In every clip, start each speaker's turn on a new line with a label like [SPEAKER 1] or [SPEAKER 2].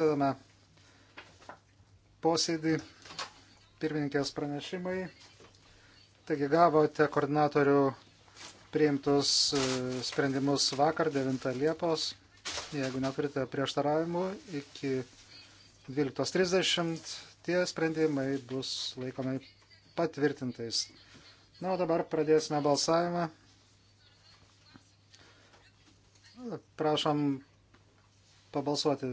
[SPEAKER 1] Pradedame posėdį pirmininkės pranešimai. Taigi gavote koordinatorių priimtus e, sprendimus vakar 9 Liepos. Jeigu neturite prieštaravimų, iki 12.30 tie sprendimai bus laikomai patvirtintais. Na, o dabar pradėsime balsavimą. Prašom pabalsuoti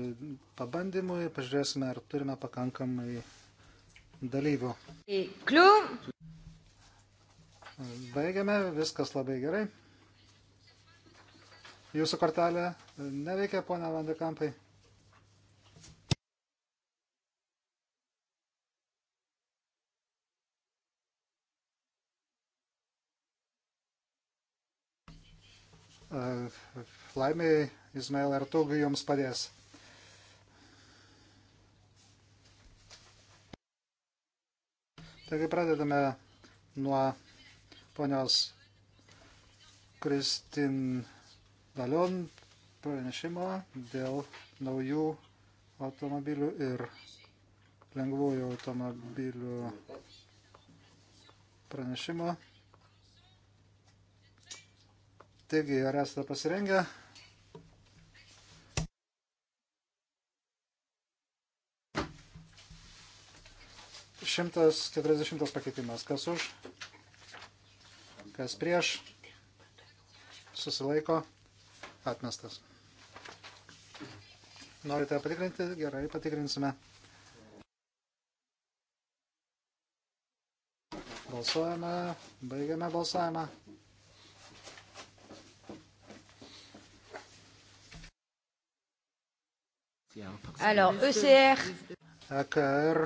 [SPEAKER 1] pabandymui, pažiūrėsime, ar turime pakankamai dalyvių. Kliu. Baigiame, viskas labai gerai. Jūsų kortelė neveikia, ponia Vandekampai. Laimėjai Izmail Ertug jums padės. Taigi pradedame nuo ponios Kristin Valion pranešimo dėl naujų automobilių ir lengvųjų automobilių pranešimo. Taigi, ar esate pasirengę? 140 pakeitimas. Kas už? Kas prieš? Susilaiko. Atmestas. Norite patikrinti? Gerai, patikrinsime. Balsuojame, baigiame balsavimą. Alors, ECR. ECR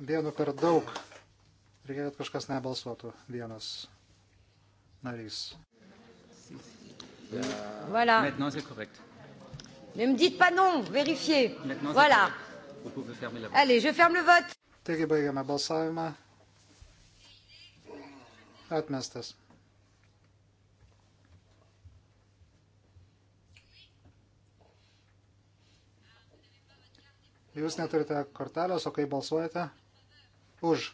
[SPEAKER 1] vienu per daug. Reikia, kad kažkas nebalsuotų vienas narys. Voilà.
[SPEAKER 2] Maintenant c'est correct. Ne me
[SPEAKER 1] dites pas non, vérifiez. Maintenant, voilà. Vous pouvez fermer la vote.
[SPEAKER 2] Allez, je ferme le vote.
[SPEAKER 1] Taigi baigiame balsavimą. Atmestas. Jūs neturite kortelės, o kai balsuojate? už.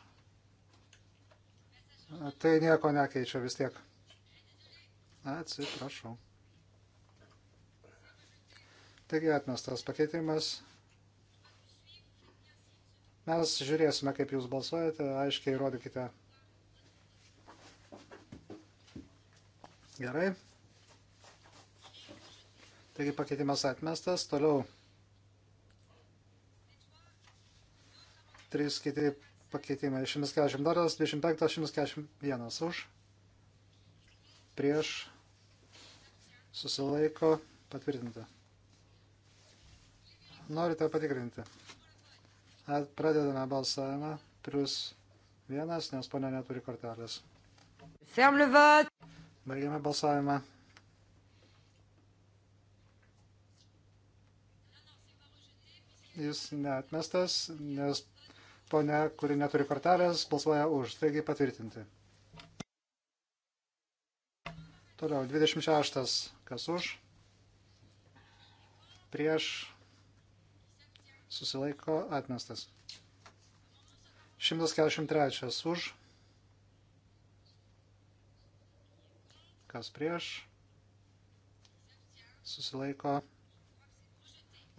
[SPEAKER 1] Tai nieko nekeičia vis tiek. Atsiprašau. Taigi atmestas pakeitimas. Mes žiūrėsime, kaip jūs balsuojate, aiškiai įrodykite. Gerai. Taigi pakeitimas atmestas. Toliau. Trys kiti pakeitimai 142, 25, 141 už, prieš, susilaiko, patvirtinta. Norite patikrinti. Pradedame balsavimą, plus vienas, nes ponia neturi kortelės. Baigiame balsavimą. Jis neatmestas, nes Pone, kuri neturi kortelės, balsuoja už. Taigi patvirtinti. Toliau, 26. Kas už? Prieš susilaiko atmestas. 143 už. Kas prieš? Susilaiko.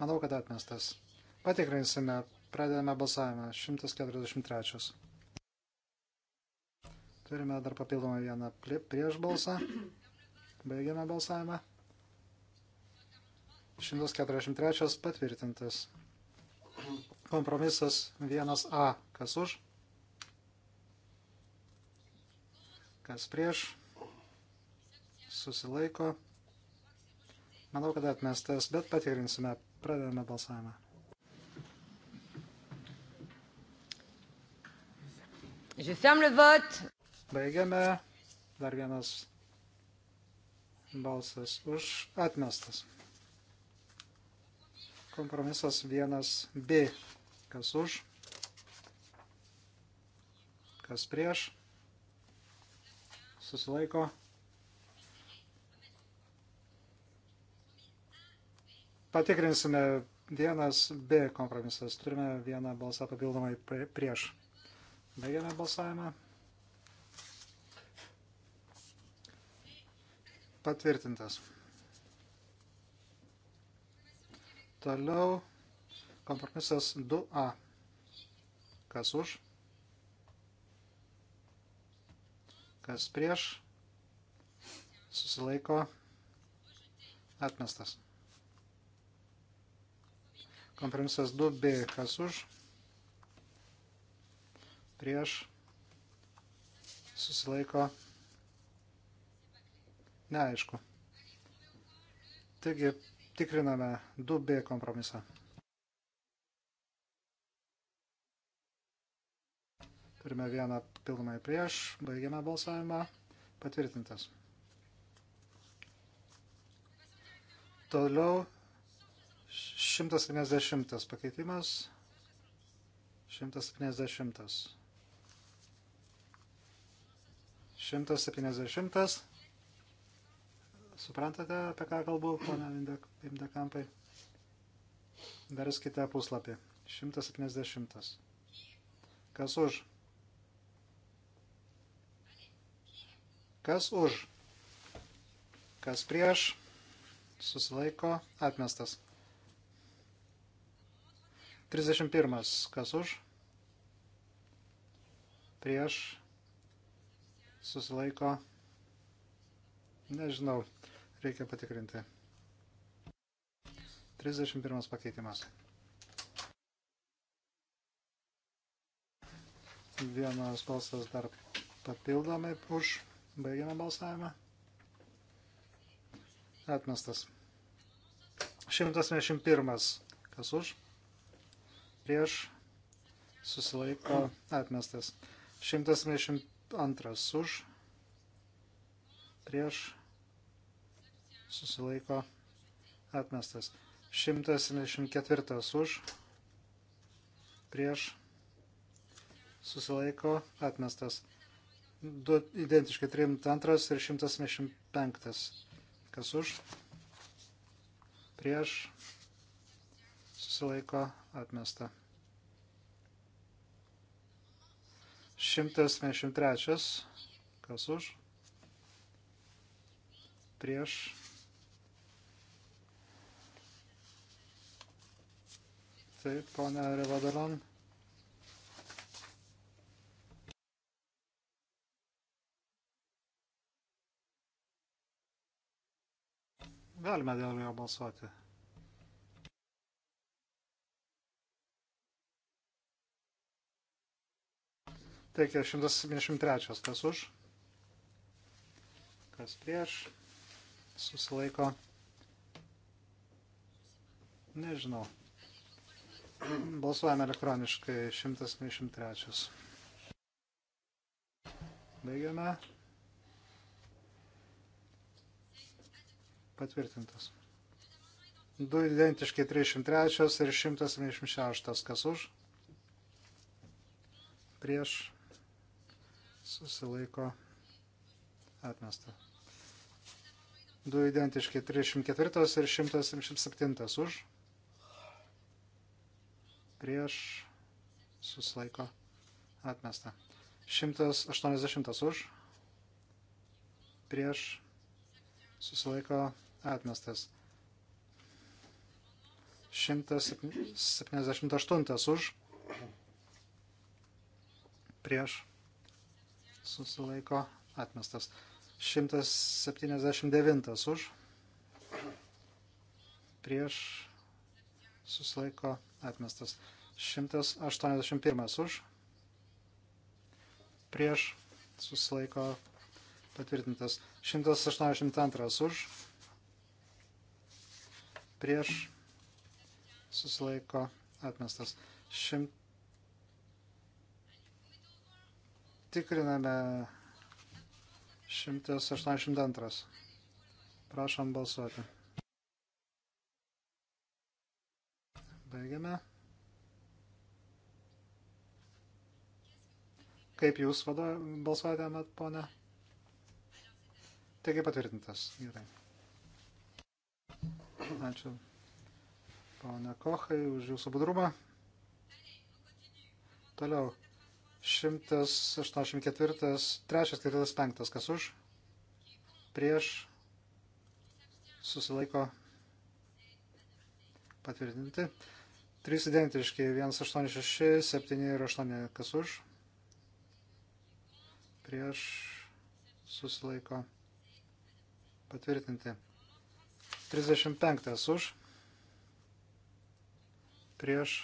[SPEAKER 1] Manau, kad atmestas. Patikrinsime Pradedame balsavimą. 143. Turime dar papildomą vieną prieš balsą. Baigiame balsavimą. 143 patvirtintas. Kompromisas 1A. Kas už? Kas prieš? Susilaiko. Manau, kad atmestas, bet patikrinsime. Pradedame balsavimą. Je ferme le vote. Baigiame. Dar vienas balsas už atmestas. Kompromisas 1B. Kas už? Kas prieš? Susilaiko. Patikrinsime vienas B kompromisas. Turime vieną balsą papildomai prieš. Baigiame balsavimą. Patvirtintas. Toliau kompromisas 2A. Kas už? Kas prieš? Susilaiko. Atmestas. Kompromisas 2B. Kas už? prieš, susilaiko, neaišku. Taigi, tikriname 2B kompromisą. Turime vieną pilnai prieš, baigiame balsavimą, patvirtintas. Toliau 170 pakeitimas. 170. 170. Suprantate, apie ką kalbu, ponia Vindekampai? Verskite puslapį. 170. Kas už? Kas už? Kas prieš? Susilaiko atmestas. 31. Kas už? Prieš susilaiko. Nežinau, reikia patikrinti. 31 pakeitimas. Vienas balsas dar papildomai už. Baigiame balsavimą. Atmestas. 121. Kas už? Prieš. Susilaiko. Atmestas. 122 Antras už. Prieš. Susilaiko. Atmestas. 174 už. Prieš. Susilaiko. Atmestas. Du identiškai 32 ir 175. Kas už? Prieš. Susilaiko. Atmesta. 173. Kas už? Prieš. Taip, ponia Revadaron. Galime dėl jo balsuoti. Teikia 173. Kas už? Kas prieš? Susilaiko. Nežinau. Balsuojame elektroniškai 173. Baigiame. Patvirtintas. Du identiškai 303 ir 176. Kas už? Prieš susilaiko atmesta. Du identiški 304 ir 177 už, prieš susilaiko atmesta. 180 už, prieš susilaiko atmestas. 178 už, prieš susilaiko atmestas. 179 už prieš susilaiko atmestas. 181 už prieš susilaiko patvirtintas. 182 už prieš susilaiko atmestas. 100 Tikriname 182. Prašom balsuoti. Baigiame. Kaip jūs vado, balsuojate, met, ponė? Taigi patvirtintas. Gerai. Ačiū, ponė Kohai, už jūsų budrumą. Toliau. 184, 3, 4, 5, kas už, prieš, susilaiko patvirtinti. 3 identiški, 186, 7 ir 8, kas už, prieš, susilaiko patvirtinti. 35 už, prieš,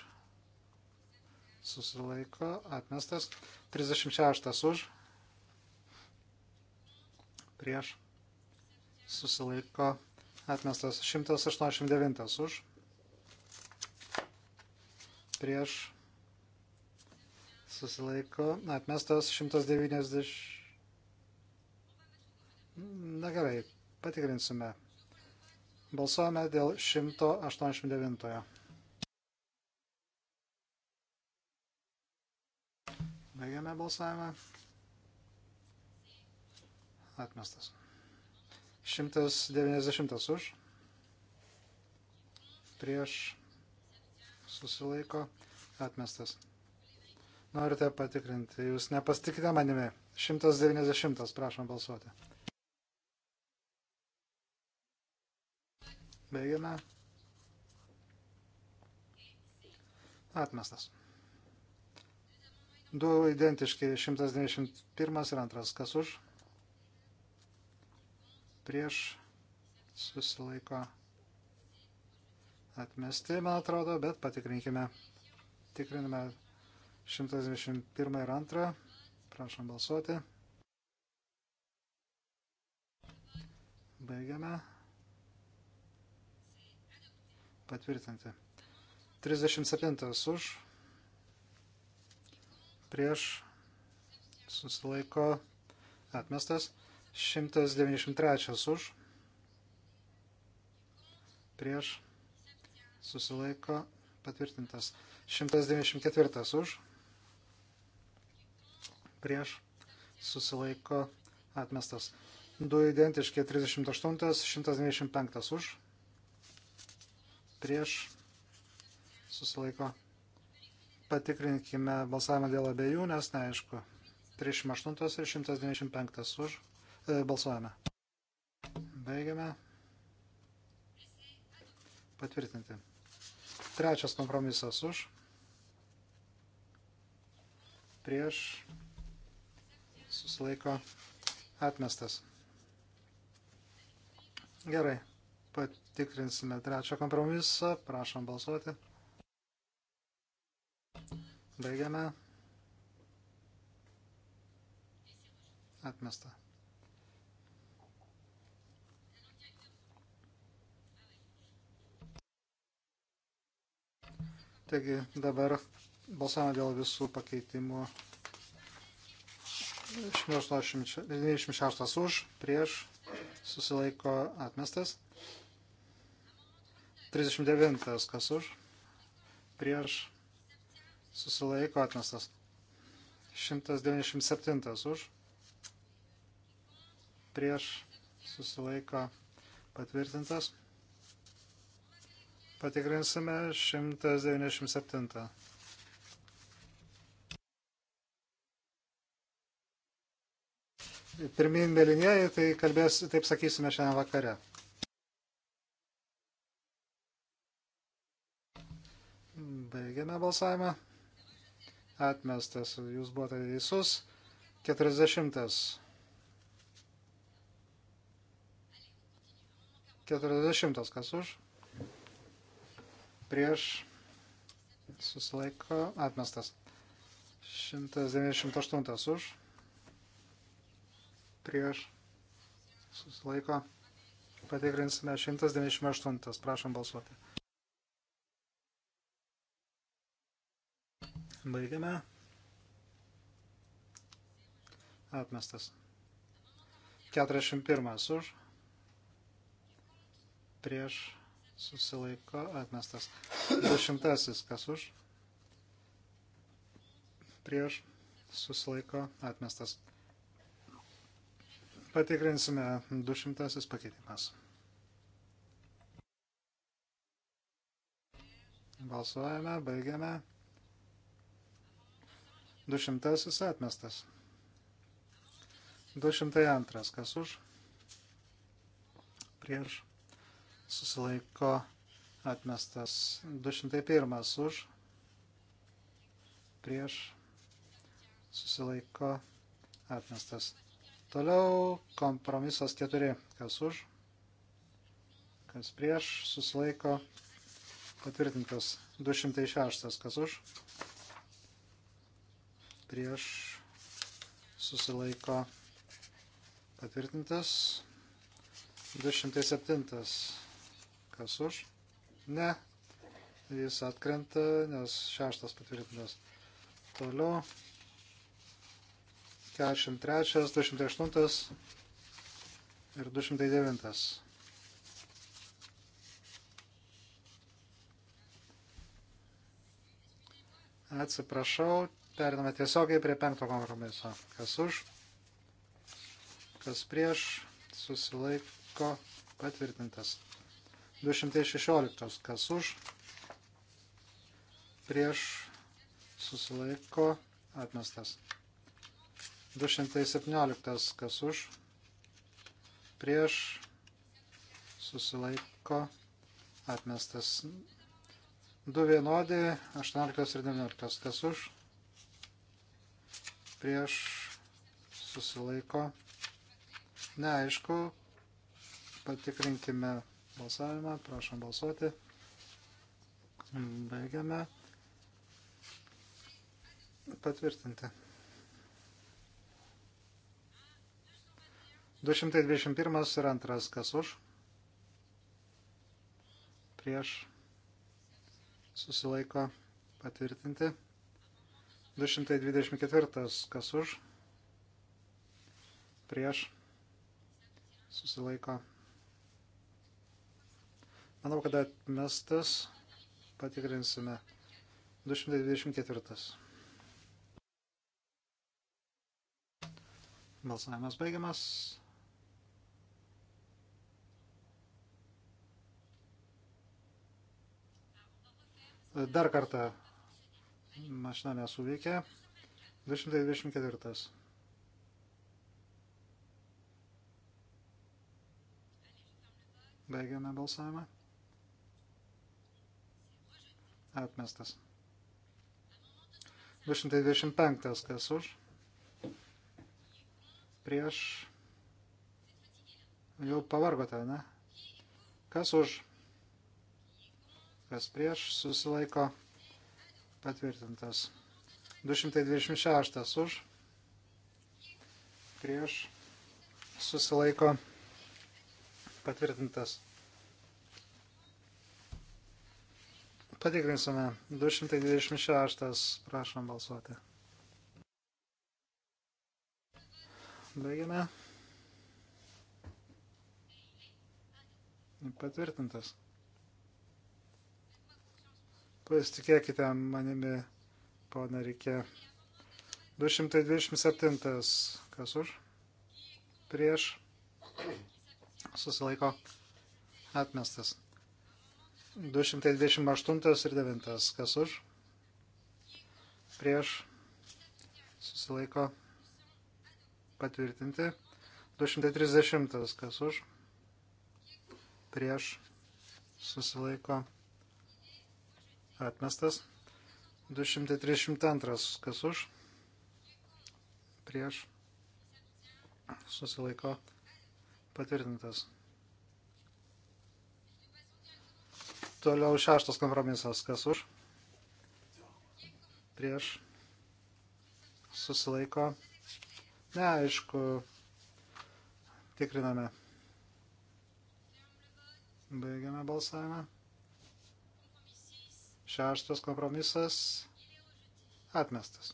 [SPEAKER 1] susilaiko atmestas. 36 už, prieš susilaiko atmestas. 189 už, prieš susilaiko atmestas. 190. Na gerai, patikrinsime. Balsuojame dėl 189. Baigiame balsavimą. Atmestas. 190 už. Prieš susilaiko. Atmestas. Norite patikrinti. Jūs nepastikite manimi. 190. Prašom balsuoti. Baigiame. Atmestas. Du identiški 191 ir 2. Kas už? Prieš susilaiko atmesti, man atrodo, bet patikrinkime. Tikrinime 121 ir 2. Prašom balsuoti. Baigiame. Patvirtinti. 37 už prieš susilaiko atmestas. 193 už prieš susilaiko patvirtintas. 194 už prieš susilaiko atmestas. Du identiški 38, 195 už prieš susilaiko atmestas patikrinkime balsavimą dėl abiejų, nes neaišku. 308 ir 195 už. E, balsuojame. Baigiame. Patvirtinti. Trečias kompromisas už. Prieš. Susilaiko. Atmestas. Gerai. Patikrinsime trečią kompromisą. Prašom balsuoti. Baigiame. Atmesta. Taigi dabar balsavome dėl visų pakeitimų. 96 už, prieš, susilaiko atmestas. 39 kas už, prieš, susilaiko atmestas. 197 už, prieš susilaiko patvirtintas. Patikrinsime 197. Pirmin mėlynieji, tai kalbės, taip sakysime šiandien vakare. Baigiame balsavimą. Atmestas. Jūs buvote teisus. 40. 40. Kas už? Prieš. Susilaiko. Atmestas. 198 už. Prieš. Susilaiko. Patikrinsime 198. Prašom balsuoti. Baigiame. Atmestas. 41 už. Prieš susilaiko atmestas. 200 kas už. Prieš susilaiko atmestas. Patikrinsime 200 pakeitimas. Balsuojame, baigiame. 200 atmestas. 202 kas už, prieš, susilaiko atmestas. 201 už, prieš, susilaiko atmestas. Toliau kompromisas 4 kas už, kas prieš, susilaiko patvirtintas. 206 kas už, prieš prieš susilaiko patvirtintas. 207. Kas už? Ne. Jis atkrenta, nes šeštas patvirtintas. Toliau. 43, 208 ir 209. Atsiprašau, Periname tiesiogiai prie penkto kompromiso. Kas už, kas prieš, susilaiko patvirtintas. 216. Kas už, prieš, susilaiko atmestas. 217. Kas už, prieš, susilaiko atmestas. 2 vienodi, 18 ir 19. Kas už, prieš susilaiko. Neaišku, patikrinkime balsavimą, prašom balsuoti. Baigiame patvirtinti. 221 ir antras kas už. Prieš susilaiko patvirtinti. 224. Kas už? Prieš. Susilaiko. Manau, kad atmestas. Patikrinsime. 224. Balsavimas baigiamas. Dar kartą mašina nesuveikė. 224. Baigiame balsavimą. Atmestas. 225. Kas už? Prieš. Jau pavargote, ne? Kas už? Kas prieš susilaiko? patvirtintas. 226 už, prieš, susilaiko, patvirtintas. Patikrinsime. 226, prašom balsuoti. Baigiame. Patvirtintas. Pasitikėkite manimi, pona Rikė. 227. Kas už? Prieš. Susilaiko. Atmestas. 228 ir 9. Kas už? Prieš. Susilaiko. Patvirtinti. 230. Kas už? Prieš. Susilaiko. Atmestas. 232. Kas už? Prieš. Susilaiko. Patvirtintas. Toliau šeštas kompromisas. Kas už? Prieš. Susilaiko. Neaišku. Tikriname. Baigiame balsavimą. Šeštas kompromisas atmestas.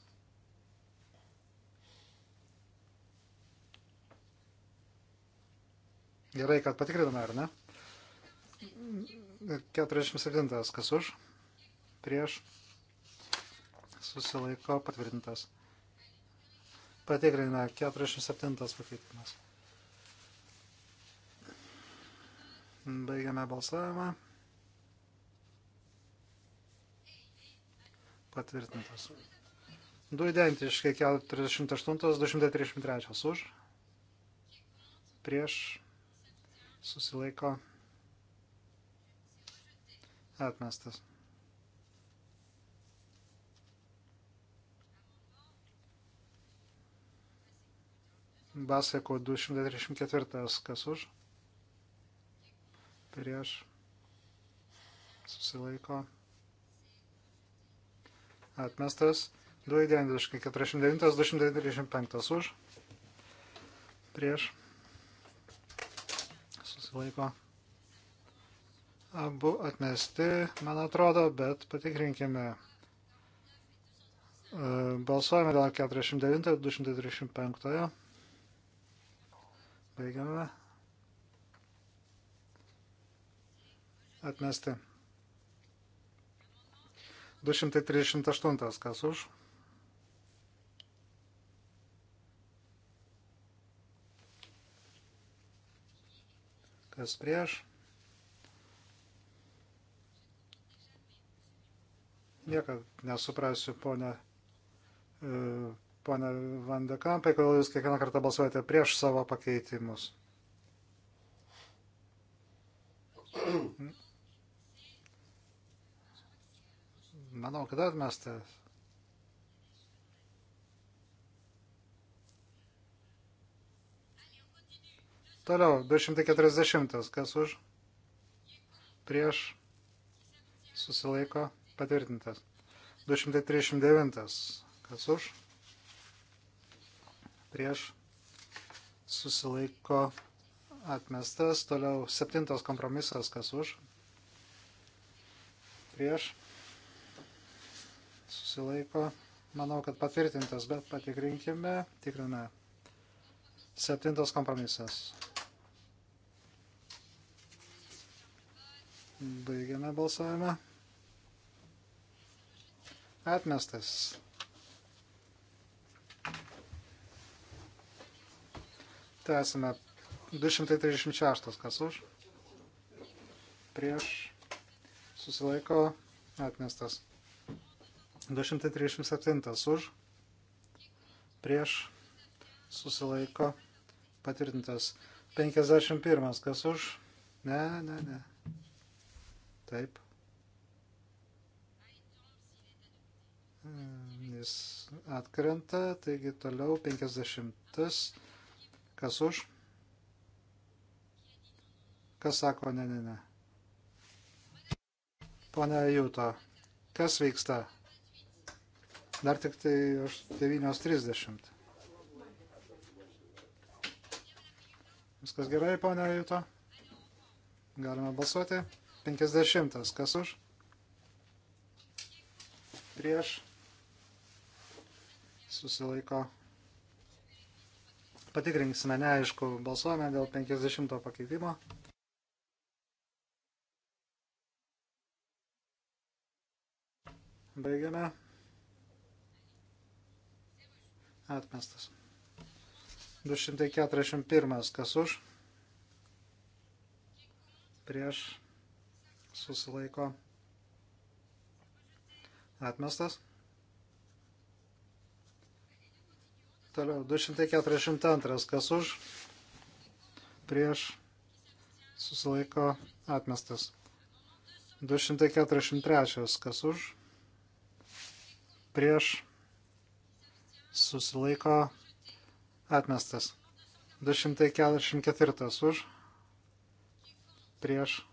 [SPEAKER 1] Gerai, kad patikrinome, ar ne? 47. Kas už? Prieš. Susilaiko patvirtintas. Patikrinime 47. pakeitimas. Baigiame balsavimą. patvirtintas. Du identiškai 48-233 už, prieš, susilaiko, atmestas. Baseko 234, kas už, prieš, susilaiko, atmestas atmestas. 2,49-235 už. Prieš. Susilaiko. Abu atmesti, man atrodo, bet patikrinkime. E, balsuojame dėl 49-235. Baigiame. Atmesti. 238 kas už. Kas prieš. Niekad nesuprasiu, ponia, e, ponia Vandekampai, kodėl jūs kiekvieną kartą balsuojate prieš savo pakeitimus. Manau, kad atmestas. Toliau, 240. Kas už? Prieš. Susilaiko. Patvirtintas. 239. Kas už? Prieš. Susilaiko. Atmestas. Toliau, 7. Kompromisas. Kas už? Prieš susilaiko. Manau, kad patvirtintas, bet patikrinkime, tikrina. Septintas kompromisas. Baigiame balsavimą. Atmestas. Tęsime 236, kas už. Prieš susilaiko atmestas. 237 už, prieš, susilaiko, patvirtintas. 51 kas už, ne, ne, ne. Taip. Mm, jis atkrenta, taigi toliau 50 kas už. Kas sako, ne, ne, ne. Pone Jūto, kas vyksta? Dar tik tai 9.30. Viskas gerai, ponia Juto? Galime balsuoti. 50. Kas už? Prieš. Susilaiko. Patikrinksime, neaišku, balsuojame dėl 50 pakeitimo. Baigiame. Atmestas. 241. Kas už? Prieš. Susilaiko. Atmestas. Toliau. 242. Kas už? Prieš. Susilaiko. Atmestas. 243. Kas už? Prieš susilaiko atmestas. 244 už, prieš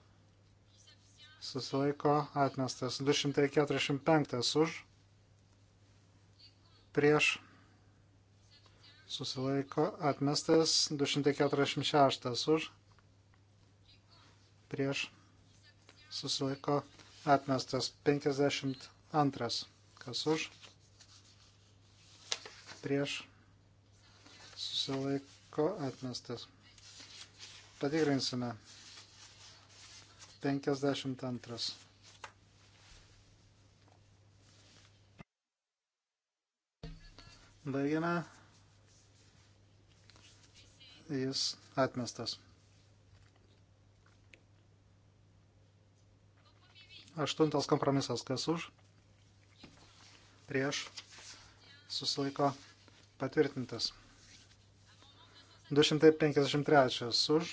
[SPEAKER 1] susilaiko atmestas. 245 už, prieš susilaiko atmestas. 246 už, prieš susilaiko atmestas. 52 kas už prieš susilaiko atmestas. Patikrinsime. 52. Baigiame. Jis atmestas. Aštuntas kompromisas. Kas už? Prieš. Susilaiko Patvirtintas. 253 už.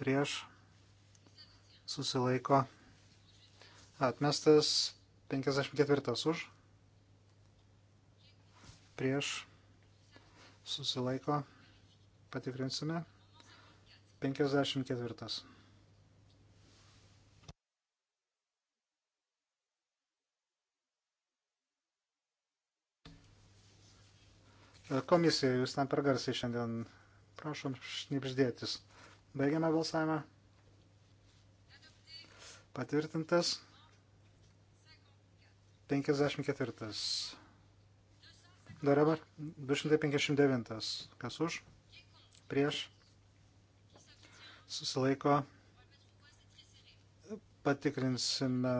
[SPEAKER 1] Prieš. Susilaiko. Atmestas. 54 už. Prieš. Susilaiko. Patikrinsime. 54. E, komisija, jūs ten per garsiai šiandien prašom šnipždėtis. Baigiame balsavimą. Patvirtintas. 54. Dar dabar 259. Kas už? Prieš. Susilaiko. Patikrinsime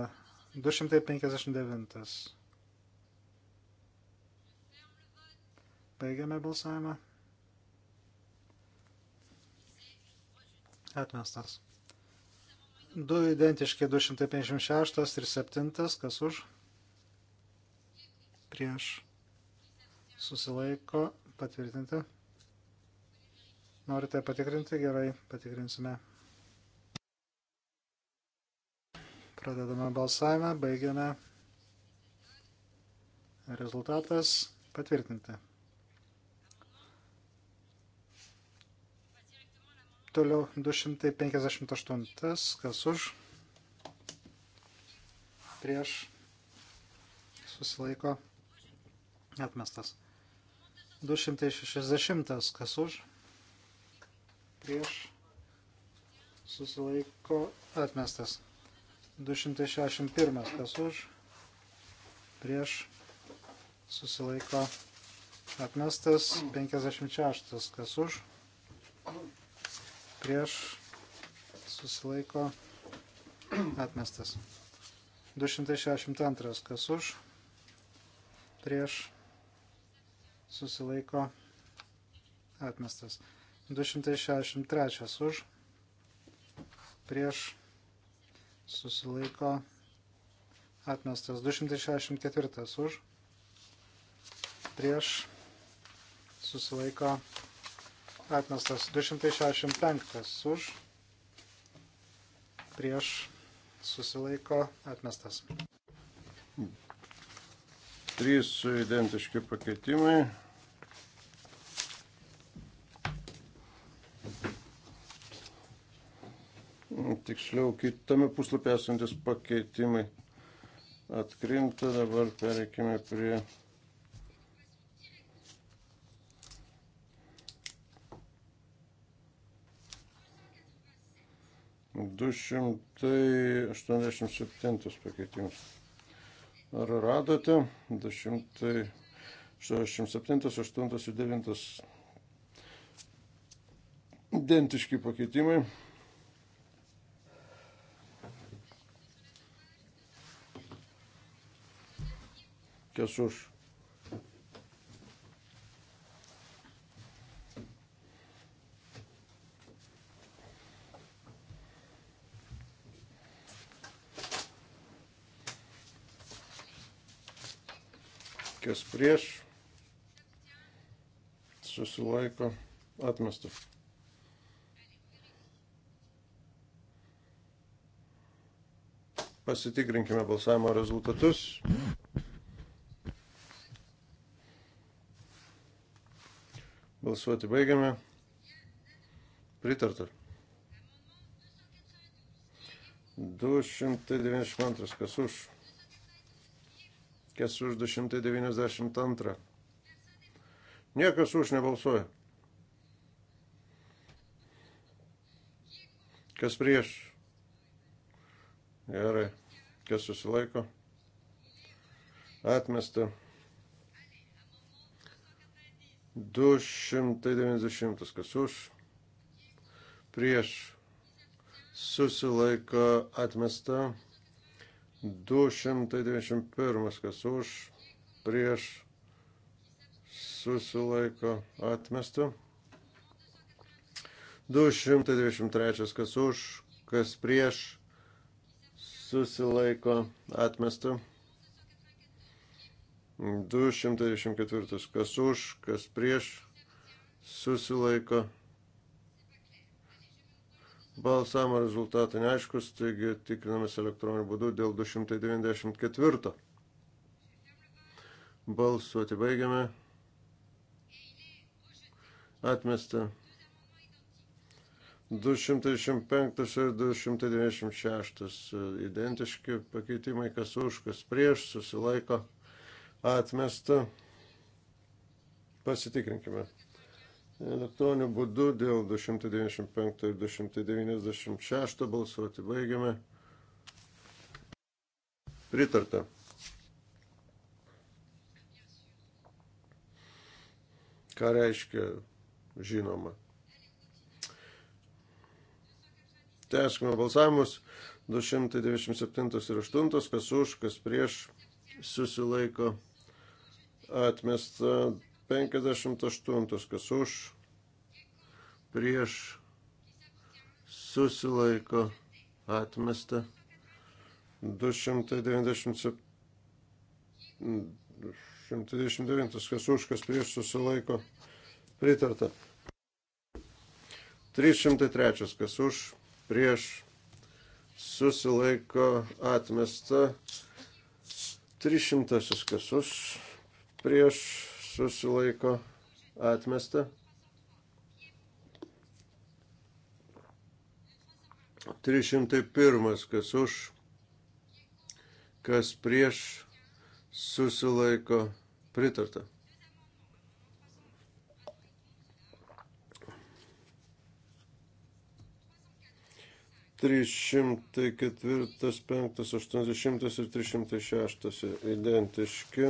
[SPEAKER 1] 259. Baigiame balsavimą. Atmestas. Du identiški 256 ir 7, kas už? Prieš. Susilaiko patvirtinti. Norite patikrinti? Gerai, patikrinsime. Pradedame balsavimą, baigiame. Rezultatas patvirtinti. Toliau 258, kas už, prieš, susilaiko, atmestas. 260, kas už, prieš, susilaiko, atmestas. 261, kas už, prieš, susilaiko, atmestas. 56, kas už, prieš prieš susilaiko atmestas. 262 kas už prieš susilaiko atmestas. 263 už prieš susilaiko atmestas. 264 už prieš susilaiko atmestas atmestas 265 už, prieš susilaiko atmestas.
[SPEAKER 3] Trys identiški pakeitimai. Tiksliau, kitame puslapyje esantis pakeitimai atkrinta, dabar pereikime prie 287 pakeitimas. Ar radote 287, 8 ir 9 identiški pakeitimai? Kas už? kas prieš, susilaiko, atmesta. Pasitikrinkime balsavimo rezultatus. Balsuoti baigiame. Pritarta. 292 kas už Kas už 292? Niekas už nebalsuoja. Kas prieš? Gerai. Kas susilaiko? Atmesta. 290. Kas už? Prieš. Susilaiko atmesta. 291, kas už, prieš, susilaiko atmesta. 293, kas už, kas prieš, susilaiko atmesta. 224, kas už, kas prieš, susilaiko atmesta Balsavimo rezultatai neaiškus, taigi tikrinamės elektroniniu būdu dėl 294. Balsuoti baigiame. Atmesta. 295 ir 296 identiški pakeitimai, kas už, kas prieš, susilaiko atmesta. Pasitikrinkime elektroniniu būdu dėl 295 ir 296 balsuoti baigiame. Pritarta. Ką reiškia žinoma? Tęskime balsavimus 297 ir 8, kas už, kas prieš, susilaiko atmesta 58, kas už, prieš, susilaiko, atmesta. 297, 129, kas už, kas prieš, susilaiko, pritarta. 303, kas už, prieš, susilaiko, atmesta. 300, kas už, prieš, susilaiko atmesta. 301, kas už, kas prieš susilaiko pritarta. 304, 580 ir 306 identiški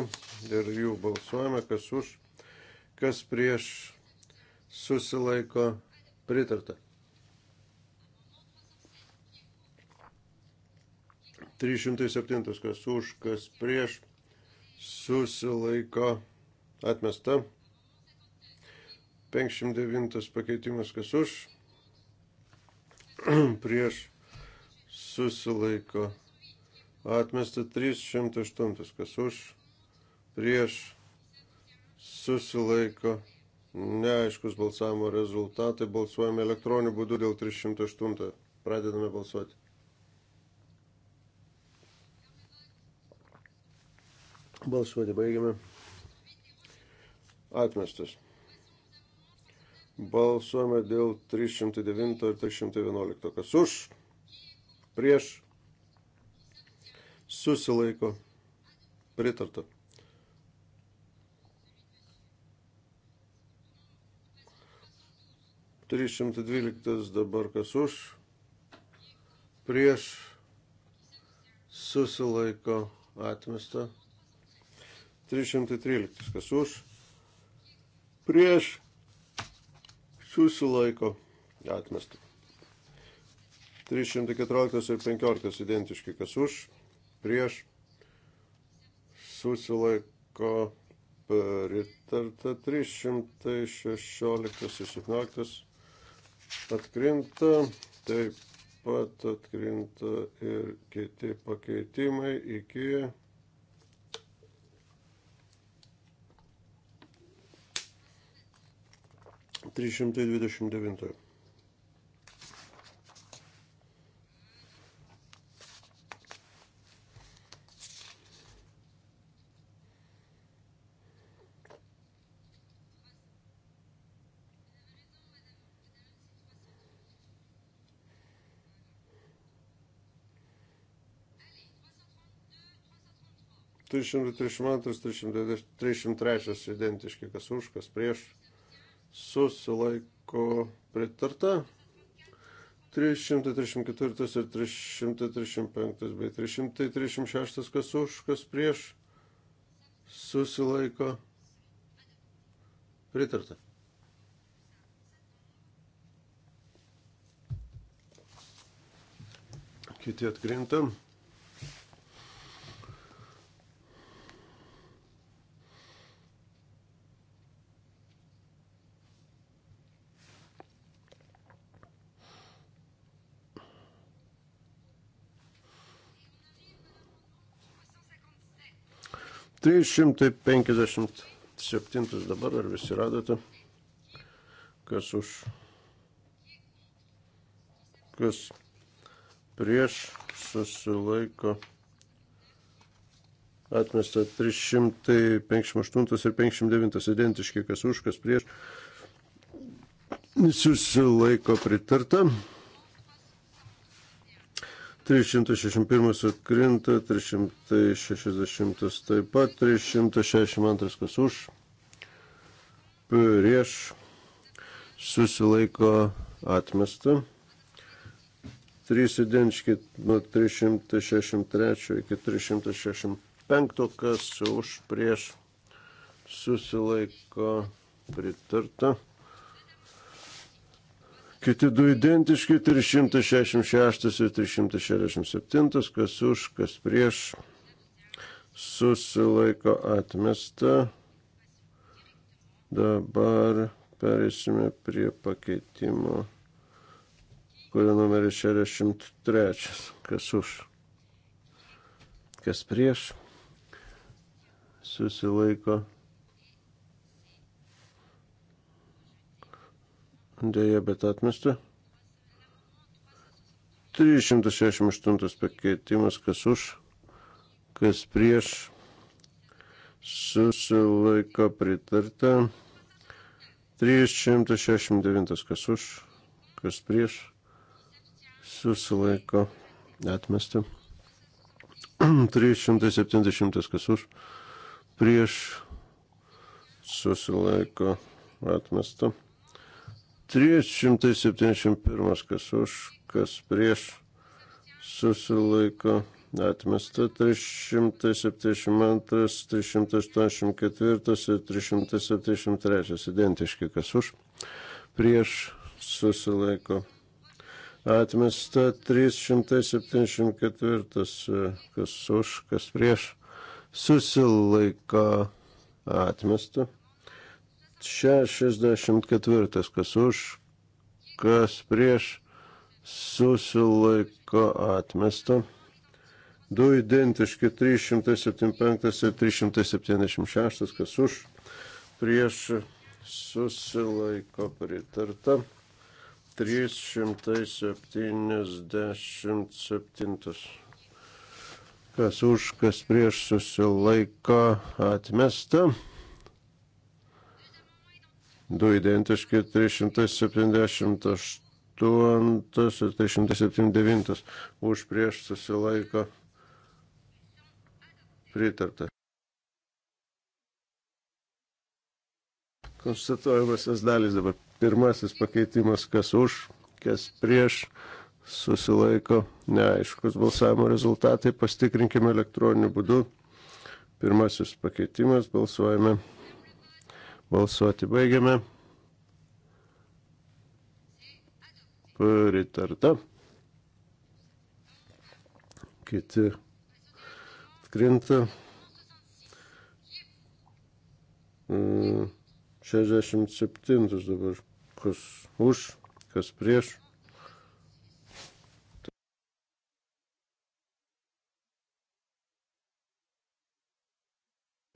[SPEAKER 3] ir jų balsuojame, kas už, kas prieš susilaiko pritarta. 307, kas už, kas prieš susilaiko atmesta. 509 pakeitimas, kas už prieš susilaiko atmesta 308, kas už prieš susilaiko neaiškus balsavimo rezultatai, balsuojame elektroniniu būdu dėl 308, pradedame balsuoti. Balsuoti baigiame. Atmestas. Balsuojame dėl 309 ir 311. Kas už? Prieš? Susilaiko. Pritarta. Trys šimtai dvyliktas dabar kas už, prieš susilaiko atmesta. 313 kas už, prieš susilaiko atmesta. 314 ir 15 identiški, kas už, prieš, susilaiko pritarta 316 ir 17 atkrinta, taip pat atkrinta ir kiti pakeitimai iki 329. Trisdešimt trys šimtas, trisdešimt trys identiški, kas už, kas prieš susilaiko pritarta. 334 ir 335 bei 336 kas už, kas prieš susilaiko pritarta. Kiti atkrintam. 357 dabar, ar visi radote? Kas už? Kas prieš susilaiko? Atmesta 358 ir 59 identiški, kas už, kas prieš. Susilaiko pritarta. 361 atkrinta, 360 taip pat, 362 kas už, prieš susilaiko atmesta. 3 identiški nuo 363 iki 365, kas už prieš susilaiko pritarta. Kiti du identiški 366 ir 367, kas už, kas prieš, susilaiko atmesta. Dabar perėsime prie pakeitimo, kurio numeris 63, kas už, kas prieš, susilaiko atmesta dėja, bet atmesta. 368 pakeitimas, kas už, kas prieš, susilaiko pritarta. 369 kas už, kas prieš, susilaiko atmesta. 370 kas už, prieš, susilaiko atmesta. 371, kas už, kas prieš susilaiko atmesta 372, 384 ir 373 identiški, kas už, prieš susilaiko atmesta 374, kas už, kas prieš susilaiko atmesta. Čia 64. Kas už, kas prieš susilaiko atmesta. Du identiški 375 ir 376, kas už, prieš susilaiko pritarta. 377. Kas už, kas prieš susilaiko atmesta du identiški 378 ir 379 už prieš susilaiko pritarta. Konstatuojamasias dalis dabar. Pirmasis pakeitimas, kas už, kas prieš susilaiko. Neaiškus balsavimo rezultatai pastikrinkime elektroniniu būdu. Pirmasis pakeitimas, balsuojame. Balsuoti baigiame. Pritarta. Kiti atkrinta. 67 mm, dabar. Kas už, kas prieš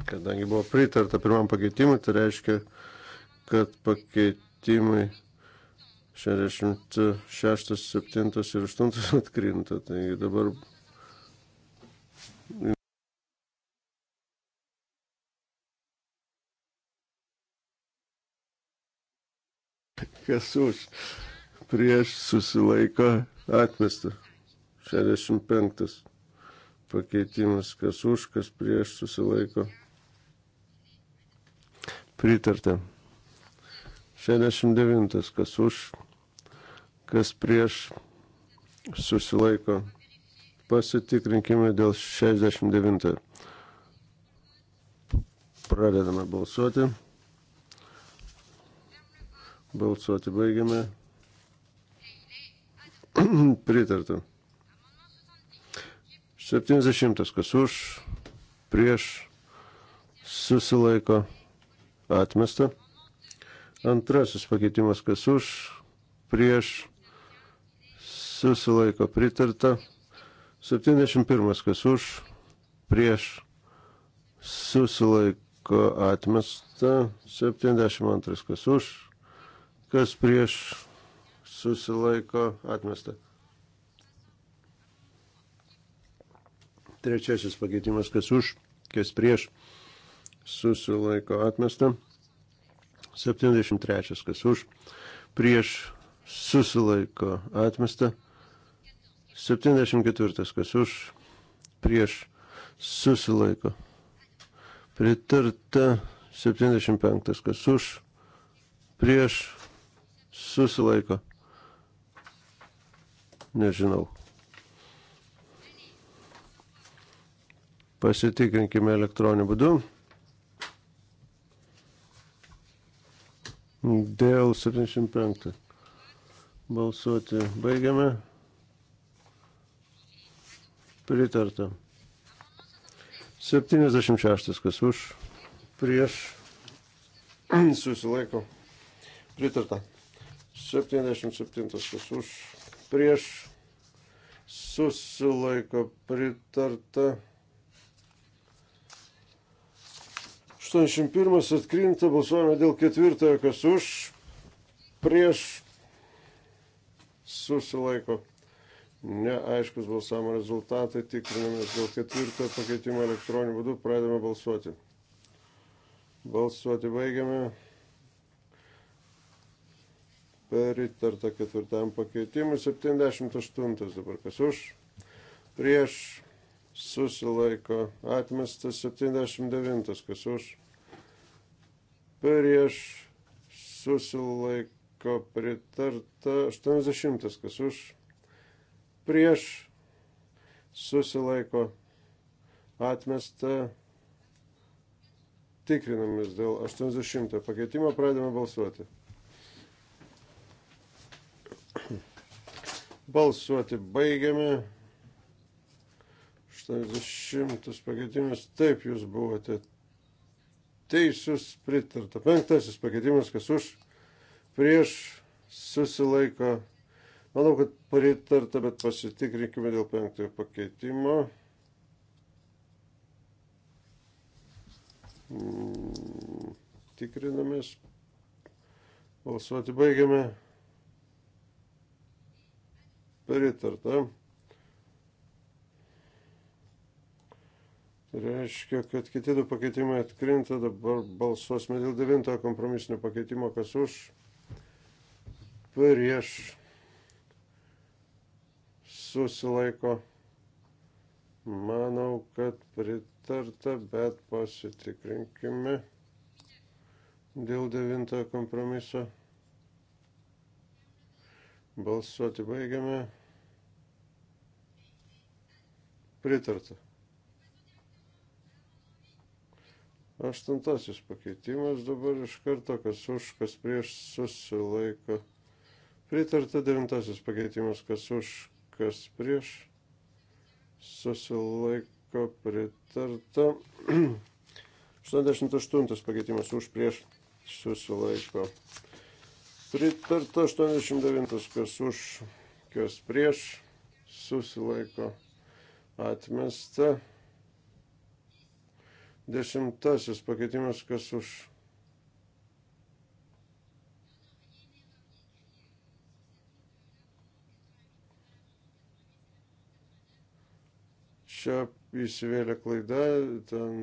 [SPEAKER 3] Kadangi buvo pritarta pirmam pakeitimui, tai reiškia, kad pakeitimai 66, 7 ir 8 atkrinta. Taigi dabar kas už, prieš susilaiko atmestą. 65 pakeitimas, kas už, kas prieš susilaiko pritarta. 69. Kas už, kas prieš susilaiko. Pasitikrinkime dėl 69. Pradedame balsuoti. Balsuoti baigiame. Pritarta. 70. Kas už, prieš susilaiko atmesta. Antrasis pakeitimas, kas už, prieš, susilaiko pritarta. 71, kas už, prieš, susilaiko atmesta. 72, kas už, kas prieš, susilaiko atmesta. Trečiasis pakeitimas, kas už, kas prieš, susilaiko atmesta. 73 kas už, prieš susilaiko atmesta. 74 kas už, prieš susilaiko. Pritarta 75 kas už, prieš susilaiko. Nežinau. Pasitikrinkime elektroniniu būdu. Dėl 75. Balsuoti baigiame. Pritarta. 76. Kas už? Prieš. Susilaiko. Pritarta. 77. Kas už? Prieš. Susilaiko. Pritarta. 81 atkrinta, balsuojame dėl ketvirtojo, kas už, prieš, susilaiko. Neaiškus balsavimo rezultatai, tikrinamės dėl ketvirtojo pakeitimo elektroniniu būdu, pradedame balsuoti. Balsuoti baigiame. Peritarta ketvirtam pakeitimui, 78 dabar kas už, prieš, susilaiko atmestas 79, kas už prieš susilaiko pritarta 80, kas už prieš susilaiko atmesta tikrinamis dėl 80 pakeitimo pradėjome balsuoti. Balsuoti baigiame. 80 pakeitimas, taip jūs buvote teisus, pritarta. Penktasis pakeitimas, kas už, prieš, susilaiko. Manau, kad pritarta, bet pasitikrinkime dėl penktojo pakeitimo. Mm, tikrinamės. Balsuoti baigiame. Pritarta. Reiškia, kad kiti du pakeitimai atkrinta, dabar balsuosime dėl devintojo kompromisinio pakeitimo, kas už, prieš, susilaiko. Manau, kad pritarta, bet pasitikrinkime dėl devintojo kompromiso. Balsuoti baigiame. Pritarta. Aštuntasis pakeitimas dabar iš karto, kas už, kas prieš susilaiko. Pritarta devintasis pakeitimas, kas už, kas prieš susilaiko. Pritarta. 88 pakeitimas už, prieš susilaiko. Pritarta 89, kas už, kas prieš susilaiko. Atmesta. Dešimtasis pakeitimas, kas už. Čia įsivėlė klaida, ten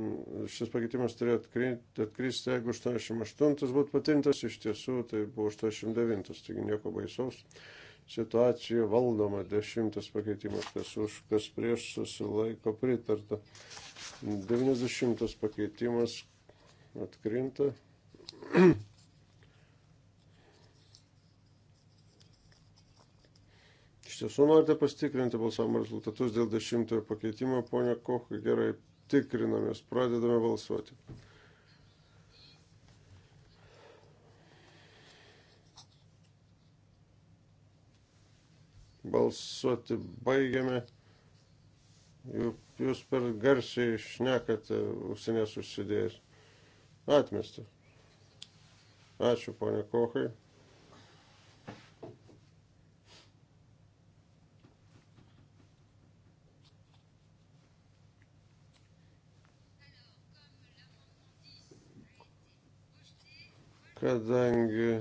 [SPEAKER 3] šis pakeitimas turėjo atkristi, jeigu 88 būtų patintas, iš tiesų tai buvo 89, taigi nieko baisaus situacija valdoma. Dešimtas pakeitimas, kas už, kas prieš susilaiko pritarta. Devinesdešimtas pakeitimas atkrinta. Iš tiesų norite pastikrinti balsavimo rezultatus dėl dešimtojo pakeitimo, ponia Koch, gerai tikrinamės, pradedame balsuoti. balsuoti baigiame. Jūs per garsiai šnekate, ausinės užsidėjęs. Atmesti. Ačiū, ponė Kohai. Kadangi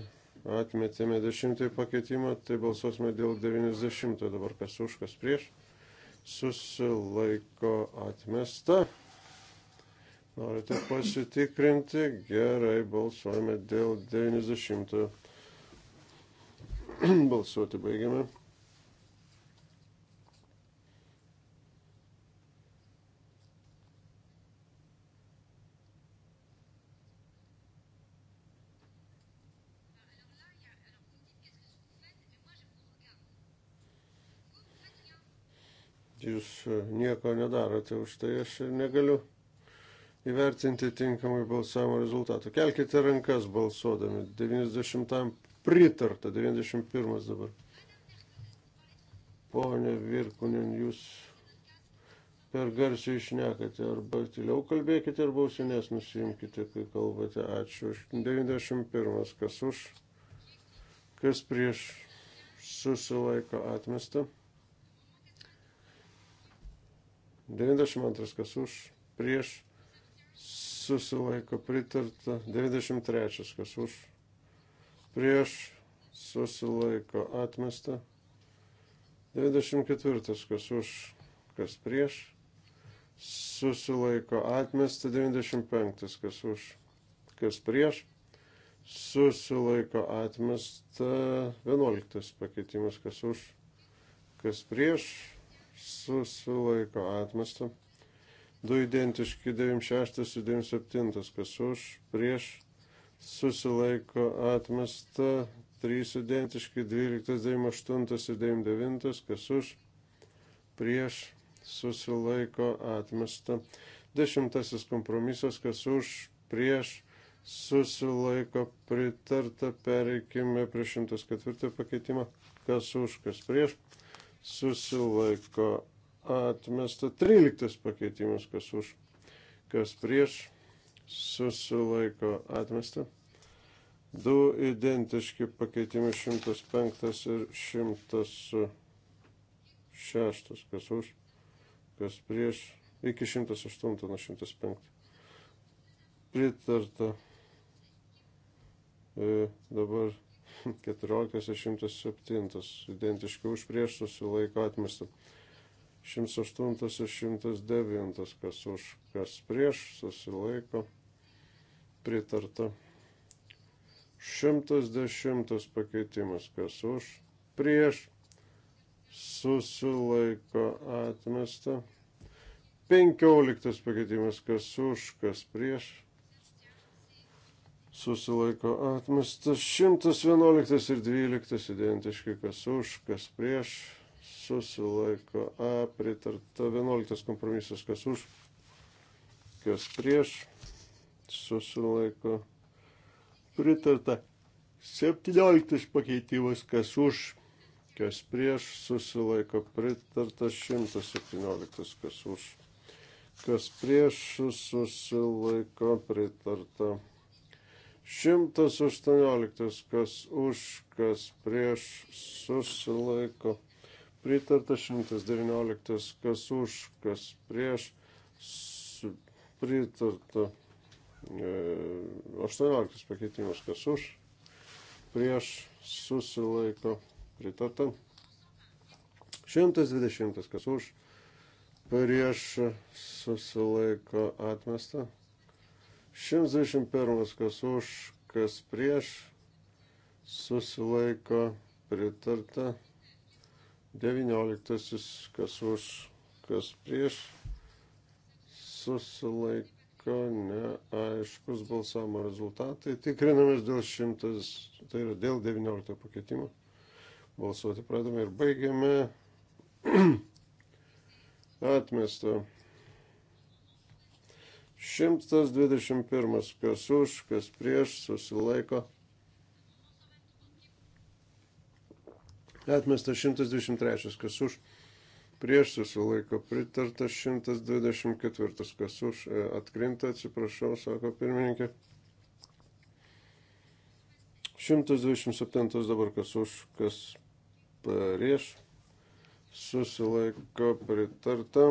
[SPEAKER 3] atmetėme 10 pakeitimą, tai balsuosime dėl 90. Dabar kas už, kas prieš. Susilaiko atmesta. Norite pasitikrinti? Gerai, balsuojame dėl 90. Balsuoti baigiame. nieko nedarote, už tai aš ir negaliu įvertinti tinkamai balsavimo rezultatų. Kelkite rankas balsuodami. 90 pritarta, 91 dabar. Pone Virkunin, jūs per garsiai išnekate, arba tyliau kalbėkite, arba ausinės nusimkite, kai kalbate. Ačiū. 91. Kas už, kas prieš susilaiko atmestą. 92 kas už, prieš susilaiko pritarta. 93 kas už, prieš susilaiko atmesta. 94 kas už, kas prieš susilaiko atmesta. 95 kas už, kas prieš susilaiko atmesta. 11 pakeitimas kas už, kas prieš susilaiko atmesta. Du identiški 96 ir 97, kas už, prieš susilaiko atmesta. Trys identiški 12, 98 ir 99, kas už, prieš susilaiko atmesta. Dešimtasis kompromisas, kas už, prieš susilaiko pritarta, pereikime prie 104 pakeitimą, kas už, kas prieš susilaiko atmesta. 13 pakeitimas, kas už, kas prieš, susilaiko atmesta. Du identiški pakeitimai 105 ir 106, kas už, kas prieš, iki 108 nuo 105. Pritarta. E, dabar 14.107. Identiški už prieš susilaiko atmesta. 108.109. Kas už, kas prieš susilaiko pritarta. 110 pakeitimas. Kas už, prieš susilaiko atmesta. 15 pakeitimas. Kas už, kas prieš susilaiko atmestas 111 ir 12 identiški, kas už, kas prieš, susilaiko A, pritarta 11 kompromisas, kas už, kas prieš, susilaiko pritarta 17 pakeitimas, kas už, kas prieš, susilaiko pritarta 117, kas už, kas prieš, susilaiko pritarta 117. 118, kas už, kas prieš, susilaiko. Pritarta 119, kas už, kas prieš, pritarta. 18 e, pakeitimas, kas už, prieš, susilaiko. Pritarta. 120, kas už, prieš, susilaiko atmesta. 121. Kas už, kas prieš, susilaiko pritarta. 19. Kas už, kas prieš, susilaiko neaiškus balsavimo rezultatai. Tikrinamės dėl 100, tai yra dėl 19 pakeitimo. Balsuoti pradame ir baigiame. Atmesta. 121. Kas už, kas prieš, susilaiko. Atmestas 123. Kas už, prieš, susilaiko. Pritartas 124. Kas už, e, atkrinta, atsiprašau, sako pirmininkė. 127 dabar kas už, kas prieš, susilaiko pritarta.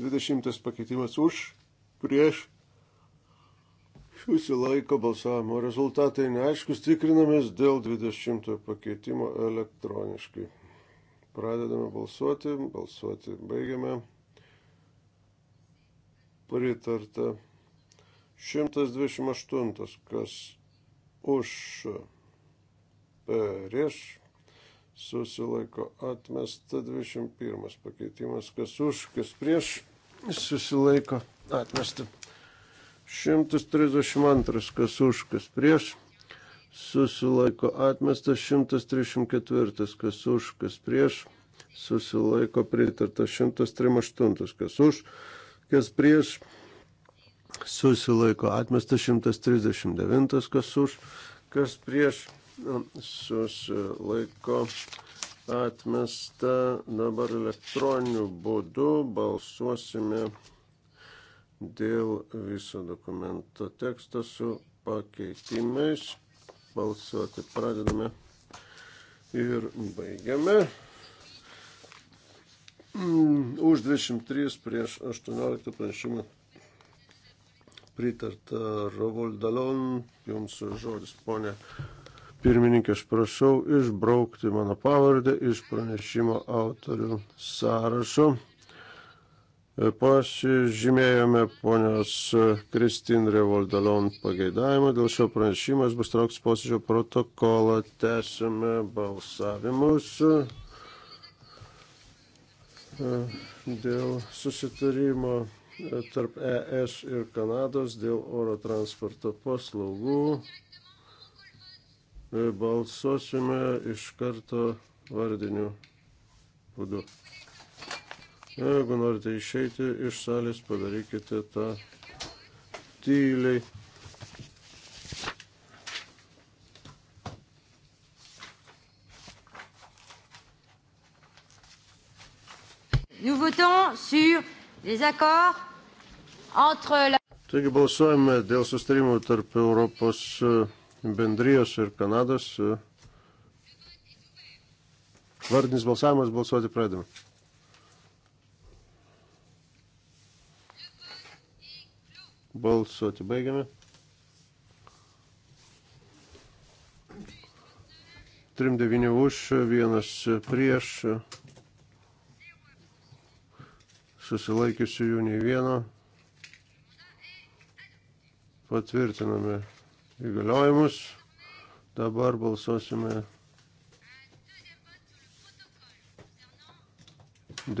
[SPEAKER 3] 20 pakeitimas už, prieš. Šiusi laiko balsavimo rezultatai neaiškus, tikrinamės dėl 20 pakeitimo elektroniškai. Pradedame balsuoti, balsuoti baigiame. Pritarta. 128, kas už, prieš, susilaiko atmesta 21 pakeitimas, kas už, kas prieš susilaiko atmesta. 132 kas už, kas prieš, susilaiko atmesta. 134 kas už, kas prieš, susilaiko pritarta. 138 kas už, kas prieš, susilaiko atmesta. 139 kas už, kas prieš, susilaiko atmesta atmesta. Dabar elektroniniu būdu balsuosime dėl viso dokumento teksto su pakeitimais. Balsuoti pradedame ir baigiame. Už 23 prieš 18 pranešimą pritarta Rovoldalon. Jums žodis, ponė Pirmininkė, aš prašau išbraukti mano pavardę iš pranešimo autorių sąrašo. E, pasižymėjome ponios Kristin Revoldalon pageidavimą. Dėl šio pranešimas bus trauks posėdžio protokolą. Tęsime balsavimus e, dėl susitarimo e, tarp ES ir Kanados dėl oro transporto paslaugų. E, balsuosime iš karto vardiniu būdu. Jeigu norite išeiti iš salės, padarykite tą tyliai.
[SPEAKER 2] Nous votons sur les accords entre la...
[SPEAKER 3] Taigi balsuojame dėl sustarimų tarp Europos uh, bendrijos ir Kanados. E, vardinis balsavimas balsuoti pradėjome. Balsuoti baigiame. 39 už, vienas prieš, susilaikiusių jų nei vieno. Patvirtiname įgaliojimus. Dabar balsuosime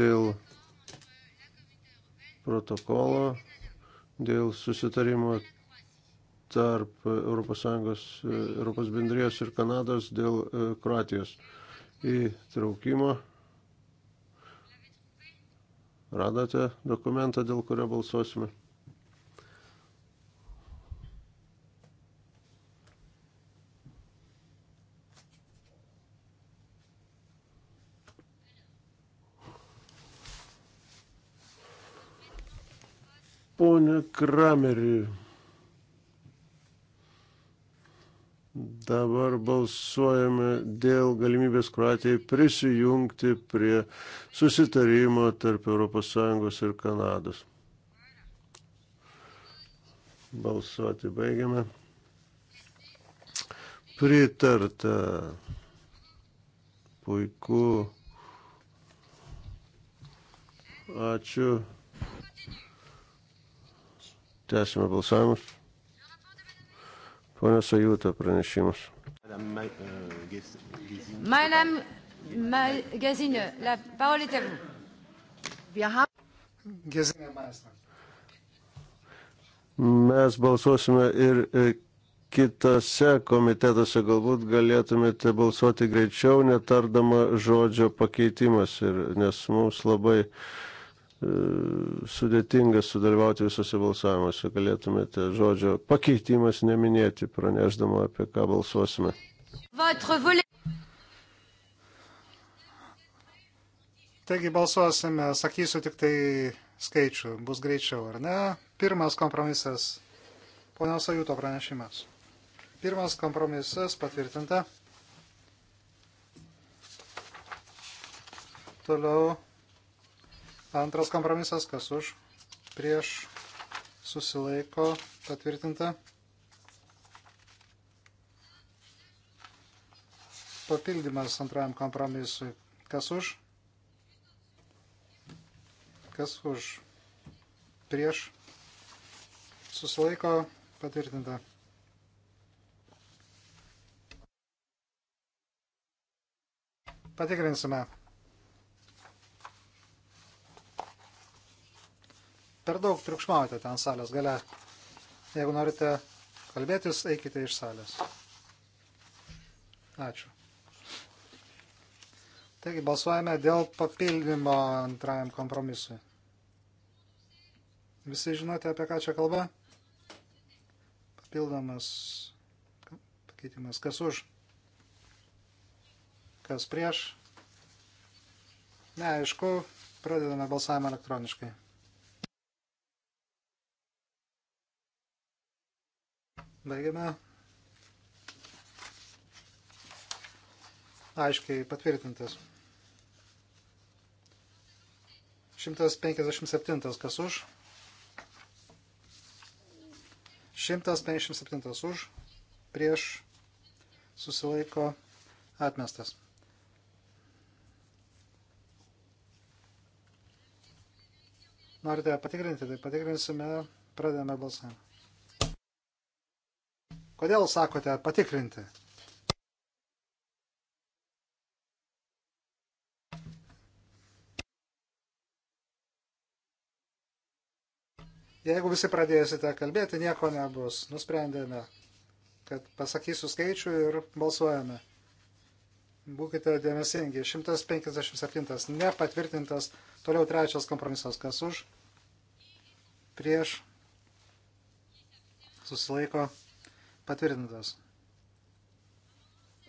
[SPEAKER 3] dėl protokolo, dėl susitarimo tarp ES, ES bendrijos ir Kanados dėl e, Kroatijos įtraukimo. Radote dokumentą, dėl kurio balsuosime? Pone Kramerį. Dabar balsuojame dėl galimybės Kroatijai prisijungti prie susitarimo tarp ES ir Kanados. Balsuoti baigiame. Pritarta. Puiku. Ačiū. Tęsime balsavimus. Pone Sajuta pranešimas.
[SPEAKER 2] Madame Gazinė, la parole est à vous.
[SPEAKER 1] Gezinė Maestra.
[SPEAKER 3] Mes balsuosime ir e, kitose komitetuose, galbūt galėtumėte balsuoti greičiau, netardama žodžio pakeitimas, ir, nes mums labai uh, sudėtinga sudalyvauti visose balsavimuose. Galėtumėte žodžio pakeitimas neminėti, pranešdama apie ką balsuosime.
[SPEAKER 1] Taigi balsuosime, sakysiu tik tai skaičių, bus greičiau ar ne. Pirmas kompromisas, ponios Ajuto pranešimas. Pirmas kompromisas patvirtinta. Toliau Antras kompromisas, kas už, prieš, susilaiko, patvirtinta. Papildymas antrajam kompromisui, kas už, kas už, prieš, susilaiko, patvirtinta. Patikrinsime. Per daug triukšmaujate ten salės gale. Jeigu norite kalbėtis, eikite iš salės. Ačiū. Taigi balsuojame dėl papildymo antrajam kompromisui. Visi žinote, apie ką čia kalba? Papildomas pakeitimas. Kas už? Kas prieš? Neaišku, pradedame balsavimą elektroniškai. Baigiame. Aiškiai patvirtintas. 157 kas už. 157 už. Prieš susilaiko atmestas. Norite patikrinti, tai patikrinsime, pradedame balsavimą. Kodėl sakote patikrinti? Jeigu visi pradėsite kalbėti, nieko nebus. Nusprendėme, kad pasakysiu skaičių ir balsuojame. Būkite dėmesingi. 157 nepatvirtintas. Toliau trečias kompromisas. Kas už? Prieš. Susilaiko. Patvirtintas.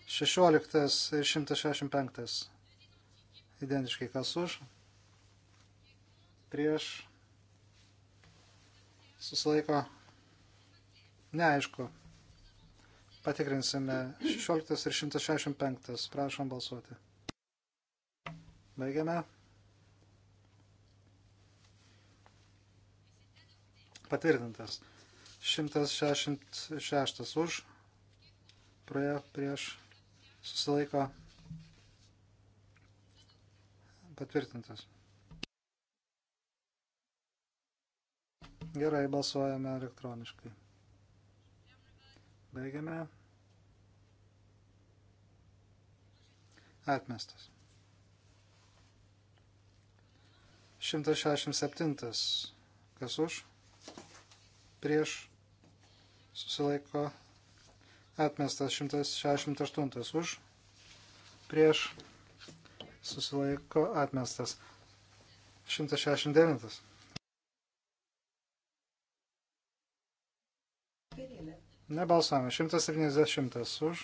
[SPEAKER 1] 16 ir 165. Identiškai kas už. Prieš. Susilaiko. Neaišku. Patikrinsime 16 ir 165. Prašom balsuoti. Baigiame. Patvirtintas. 166 už, praėjo prieš, susilaiko patvirtintas. Gerai, balsuojame elektroniškai. Baigiame. Atmestas. 167. Kas už? Prieš susilaiko atmestas 168 už, prieš susilaiko atmestas 169. Nebalsavome 170 už,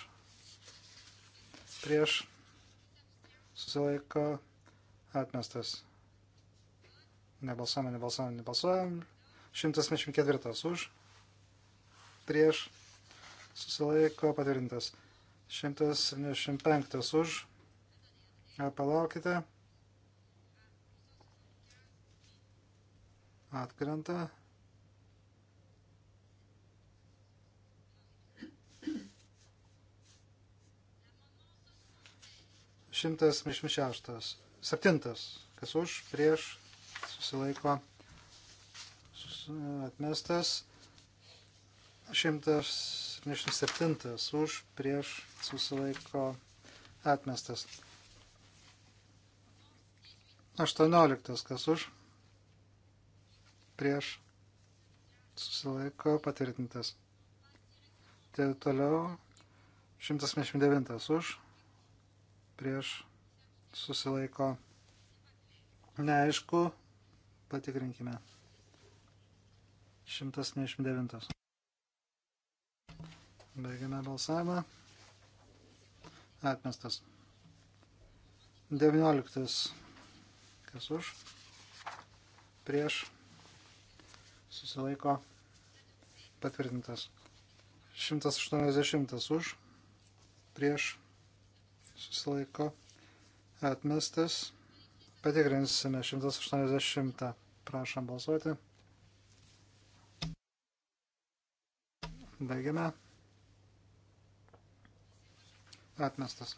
[SPEAKER 1] prieš susilaiko atmestas. Nebalsavome, nebalsavome, nebalsavome. 174 už prieš susilaiko patvirtintas. 175 už. Palaukite. Atkrenta. Šimtas mišmi šeštas. Septintas. Kas už, prieš, susilaiko, atmestas. 177 už prieš susilaiko atmestas. 18 kas už prieš susilaiko patvirtintas. Tai toliau 179 už prieš susilaiko neaišku, patikrinkime. 179. Baigiame balsavimą. Atmestas. 19. Kas už? Prieš. Susilaiko. Patvirtintas. 180 už. Prieš. Susilaiko. Atmestas. Patikrinsime 180. Prašom balsuoti. Baigiame. Atmestas.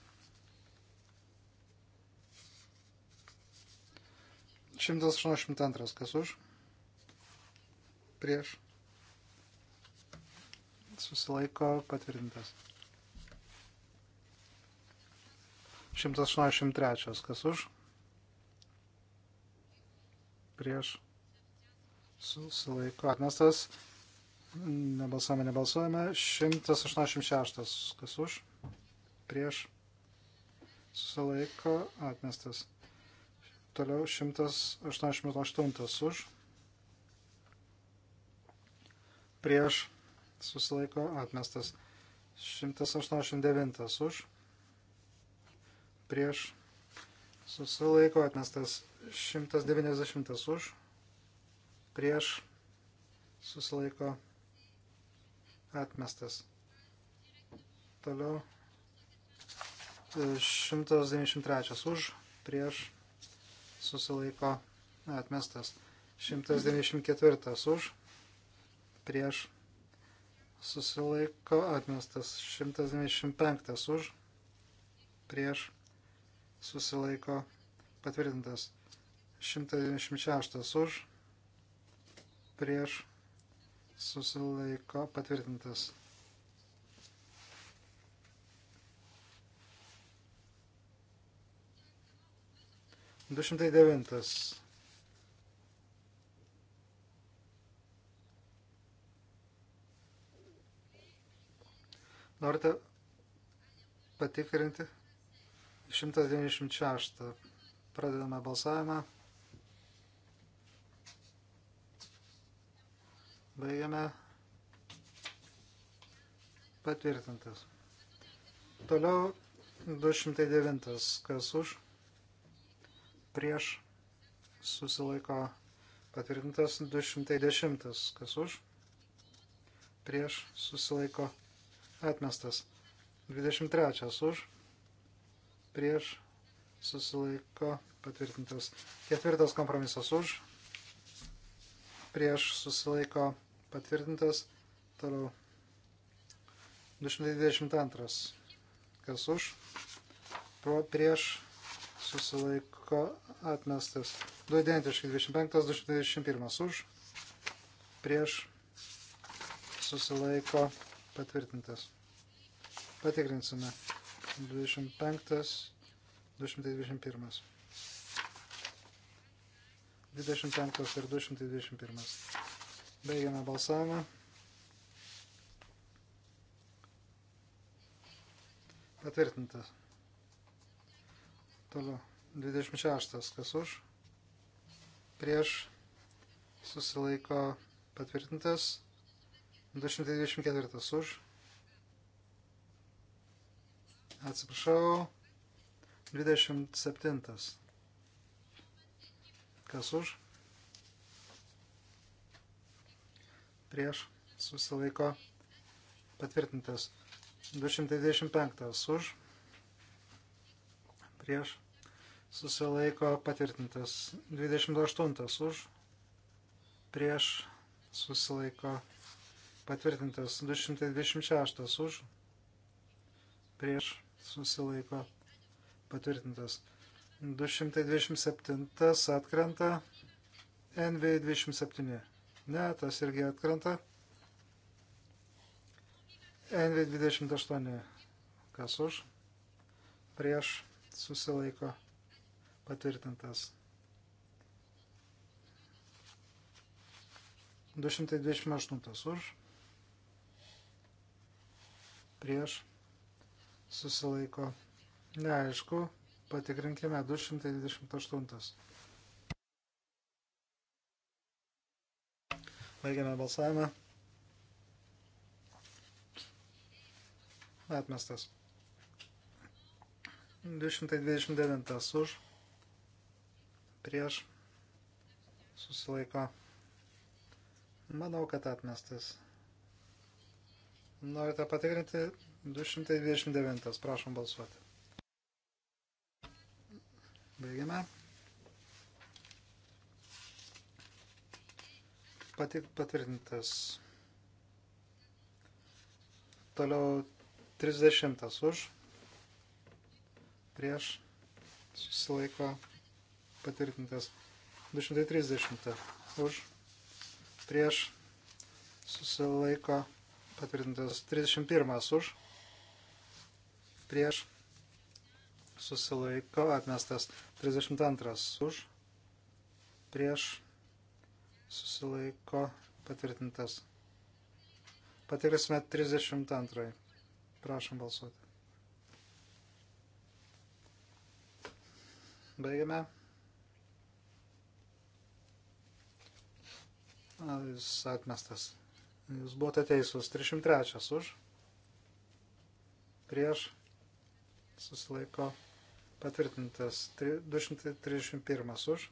[SPEAKER 1] 182. Kas už? Prieš. Susilaiko patvirtintas. 183. Kas už? Prieš. Susilaiko atmestas. Nebalsuojame, nebalsuojame. 186. Kas už? prieš susilaiko atmestas. Toliau 188 už prieš susilaiko atmestas. 189 už prieš susilaiko atmestas. 190 už prieš susilaiko atmestas. Toliau 193 už, prieš, susilaiko atmestas. 194 už, prieš, susilaiko atmestas. 195 už, prieš, susilaiko patvirtintas. 196 už, prieš, susilaiko patvirtintas. 209. Norite patikrinti 196. Pradedame balsavimą. Baigiame. Patvirtintas. Toliau 209. Kas už? prieš susilaiko patvirtintas 210, kas už, prieš susilaiko atmestas 23 už, prieš susilaiko patvirtintas ketvirtas kompromisas už, prieš susilaiko patvirtintas toliau 222, kas už, prieš susilaiko atmestas. 2 identiški 25, 221 už, prieš susilaiko patvirtintas. Patikrinsime. 25, 221. 25 ir 221. Baigiame balsavimą. Patvirtintas. Toliau. 26. Kas už? Prieš susilaiko patvirtintas. 224 už. Atsiprašau. 27. Kas už? Prieš susilaiko patvirtintas. 225 už prieš, susilaiko patvirtintas. 28 už, prieš, susilaiko patvirtintas. 226 už, prieš, susilaiko patvirtintas. 227 atkrenta, NV27. Ne, tas irgi atkrenta. NV28. Kas už? Prieš susilaiko patvirtintas. 228 už, prieš, susilaiko, neaišku, patikrinkime 228. Baigiame balsavimą. Atmestas. 229 už, prieš, susilaiko. Manau, kad atmestas. Norite patikrinti 229, prašom balsuoti. Baigiame. Patik, patvirtintas. Toliau 30 už prieš susilaiko patvirtintas 230 už prieš susilaiko patvirtintas 31 už prieš susilaiko atmestas 32 už prieš susilaiko patvirtintas Patikrinsime 32. Prašom balsuoti. Baigiame. Jis atmestas. Jūs buvote teisūs. 303 už. Prieš. Susilaiko. Patvirtintas. 231 už.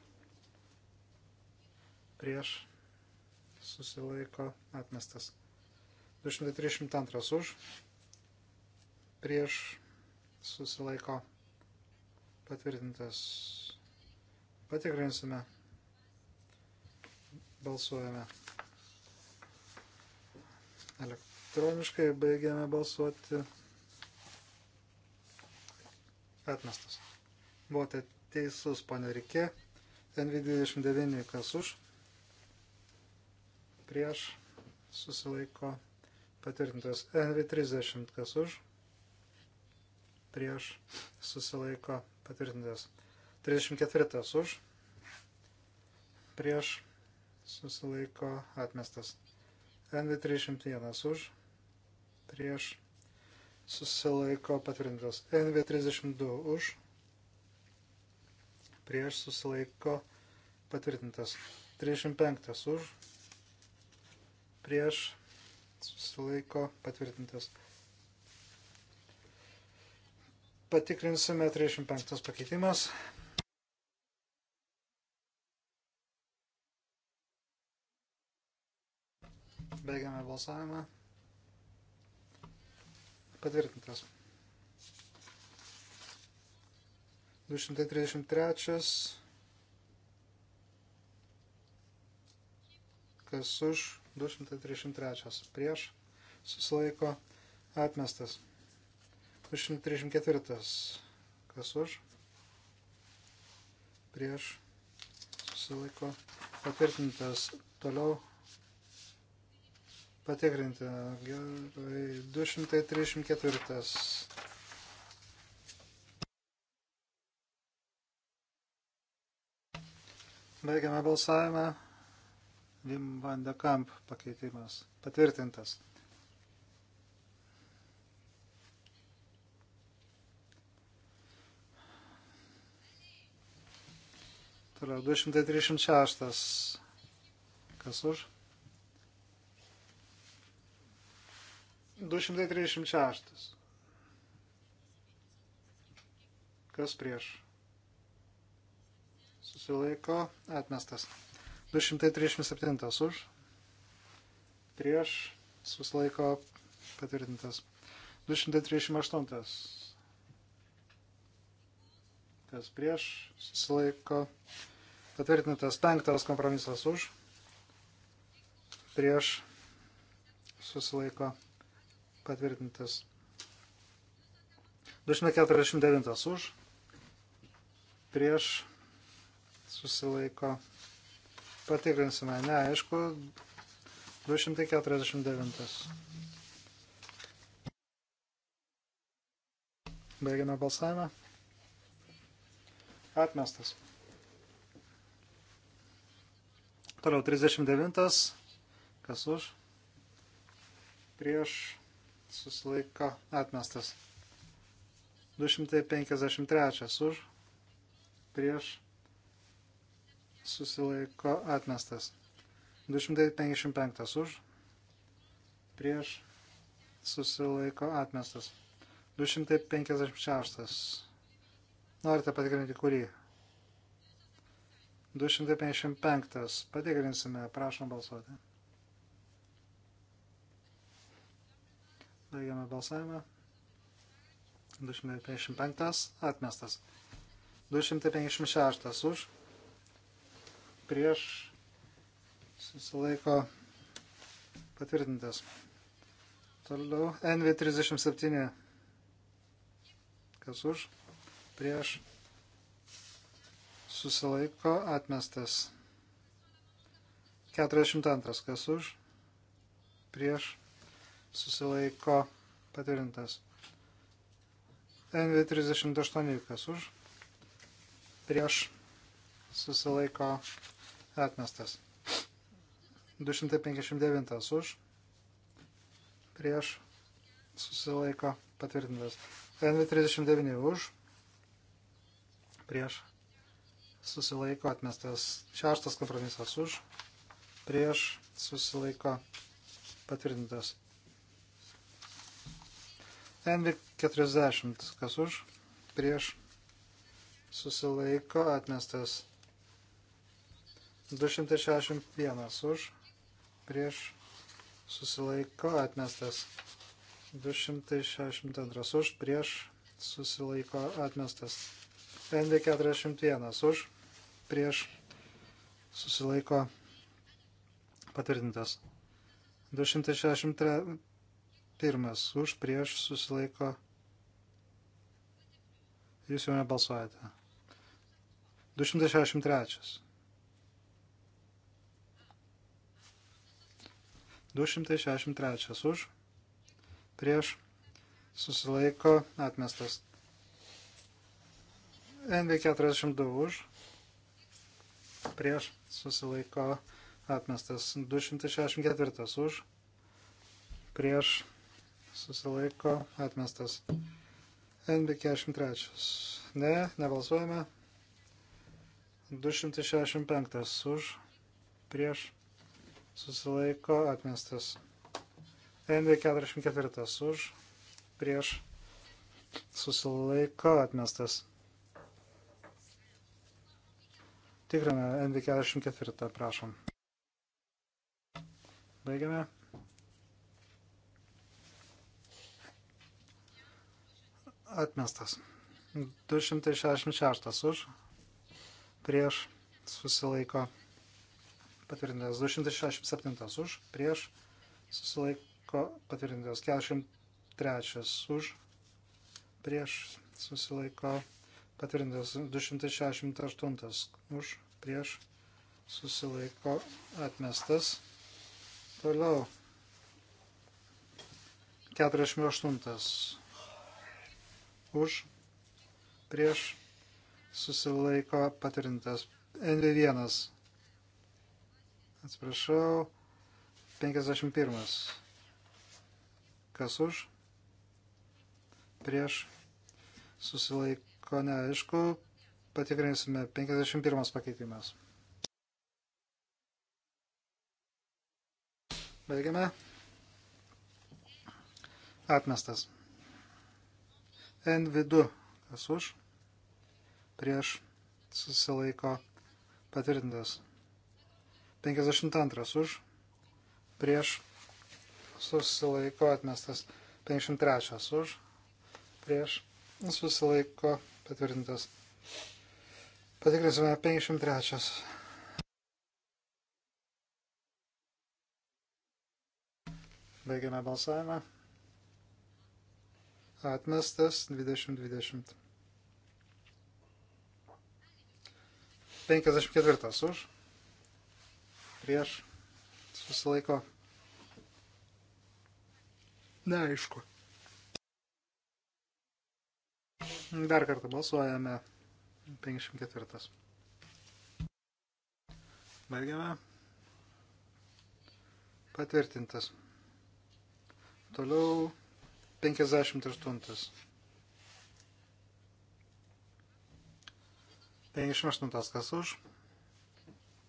[SPEAKER 1] Prieš. Susilaiko. Atmestas. 232 už. Prieš. Susilaiko patvirtintas. Patikrinsime. Balsuojame. Elektroniškai baigiame balsuoti. Atmestas. Buvote teisus, ponė Rikė. NV29 kas už. Prieš susilaiko patvirtintas. NV30 kas už. Prieš susilaiko patvirtintas. 34 už, prieš, susilaiko, atmestas. NV31 už, prieš, susilaiko, patvirtintas. NV32 už, prieš, susilaiko, patvirtintas. 35 už, prieš, susilaiko, patvirtintas. Patikrinsime 35 pakeitimas. Baigiame balsavimą. Patvirtintas. 233. Kas už 233. Prieš susilaiko atmestas. 234. Kas už? Prieš. Susilaiko. Patvirtintas. Toliau. Patikrinti. Gerai. 234. Baigiame balsavimą. Vim van de Kamp pakeitimas patvirtintas. Toliau 236. Kas už? 236. Kas prieš? Susilaiko atmestas. 237 už. Prieš susilaiko patvirtintas. 238 kas prieš, susilaiko. Patvirtintas penktas kompromisas už, prieš, susilaiko. Patvirtintas 249 už, prieš, susilaiko. Patikrinsime, neaišku, 249. Baigiame balsavimą. Atmestas. Toliau 39. Kas už? Prieš susilaiko atmestas. 253 už. Prieš susilaiko atmestas. 255 už. Prieš susilaiko atmestas. 256 Norite patikrinti kurį? 255. Patikrinsime, prašom balsuoti. Baigiame balsavimą. 255 atmestas. 256 už. Prieš susilaiko patvirtintas. Toliau NV37. Kas už? prieš susilaiko atmestas. 42 kas už, prieš susilaiko patvirtintas. NV38 kas už, prieš susilaiko atmestas. 259 už, prieš susilaiko patvirtintas. NV39 už, prieš susilaiko atmestas. Šeštas kompromisas už, prieš susilaiko patvirtintas. NV40 kas už, prieš susilaiko atmestas. 261 už, prieš susilaiko atmestas. 262 už, prieš susilaiko atmestas. ND41 už, prieš susilaiko patvirtintas. 261 už, prieš susilaiko. Jūs jau nebalsuojate. 263. 263 už, prieš susilaiko atmestas. NV42 už, prieš susilaiko atmestas 264 už, prieš susilaiko atmestas NV43. Ne, nebalsuojame. 265 už, prieš susilaiko atmestas NV44 už, prieš susilaiko atmestas Tikrame NV44, prašom. Baigiame. Atmestas. 266 už. Prieš susilaiko. Patvirtintas 267 už. Prieš susilaiko. Patvirtintas 43 už. Prieš susilaiko patvirtintas 268 už prieš susilaiko atmestas. Toliau 48 už prieš susilaiko patvirtintas. NV1 atsiprašau 51 kas už prieš susilaiko ko neaišku, patikrinsime 51 pakeitimas. Baigiame. Atmestas. N2, kas už, prieš susilaiko patvirtintas. 52 už, prieš susilaiko atmestas. 53 už, prieš susilaiko atmestas patvirtintas. Patikrinsime 53. Baigiame balsavimą. Atmestas 2020. 54 už. Prieš. Susilaiko. Neaišku. Dar kartą balsuojame. 54. Baigiame. Patvirtintas. Toliau 58. 58 kas už,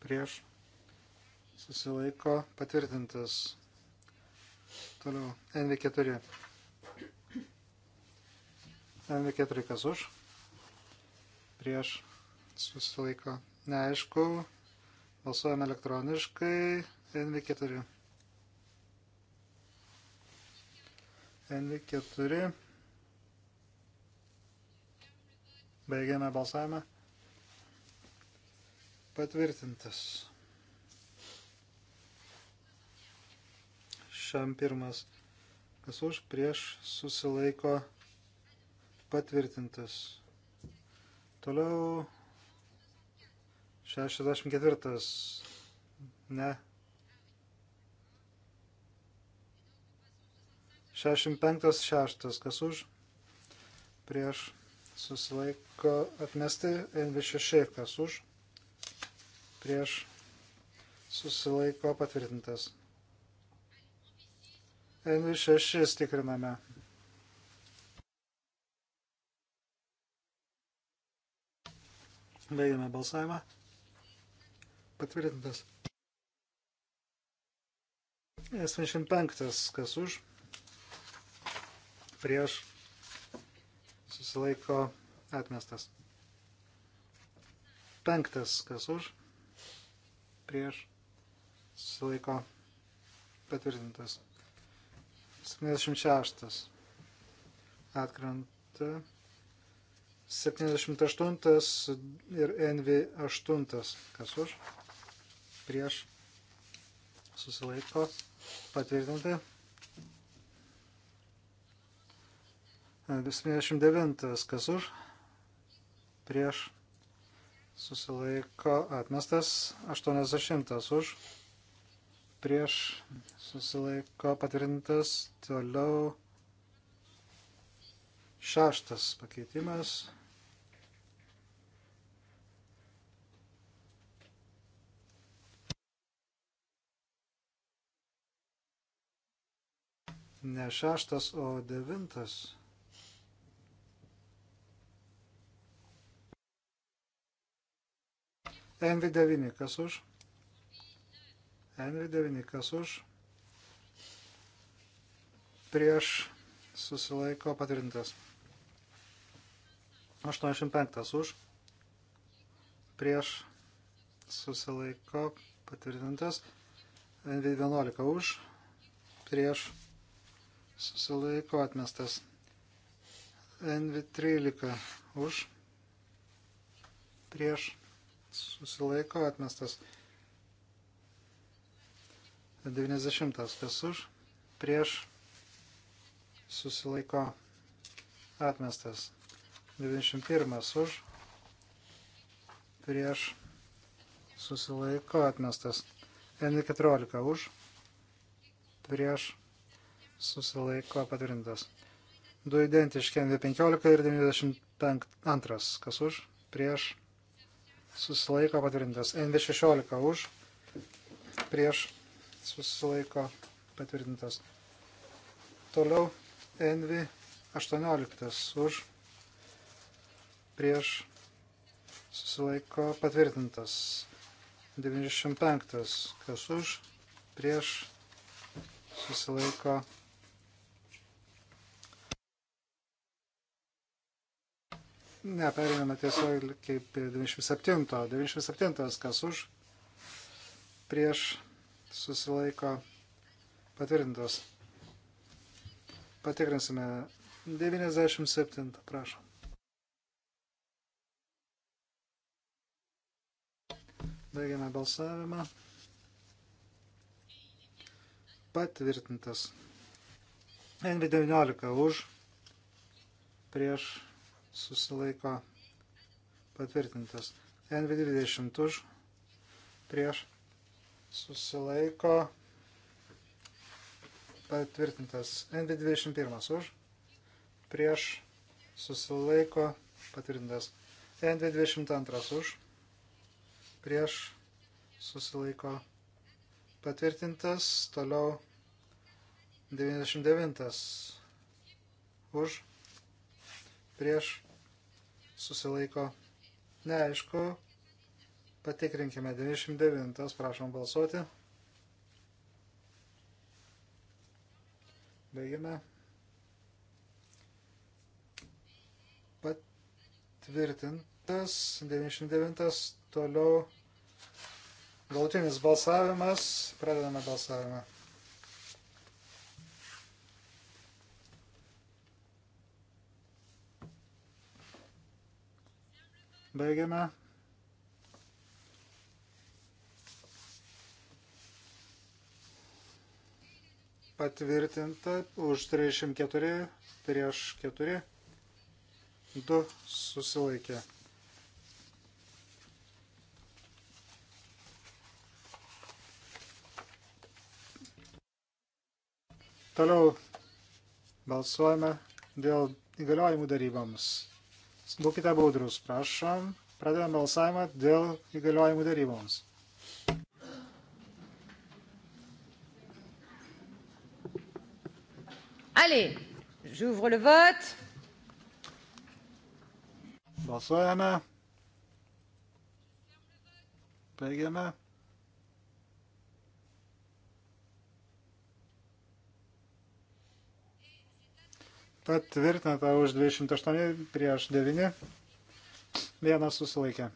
[SPEAKER 1] prieš, susilaiko, patvirtintas. Toliau, NV4 MV4 kas už, prieš susilaiko neaišku, balsuojame elektroniškai, NV4. NV4. Baigiame balsavimą. Patvirtintas. Šiam pirmas, kas už, prieš susilaiko neaišku patvirtintas. Toliau 64. Ne. 65. 6. Kas už? Prieš susilaiko atmesti NV6. Kas už? Prieš susilaiko patvirtintas. NV6 tikriname. Baigiame balsavimą. Patvirtintas. S25, kas už, prieš, susilaiko atmestas. Penktas, kas už, prieš, susilaiko patvirtintas. 76. Atkrenta. 78 ir NV8. Kas už? Prieš. Susilaiko. Patvirtinti. 79. Kas už? Prieš. Susilaiko. Atmestas. 80. Už. Prieš. Susilaiko. Patvirtintas. Toliau. Šeštas pakeitimas. ne šeštas, o devintas. NV9 kas už? NV9 kas už? Prieš susilaiko patvirtintas. 85 už. Prieš susilaiko patvirtintas. NV11 už. Prieš susilaiko atmestas. NV13 už, prieš, susilaiko atmestas. 90 kas už, prieš, susilaiko atmestas. 91 už, prieš, susilaiko atmestas. N14 už, prieš, susilaiko patvirtintas. 2 identiški NV15 ir 92, kas už, prieš, susilaiko patvirtintas. NV16 už, prieš, susilaiko patvirtintas. Toliau NV18 už, prieš, susilaiko patvirtintas. 95, kas už, prieš, susilaiko patvirtintas susilaiko Ne, perėmėme tiesiog kaip 97. 97. kas už, prieš, susilaiko, patvirtintos. Patikrinsime 97, prašom. Baigiame balsavimą. Patvirtintas. NV19 už, prieš, susilaiko patvirtintas. NV20 už prieš susilaiko patvirtintas. NV21 už prieš susilaiko patvirtintas. NV22 už prieš susilaiko patvirtintas. Toliau 99 už prieš susilaiko neaišku. Patikrinkime 99, prašom balsuoti. Baigime. Patvirtintas 99, toliau galutinis balsavimas, pradedame balsavimą. Baigiame. Patvirtinta už 34 prieš 4. 2 susilaikė. Toliau balsuojame dėl įgaliojimų darybams. Būkite baudrus, prašom. Pradedame balsavimą dėl įgaliojimų daryboms. Allez,
[SPEAKER 2] j'ouvre le vote.
[SPEAKER 1] Balsuojame. Baigiame. Patvirtinta už 28 prieš 9. Vienas susilaikė.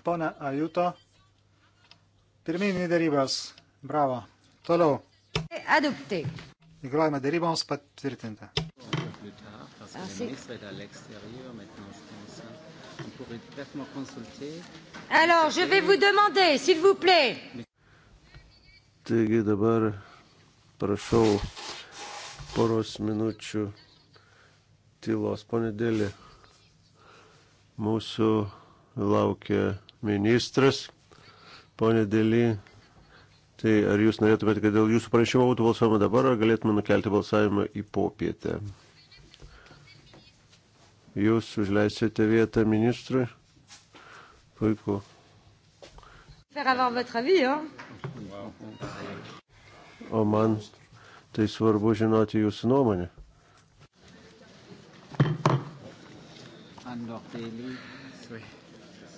[SPEAKER 1] Pone Ajuto. Pirminį darybas. Bravo. Toliau. Adoptai. Įgaliojimą daryboms patvirtinti.
[SPEAKER 4] Alors, je vais vous
[SPEAKER 2] demander, s'il vous plaît.
[SPEAKER 3] Taigi dabar prašau poros minučių tylos. Pone Dėlė, mūsų laukia ministras. Pone Dėlė, Tai ar jūs norėtumėte, kad dėl jūsų prašymo būtų balsuojama dabar, ar galėtume nukelti balsavimą į popietę? Jūs užleisite vietą ministrui? Puiku. O man tai svarbu žinoti jūsų nuomonę.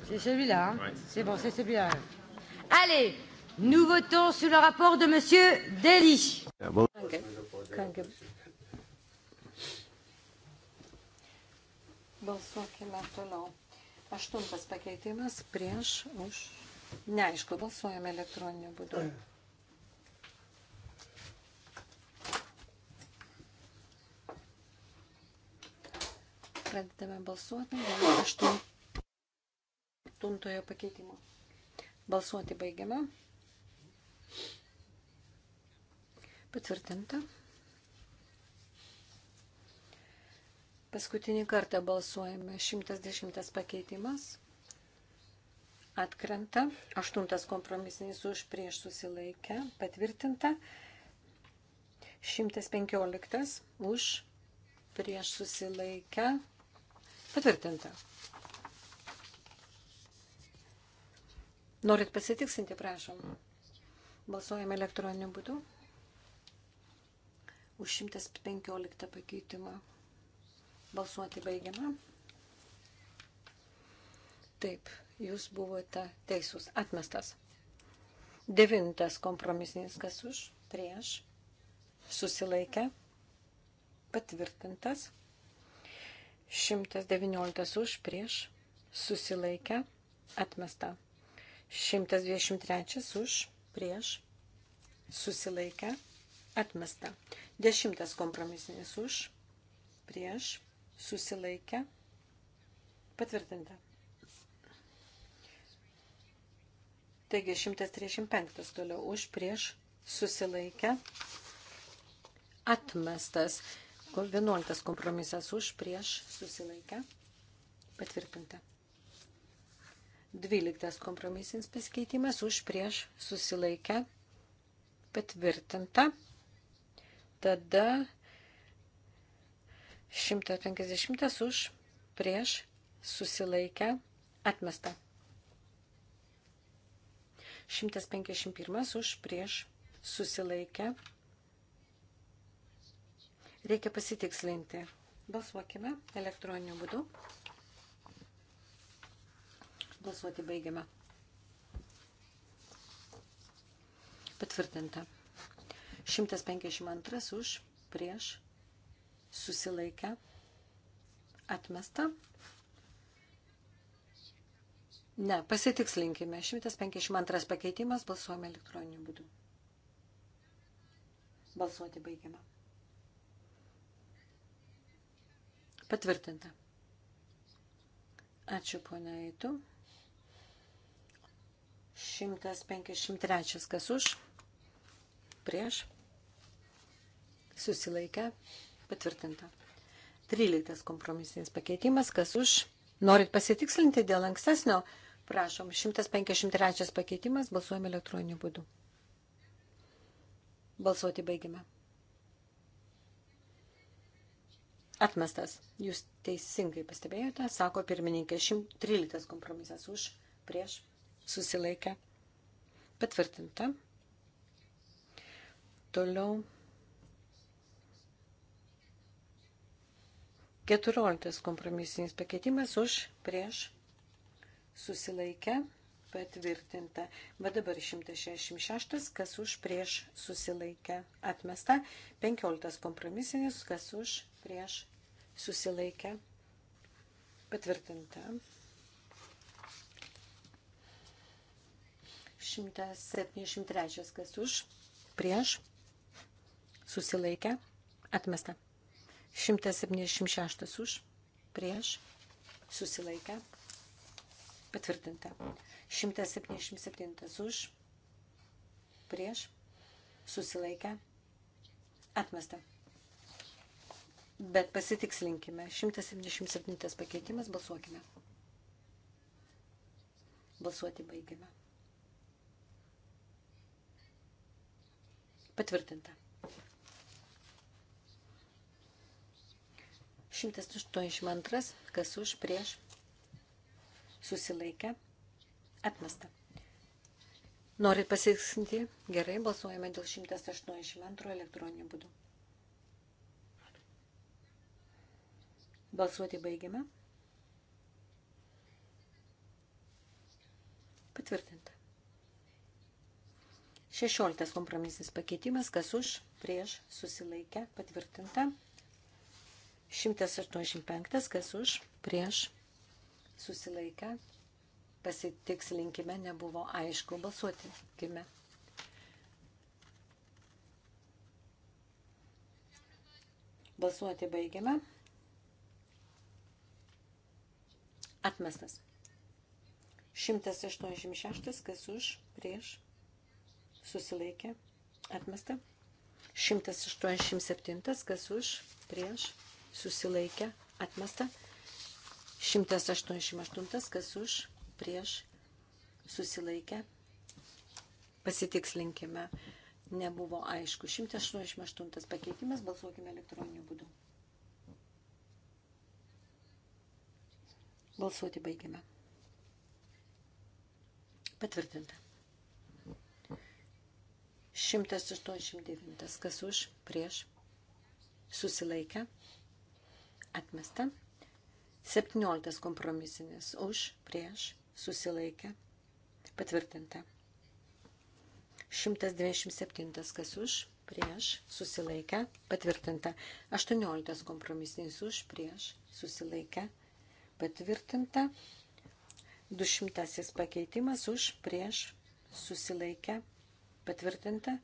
[SPEAKER 2] C'est celui-là, hein C'est bon, c'est celui-là. Allez, nous votons sur le rapport de Monsieur Dely.
[SPEAKER 4] Ja, ah, bon. Danke.
[SPEAKER 2] Danke.
[SPEAKER 5] Balsuokime toliau. Aštuntas pakeitimas prieš už. Neaišku, balsuojame elektroniniu būdu. Mm. Pradedame balsuoti dėl aštuntojo pakeitimo. Balsuoti baigiame. Patvirtinta. Paskutinį kartą balsuojame 110 pakeitimas. Atkrenta. 8 kompromisinis už prieš susilaikę. Patvirtinta. 115 už prieš susilaikę. Patvirtinta. Norit pasitiksinti, prašom. Balsuojame elektroniniu būdu už 115 pakeitimą. Balsuoti baigiama. Taip, jūs buvote teisus. Atmestas. Devintas kompromisinis kas už, prieš, susilaikę, patvirtintas. 119 už prieš susilaikę atmesta. 123 už prieš susilaikę atmesta. 10 kompromisinis už prieš susilaikę patvirtinta. Taigi 135 toliau už prieš susilaikę atmestas. 11 kompromisas už, prieš, susilaikę, patvirtinta. 12 kompromisinis pasikeitimas už, prieš, susilaikę, patvirtinta. Tada 150 už, prieš, susilaikę, atmesta. 151 už, prieš, susilaikę, atmesta. Reikia pasitikslinti. Balsuokime elektroniniu būdu. Balsuoti baigiame. Patvirtinta. 152 už, prieš, susilaikę, atmesta. Ne, pasitikslinkime. 152 pakeitimas balsuojame elektroniniu būdu. Balsuoti baigiame. Patvirtinta. Ačiū, ponia Eitų. 153 kas už, prieš, susilaikę, patvirtinta. 13 kompromisinis pakeitimas, kas už, norit pasitikslinti dėl ankstesnio, prašom, 153 pakeitimas, balsuojame elektroniniu būdu. Balsuoti baigime. Atmestas. Jūs teisingai pastebėjote, sako pirmininkė, 113 kompromisas už, prieš, susilaikę, patvirtinta. Toliau 14 kompromisinis pakeitimas už, prieš, susilaikę, patvirtinta. Bet dabar 166, kas už, prieš, susilaikę, atmesta. 15 kompromisinis, kas už, prieš susilaikę patvirtinta. 173 kas už prieš susilaikę atmesta. 176 už prieš susilaikę patvirtinta. 177 už prieš susilaikę atmesta bet pasitikslinkime. 177 pakeitimas, balsuokime. Balsuoti baigime. Patvirtinta. 182, kas už, prieš, susilaikę, atmesta. Norit pasitikslinti? Gerai, balsuojame dėl 182 elektroninio būdu. Balsuoti baigiame. Patvirtinta. 16 kompromisinis pakeitimas, kas už, prieš, susilaikę, patvirtinta. 185, kas už, prieš, susilaikę, pasitikslinkime, nebuvo aišku balsuoti. Kime. Balsuoti baigiame. Atmestas. 186, kas už, prieš, susilaikė, atmesta. 187, kas už, prieš, susilaikė, atmesta. 188, kas už, prieš, susilaikė. Pasitikslinkime, nebuvo aišku. 188 pakeitimas, balsuokime elektroniniu būdu. Balsuoti baigiame. Patvirtinta. 189. Kas už, prieš, susilaikę, atmesta. 17. Kompromisinis. Už, prieš, susilaikę, patvirtinta. 127. Kas už, prieš, susilaikę, patvirtinta. 18. Kompromisinis. Už, prieš, susilaikę, patvirtinta patvirtinta. 200 pakeitimas už prieš susilaikę patvirtinta.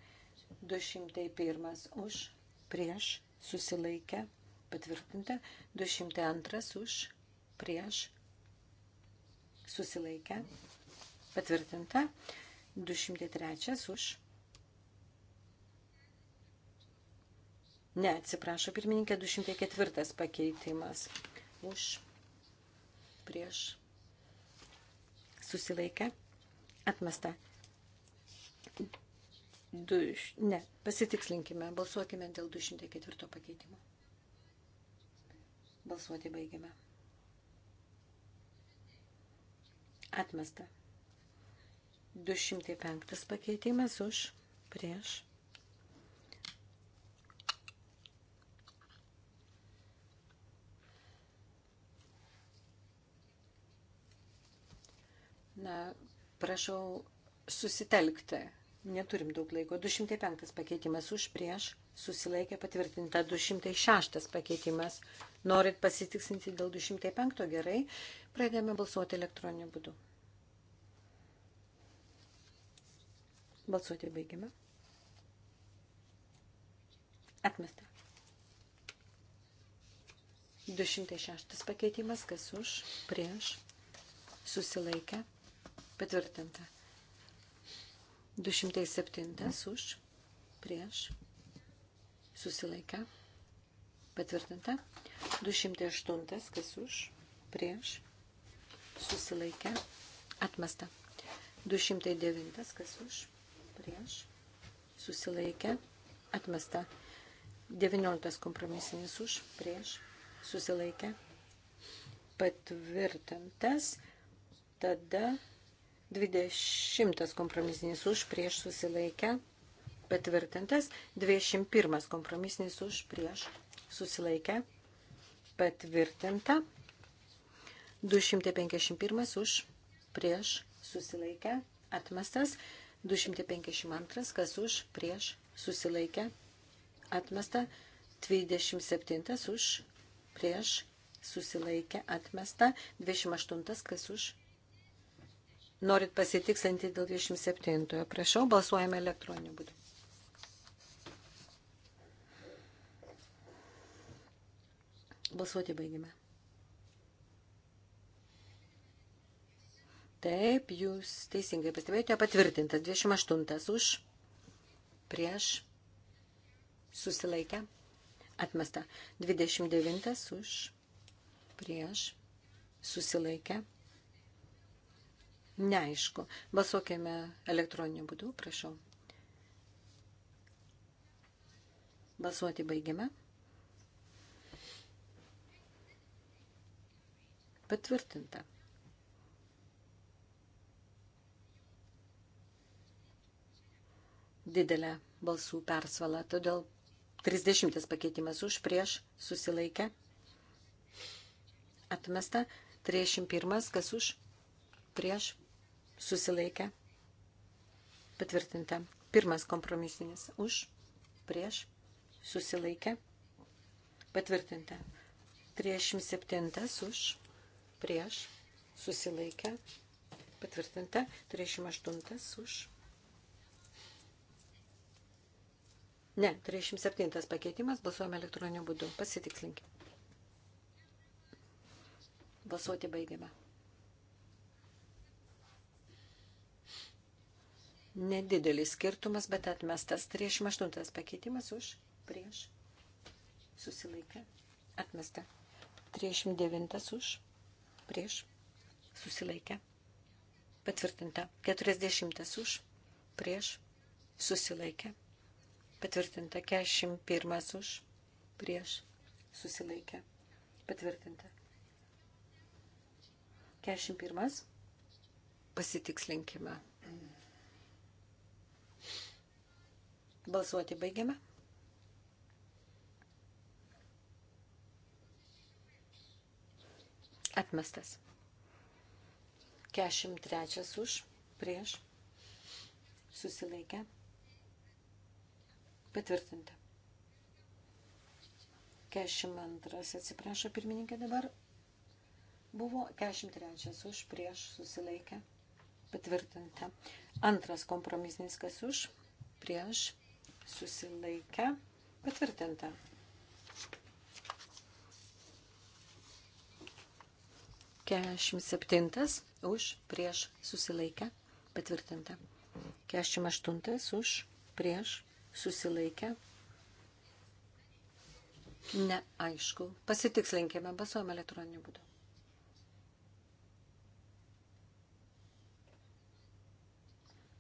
[SPEAKER 5] 201 už prieš susilaikę patvirtinta. 202 už prieš susilaikę patvirtinta. 203 už. Ne, atsiprašo pirmininkė, 204 pakeitimas už prieš susilaikę atmesta. Du, ne, pasitikslinkime, balsuokime dėl 204 pakeitimo. Balsuoti baigiame. Atmesta. 205 pakeitimas už prieš Na, prašau susitelkti. Neturim daug laiko. 205 pakeitimas už prieš susilaikė patvirtinta. 206 pakeitimas. Norit pasitiksinti dėl 205 gerai. Pradėjome balsuoti elektroniniu būdu. Balsuoti baigime. Atmesta. 206 pakeitimas. Kas už prieš susilaikė Patvirtinta. 207 už, prieš, susilaikę. Patvirtinta. 208 kas už, prieš, susilaikę. Atmesta. 209 kas už, prieš, susilaikę. Atmesta. 19 kompromisinis už, prieš, susilaikę, patvirtintas, tada 20 kompromisinis už prieš susilaikę patvirtintas, 21 kompromisinis už prieš susilaikę patvirtinta, 251 už prieš susilaikę atmestas, 252 kas už prieš susilaikę atmesta, 27 už prieš susilaikę atmesta, 28 kas už Norit pasitiksinti dėl 27-ojo. Prašau, balsuojame elektroniniu būdu. Balsuoti baigime. Taip, jūs teisingai pastebėjote, patvirtintas 28 už, prieš, susilaikę, atmesta 29 už, prieš, susilaikę, neaišku. Balsuokime elektroniniu būdu, prašau. Balsuoti baigiame. Patvirtinta. Didelė balsų persvala, todėl 30 pakeitimas už, prieš, susilaikę, atmesta, 31 kas už, prieš, susilaikę, patvirtinta. Pirmas kompromisinis už, prieš, susilaikę, patvirtinta. 37 už, prieš, susilaikę, patvirtinta. 38 už. Ne, 37 pakeitimas balsuojame elektroniniu būdu. Pasitikslinkime. Balsuoti baigiame. Nedidelis skirtumas, bet atmestas 38 pakeitimas už prieš susilaikę. Atmesta. 39 už prieš susilaikę. Patvirtinta. 40 už prieš susilaikę. Patvirtinta. 41 už prieš susilaikę. Patvirtinta. 41. Pasitikslinkime. Balsuoti baigiame. Atmestas. 43 už, prieš, susilaikę, patvirtinti. 42, atsiprašo pirmininkė dabar, buvo 43 už, prieš, susilaikę, patvirtinti. Antras kompromisinis kas už, prieš, susilaikę, patvirtinta. Kešim septintas už prieš susilaikę, patvirtinta. Kešim aštuntas už prieš susilaikę. Neaišku. Pasitikslinkime, basuojame elektroniniu būdu.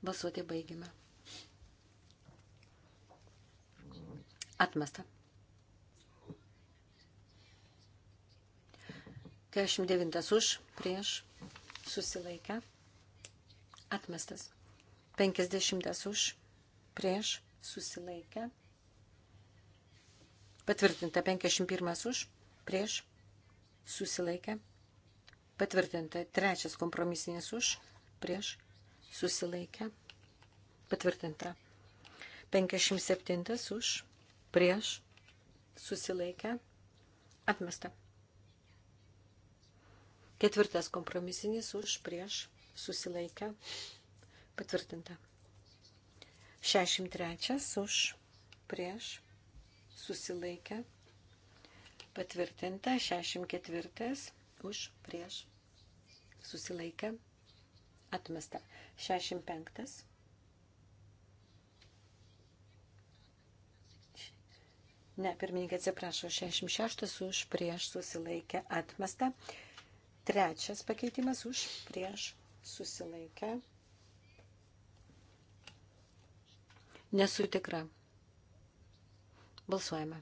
[SPEAKER 5] Balsuoti baigime. Atmesta. 49 už, prieš, susilaikę, atmestas. 50 už, prieš, susilaikę, patvirtinta. 51 už, prieš, susilaikę, patvirtinta. Trečias kompromisinis už, prieš, susilaikę, patvirtinta. 57 už, prieš, susilaikę, atmesta. Ketvirtas kompromisinis už, prieš, susilaikę, patvirtinta. 63 už, prieš, susilaikę, patvirtinta. 64 už, prieš, susilaikę, atmesta. 65 Ne, pirmininkė atsiprašo, 66 už prieš susilaikę atmestą. Trečias pakeitimas už prieš susilaikę. Nesu tikra. Balsuojame.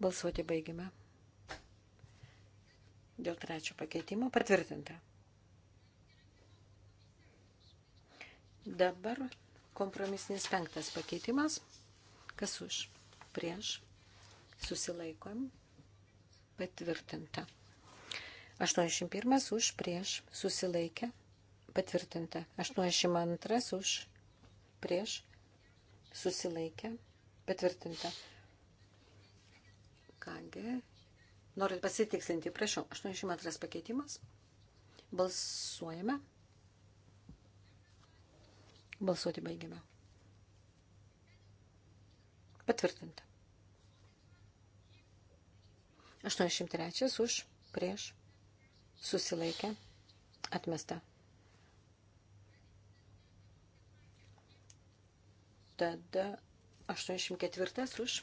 [SPEAKER 5] Balsuoti baigime. Dėl trečio pakeitimo patvirtinta. Dabar kompromisinis penktas pakeitimas. Kas už? Prieš. Susilaikom. Patvirtinta. 81 už prieš susilaikę. Patvirtinta. 82 už prieš susilaikę. Patvirtinta. Kągi. Norit pasitikslinti, prašau. 82 pakeitimas. Balsuojame. Balsuoti baigiame. Patvirtinta. 83 už, prieš, susilaikę, atmesta. Tada 84 už.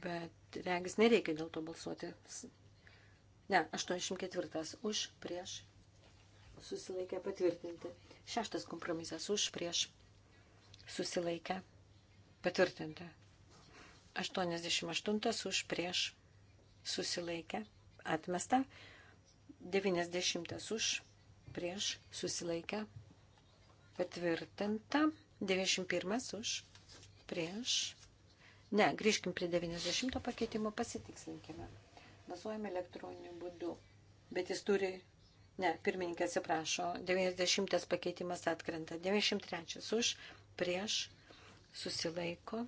[SPEAKER 5] Bet regis nereikia dėl to balsuoti. Ne, 84 už, prieš, susilaikė patvirtinti. Šeštas kompromisas už prieš susilaikė patvirtinti. 88 už prieš susilaikė atmesta. 90 už prieš susilaikė patvirtinta. 91 už prieš. Ne, grįžkim prie 90 pakeitimo, pasitikslinkime. Balsuojame elektroniniu būdu, bet jis turi Ne, pirmininkė atsiprašo. 90 pakeitimas atkrenta. 93 už, prieš, susilaiko.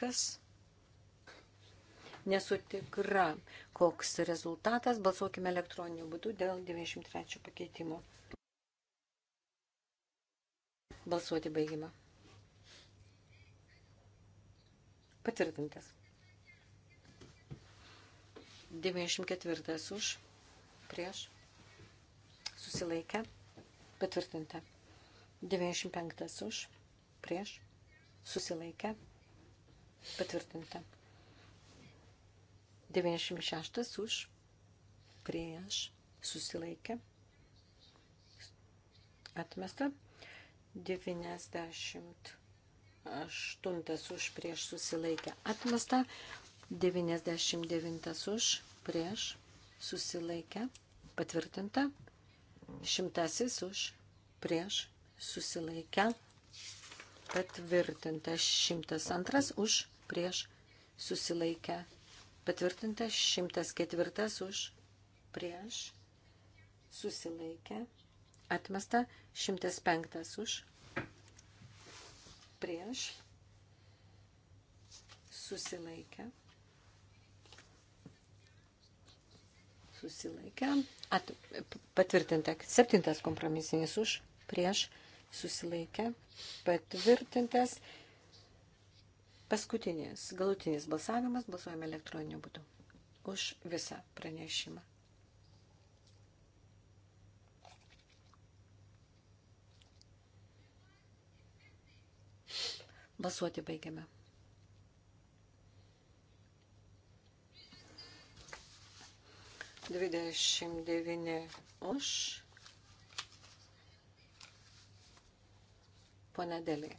[SPEAKER 5] Kas? Nesu tikra, koks rezultatas. Balsuokime elektroniniu būdu dėl 93 pakeitimo. Balsuoti baigimą. Patvirtintas. 94 už, prieš, susilaikė, patvirtinta. 95 už, prieš, susilaikė, patvirtinta. 96 už, prieš, susilaikė, atmesta. 98 už, prieš, susilaikė, atmesta. 99 už, prieš, susilaikė, patvirtinta. Šimtasis už prieš susilaikę patvirtintas. Šimtas antras už prieš susilaikę patvirtintas. Šimtas ketvirtas už prieš susilaikę atmesta. Šimtas penktas už prieš susilaikę susilaikę. At, patvirtinta. Septintas kompromisinis už, prieš, susilaikę. Patvirtintas. Paskutinis, galutinis balsavimas. Balsuojame elektroniniu būdu. Už visą pranešimą. Balsuoti baigiame. 29 už. Pone Dėlį,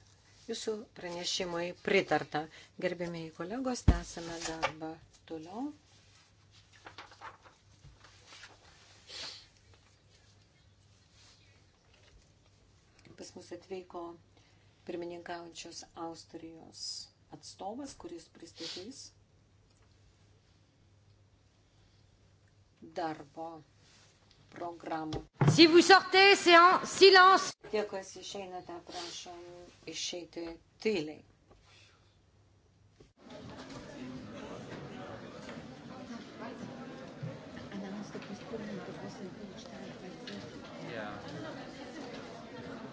[SPEAKER 5] jūsų pranešimai pritarta. Gerbėmiai kolegos, tęsime darbą toliau. Pas mus atvyko pirmininkaujančios Austrijos atstovas, kuris pristatys darbo programų. Si vous sortez, c'est en silence. Tie, kas išeinate, prašom išeiti tyliai.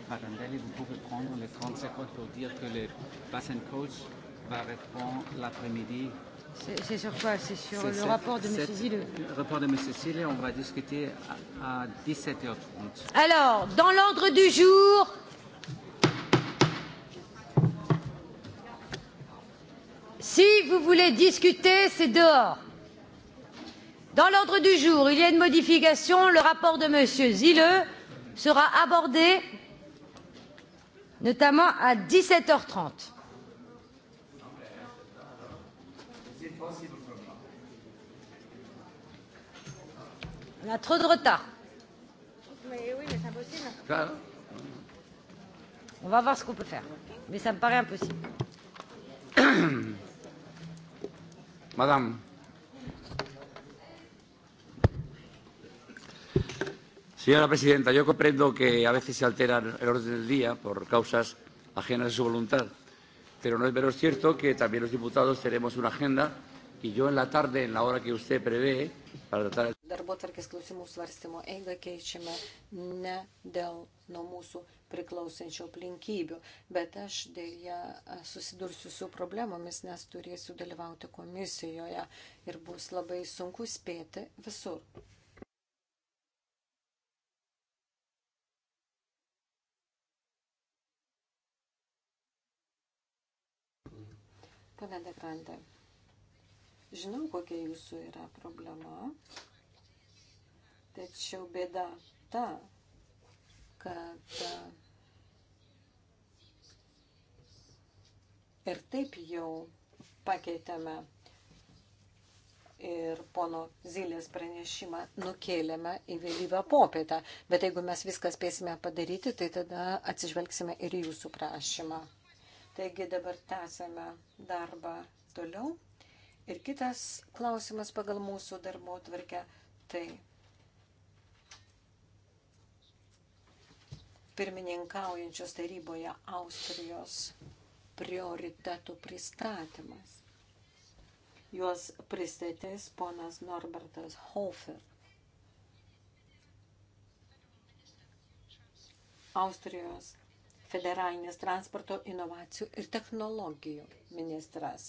[SPEAKER 4] Parandelli, vous pouvez prendre les 30 secondes pour dire que le bassin coach va répondre l'après-midi C'est sur quoi C'est sur le rapport de M. Zille Le rapport de M. Zille, on va discuter à, à 17h30.
[SPEAKER 2] Alors, dans l'ordre du jour. Si vous voulez discuter, c'est dehors. Dans l'ordre du jour, il y a une modification. Le rapport de M. Zille sera abordé notamment à 17h30. On a trop de retard.
[SPEAKER 5] Mais oui, mais c'est impossible. Claro.
[SPEAKER 2] On va voir ce qu'on peut faire. Mais ça me paraît impossible.
[SPEAKER 4] Madame. Señora presidenta, yo comprendo que a
[SPEAKER 5] veces se altera el orden del día por causas ajenas a su voluntad pero no es menos cierto que también los diputados tenemos una agenda y yo en la tarde, en la hora que usted prevé, para tratar. Darbo tarkės klausimų svarstymo eigą keičiame ne dėl nuo mūsų priklausančių aplinkybių, bet aš dėja susidursiu su problemomis, nes turėsiu dalyvauti komisijoje ir bus labai sunku spėti visur. Pone Dekante, žinau, kokia jūsų yra problema, tačiau bėda ta, kad e, ir taip jau pakeitėme ir pono Zylės pranešimą nukėlėme į vėlyvą popietę. Bet jeigu mes viską spėsime padaryti, tai tada atsižvelgsime ir jūsų prašymą. Taigi dabar tęsėme darbą toliau. Ir kitas klausimas pagal mūsų darbo tvarkę tai pirmininkaujančios taryboje Austrijos prioritetų pristatymas. Juos pristatys ponas Norbertas Hofer. Austrijos federalinis transporto inovacijų ir technologijų ministras.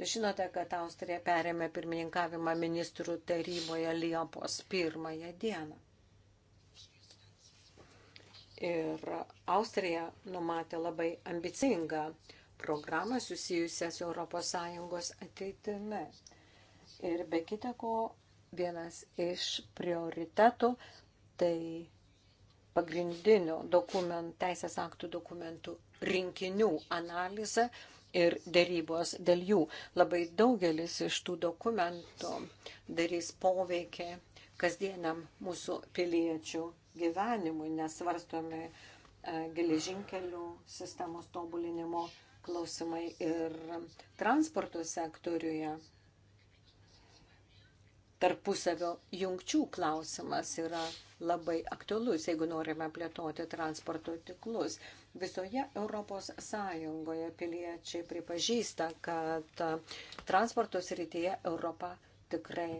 [SPEAKER 5] Jūs žinote, kad Austrija perėmė pirmininkavimą ministrų taryboje Liepos pirmąją dieną. Ir Austrija numatė labai ambicingą programą susijusią su ES ateitimi. Ir be kita ko, vienas iš prioritetų tai pagrindinių dokument, teisės aktų dokumentų rinkinių analizę ir dėrybos dėl jų. Labai daugelis iš tų dokumentų darys poveikį kasdieniam mūsų piliečių gyvenimui, nesvarstomi e, geležinkelių sistemos tobulinimo klausimai ir transporto sektoriuje. Tarpusavio jungčių klausimas yra labai aktualus, jeigu norime plėtoti transporto tiklus. Visoje Europos Sąjungoje piliečiai pripažįsta, kad transporto srityje Europa tikrai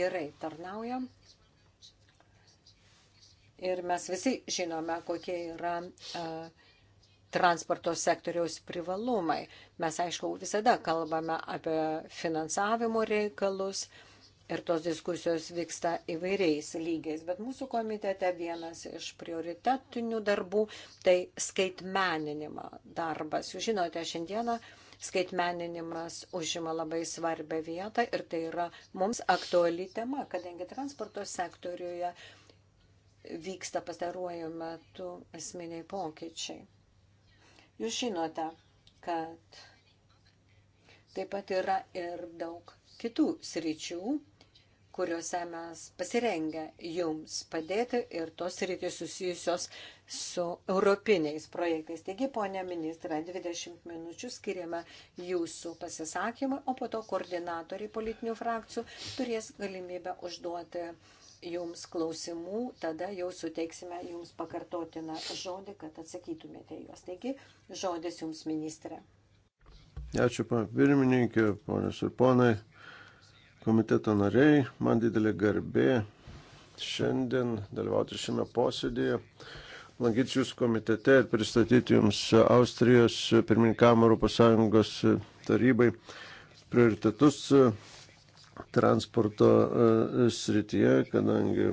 [SPEAKER 5] gerai tarnauja. Ir mes visi žinome, kokie yra uh, transporto sektoriaus privalumai. Mes, aišku, visada kalbame apie finansavimo reikalus, uh, ir tos diskusijos vyksta įvairiais lygiais. Bet mūsų komitete vienas iš prioritetinių darbų tai skaitmeninimo darbas. Jūs žinote, šiandieną skaitmeninimas užima labai svarbę vietą ir tai yra mums aktuali tema, kadangi transporto sektoriuje vyksta pastaruoju metu esminiai pokyčiai. Jūs žinote, kad taip pat yra ir daug kitų sričių, kuriuose mes pasirengę jums padėti ir tos rytis susijusios su europiniais projektais. Taigi, ponė ministra, 20 minučių skiriame jūsų pasisakymą, o po to koordinatoriai politinių frakcijų turės galimybę užduoti jums klausimų, tada jau suteiksime jums pakartotiną žodį, kad atsakytumėte juos. Taigi, žodis jums ministrė.
[SPEAKER 3] Ačiū, pirmininkė, ponės ir ponai komiteto nariai, man didelė garbė šiandien dalyvauti šiame posėdėje, lankytis jūsų komitete ir pristatyti jums Austrijos pirmininkam ES tarybai prioritetus transporto e, srityje, kadangi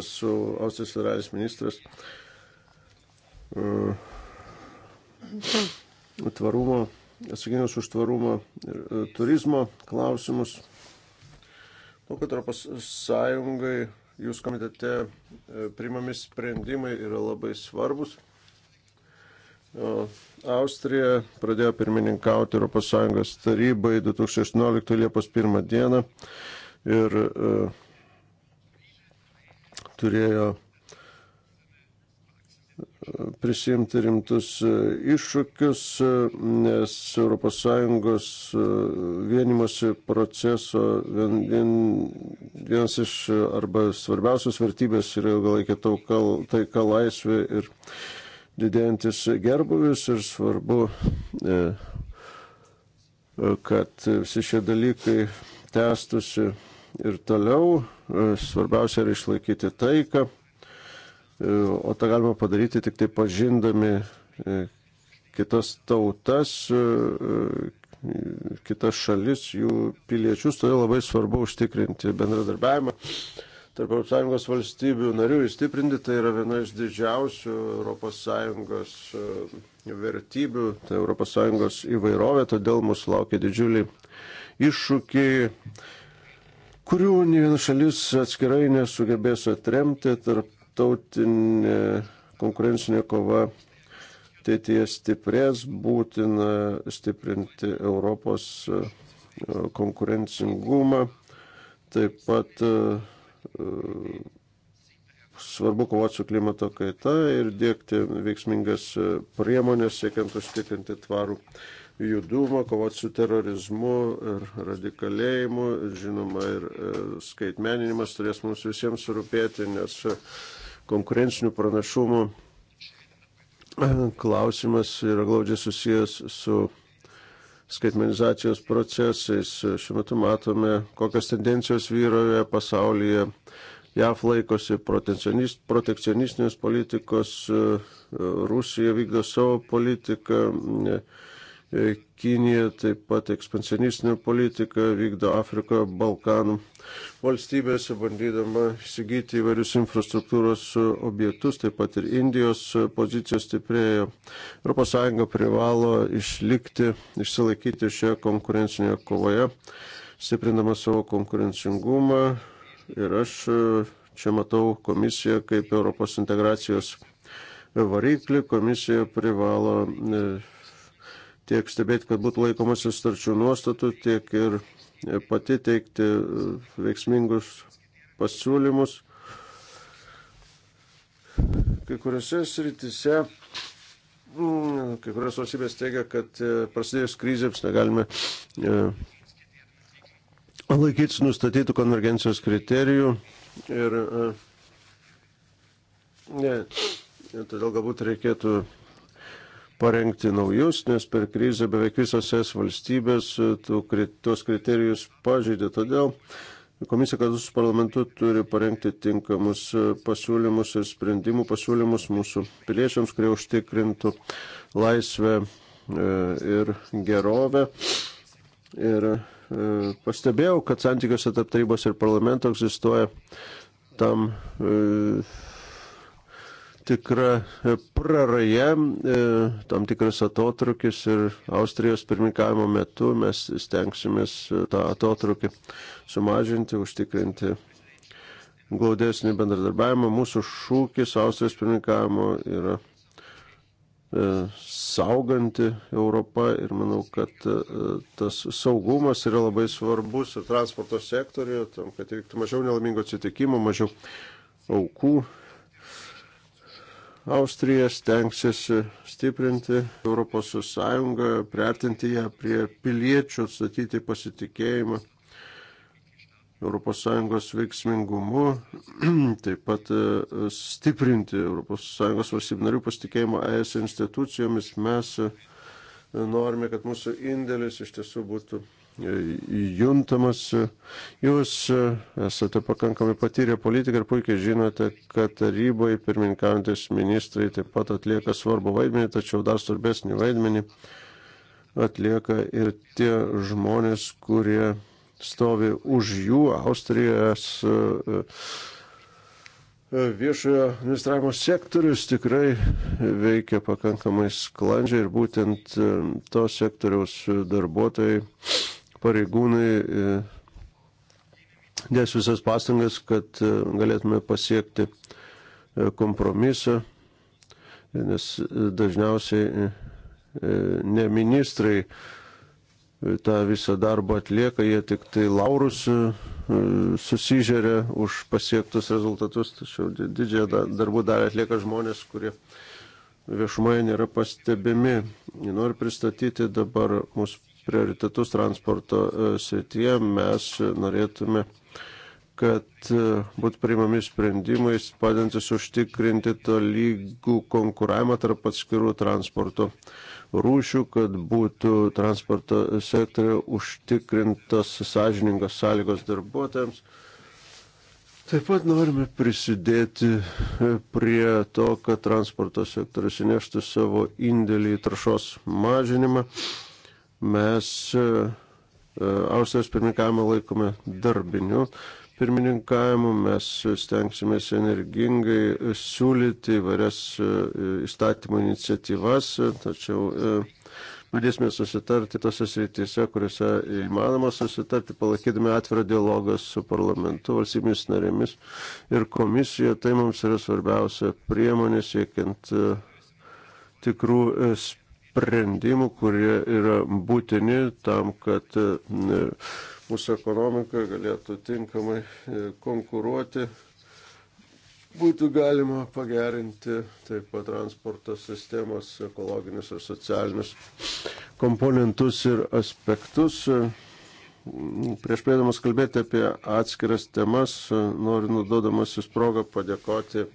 [SPEAKER 3] esu Austrijos federalinis ministras e, tvarumo, atsakingas už tvarumo ir e, turizmo klausimus Nu, kad Europos Sąjungai jūs komitete e, primami sprendimai yra labai svarbus. Austrija pradėjo pirmininkauti Europos Sąjungos tarybai 2016 Liepos 1 dieną ir e, turėjo prisimti rimtus e, iššūkius, e, nes ES e, vienimosi proceso vien, vien, vienas iš arba svarbiausios vertybės yra ilgalaikė taika laisvė ir didėjantis gerbuvis ir svarbu, kad visi šie dalykai tęstusi ir toliau. Svarbiausia yra išlaikyti taiką E, o tą galima padaryti tik tai pažindami e, kitas tautas, e, kitas šalis, jų piliečius, todėl labai svarbu užtikrinti bendradarbiavimą tarp ES valstybių narių įstiprinti, tai yra viena iš didžiausių ES vertybių, tai ES įvairovė, todėl mūsų laukia didžiuliai iššūkiai kurių nė viena šalis atskirai nesugebės atremti, tarp tarptautinė konkurencinė kova ateityje stiprės, būtina stiprinti Europos e, konkurencingumą, taip pat e, e, svarbu kovoti su klimato kaita ir dėkti veiksmingas priemonės, siekiant užtikrinti tvarų judumą, kovoti su terorizmu ir radikalėjimu. Žinoma, ir skaitmeninimas turės mums visiems rūpėti, nes konkurencinių pranašumų e, klausimas yra glaudžiai susijęs su skaitmenizacijos procesais. Šiuo metu matome, kokios tendencijos vyroje pasaulyje. JAF laikosi protekcionistinės politikos, e, Rusija vykdo savo politiką, e, E, Kinija taip pat ekspansionistinę politiką vykdo Afrikoje, Balkanų valstybėse, bandydama įsigyti įvairius infrastruktūros objektus, taip pat ir Indijos pozicijos stiprėjo. ES privalo išlikti, išsilaikyti šioje konkurencinėje kovoje, stiprindama savo konkurencingumą. Ir aš e, čia matau komisiją kaip Europos integracijos variklį, komisija privalo e, tiek stebėti, kad būtų laikomasi starčių nuostatų, tiek ir pati teikti e, veiksmingus pasiūlymus. Kai kuriuose srityse, mm, kai kurios valstybės teigia, kad e, prasidėjus krizėms negalime e, laikytis nustatytų konvergencijos kriterijų ir ne, todėl galbūt reikėtų parengti naujus, nes per krizę beveik visos es valstybės e, tuos kriterijus pažeidė. Todėl komisija kartu su parlamentu turi parengti tinkamus e, pasiūlymus ir sprendimų pasiūlymus mūsų piliečiams, kurie užtikrintų laisvę e, ir gerovę. Ir pastebėjau, kad santykiuose tarp tarybos ir parlamento egzistuoja tam tikra e, praraja, e, tam tikras atotrukis ir Austrijos pirmininkavimo metu mes stengsimės e, tą atotrukį sumažinti, užtikrinti glaudesnį bendradarbiavimą. Mūsų šūkis Austrijos pirmininkavimo yra sauganti Europa ir manau, kad tas saugumas yra labai svarbus ir transporto sektoriuje, tam, kad reiktų mažiau nelaimingų atsitikimų, mažiau aukų Austrija stengsiasi stiprinti Europos Sąjungą, priartinti ją prie piliečių, atstatyti pasitikėjimą Europos Sąjungos veiksmingumu, taip pat e, stiprinti Europos Sąjungos valstybinarių pasitikėjimą ES institucijomis. Mes e, norime, kad mūsų indėlis iš tiesų būtų juntamas. Jūs esate pakankamai patyrę politiką ir puikiai žinote, kad tarybai pirmininkaujantis ministrai taip pat atlieka svarbu vaidmenį, tačiau dar svarbesnį vaidmenį atlieka ir tie žmonės, kurie stovi už jų Austrijos e, e, viešojo administravimo sektorius tikrai veikia pakankamai sklandžiai ir būtent e, to sektoriaus darbuotojai pareigūnai e, dės visas pastangas, kad e, galėtume pasiekti e, kompromisą, nes dažniausiai ne ministrai tą visą darbą atlieka, jie tik tai laurus susižeria už pasiektus rezultatus, tačiau didžiąją darbų dalį atlieka žmonės, kurie viešumoje nėra pastebimi. Noriu pristatyti dabar mūsų prioritetus transporto e, srityje, mes norėtume kad e, būtų priimami sprendimai, padantis užtikrinti to lygų konkuravimą tarp atskirų transporto rūšių, kad būtų transporto sektorio užtikrintos sąžiningos sąlygos darbuotojams. Taip pat norime prisidėti e, prie to, kad transporto sektorius įneštų savo indėlį į trašos mažinimą mes e, e, Austrijos pirmininkavimą laikome darbiniu pirmininkavimu, mes stengsimės energingai siūlyti įvairias e, įstatymo iniciatyvas, tačiau bandysime susitarti tose srityse, kuriuose įmanoma susitarti, palaikydami atvirą dialogą su parlamentu, valstybėmis narėmis ir komisija. Tai mums yra svarbiausia priemonė siekiant tikrų sprendimų sprendimų, kurie yra būtini tam, kad e, mūsų ekonomika galėtų tinkamai e, konkuruoti. Būtų galima pagerinti taip pat transporto sistemos ekologinius ir socialinius komponentus ir aspektus. E, prieš pėdamas kalbėti apie atskiras temas, noriu nudodamas jūs progą padėkoti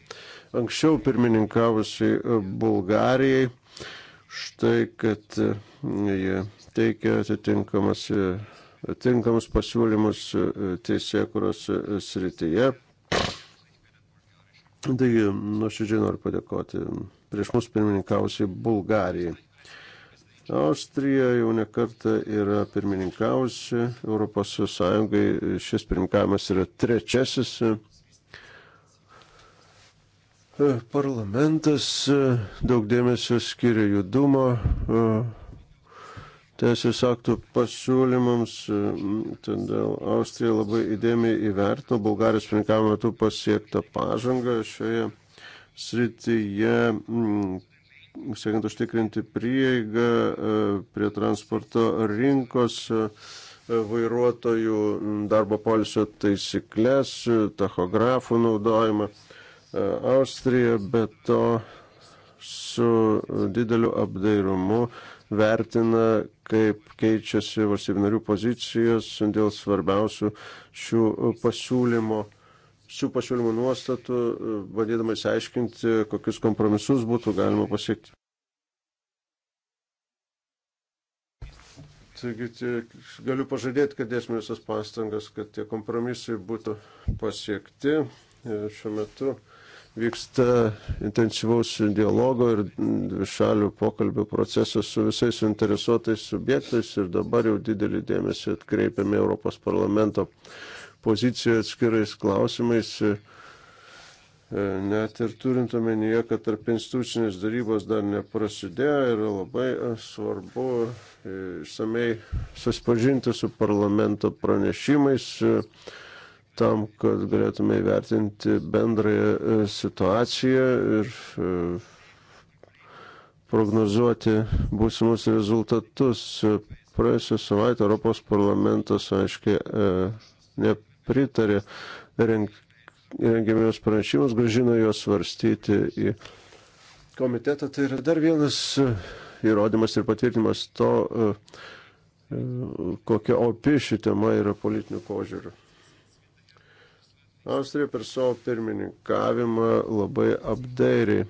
[SPEAKER 3] anksčiau pirmininkavusiai Bulgarijai štai, kad e, jie teikia atitinkamas, e, atitinkamus pasiūlymus e, teisėkuros srityje. Taigi, nuoširdžiai noriu padėkoti prieš mus pirmininkausiai Bulgarijai. Austrija jau nekarta yra pirmininkausi Europos Sąjungai, šis pirmininkavimas yra trečiasis Parlamentas e, daug dėmesio skiria judumo e, teisės aktų pasiūlymams, e, todėl Austrija labai įdėmiai įvertino Bulgarijos pirmininkavimo metu pasiektą pažangą šioje srityje, siekiant užtikrinti prieigą prie transporto rinkos vairuotojų darbo polisio taisyklės, tachografų naudojimą. Austrija, bet to su dideliu apdairumu vertina, kaip keičiasi valstybinarių pozicijos dėl svarbiausių šių pasiūlymų šių pasiūlymų nuostatų, bandydama įsiaiškinti, kokius kompromisus būtų galima pasiekti. Taigi tiek, galiu pažadėti, kad dėsime visas pastangas, kad tie kompromisai būtų pasiekti. Ir šiuo metu vyksta intensyvaus dialogo ir šalių pokalbių procesas su visais interesuotais subjektais ir dabar jau didelį dėmesį atkreipiame Europos parlamento poziciją atskirais klausimais. Net ir turint omenyje, kad tarp institucinės darybos dar neprasidėjo ir labai svarbu išsamei susipažinti su parlamento pranešimais, tam, kad galėtume įvertinti bendrąją e, situaciją ir e, prognozuoti būsimus rezultatus. Praėjusią savaitę Europos parlamentas aiškiai e, nepritarė rengiamiems pranešimus, gražino juos svarstyti į komitetą. Tai yra dar vienas įrodymas ir patvirtinimas to, kokia opi ši tema yra politinių požiūrių. Austrija per savo pirmininkavimą labai apdairiai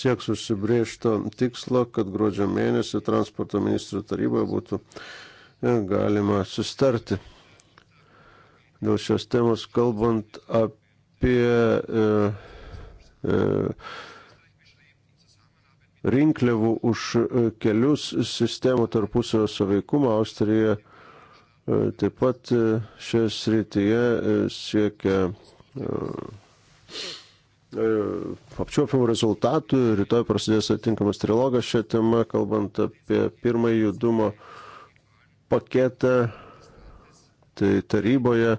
[SPEAKER 3] sieks užsibriežto tikslo, kad gruodžio mėnesį transporto ministrų taryboje būtų e, galima sustarti. Dėl šios temos kalbant apie e, e, rinkliavų už kelius sistemų tarpusavio saveikumą, Austrija E, taip pat e, šioje srityje e, siekia apčiuopimų rezultatų. Rytoj prasidės atinkamas trilogas šią temą, kalbant apie pirmąjį judumo paketą. Tai taryboje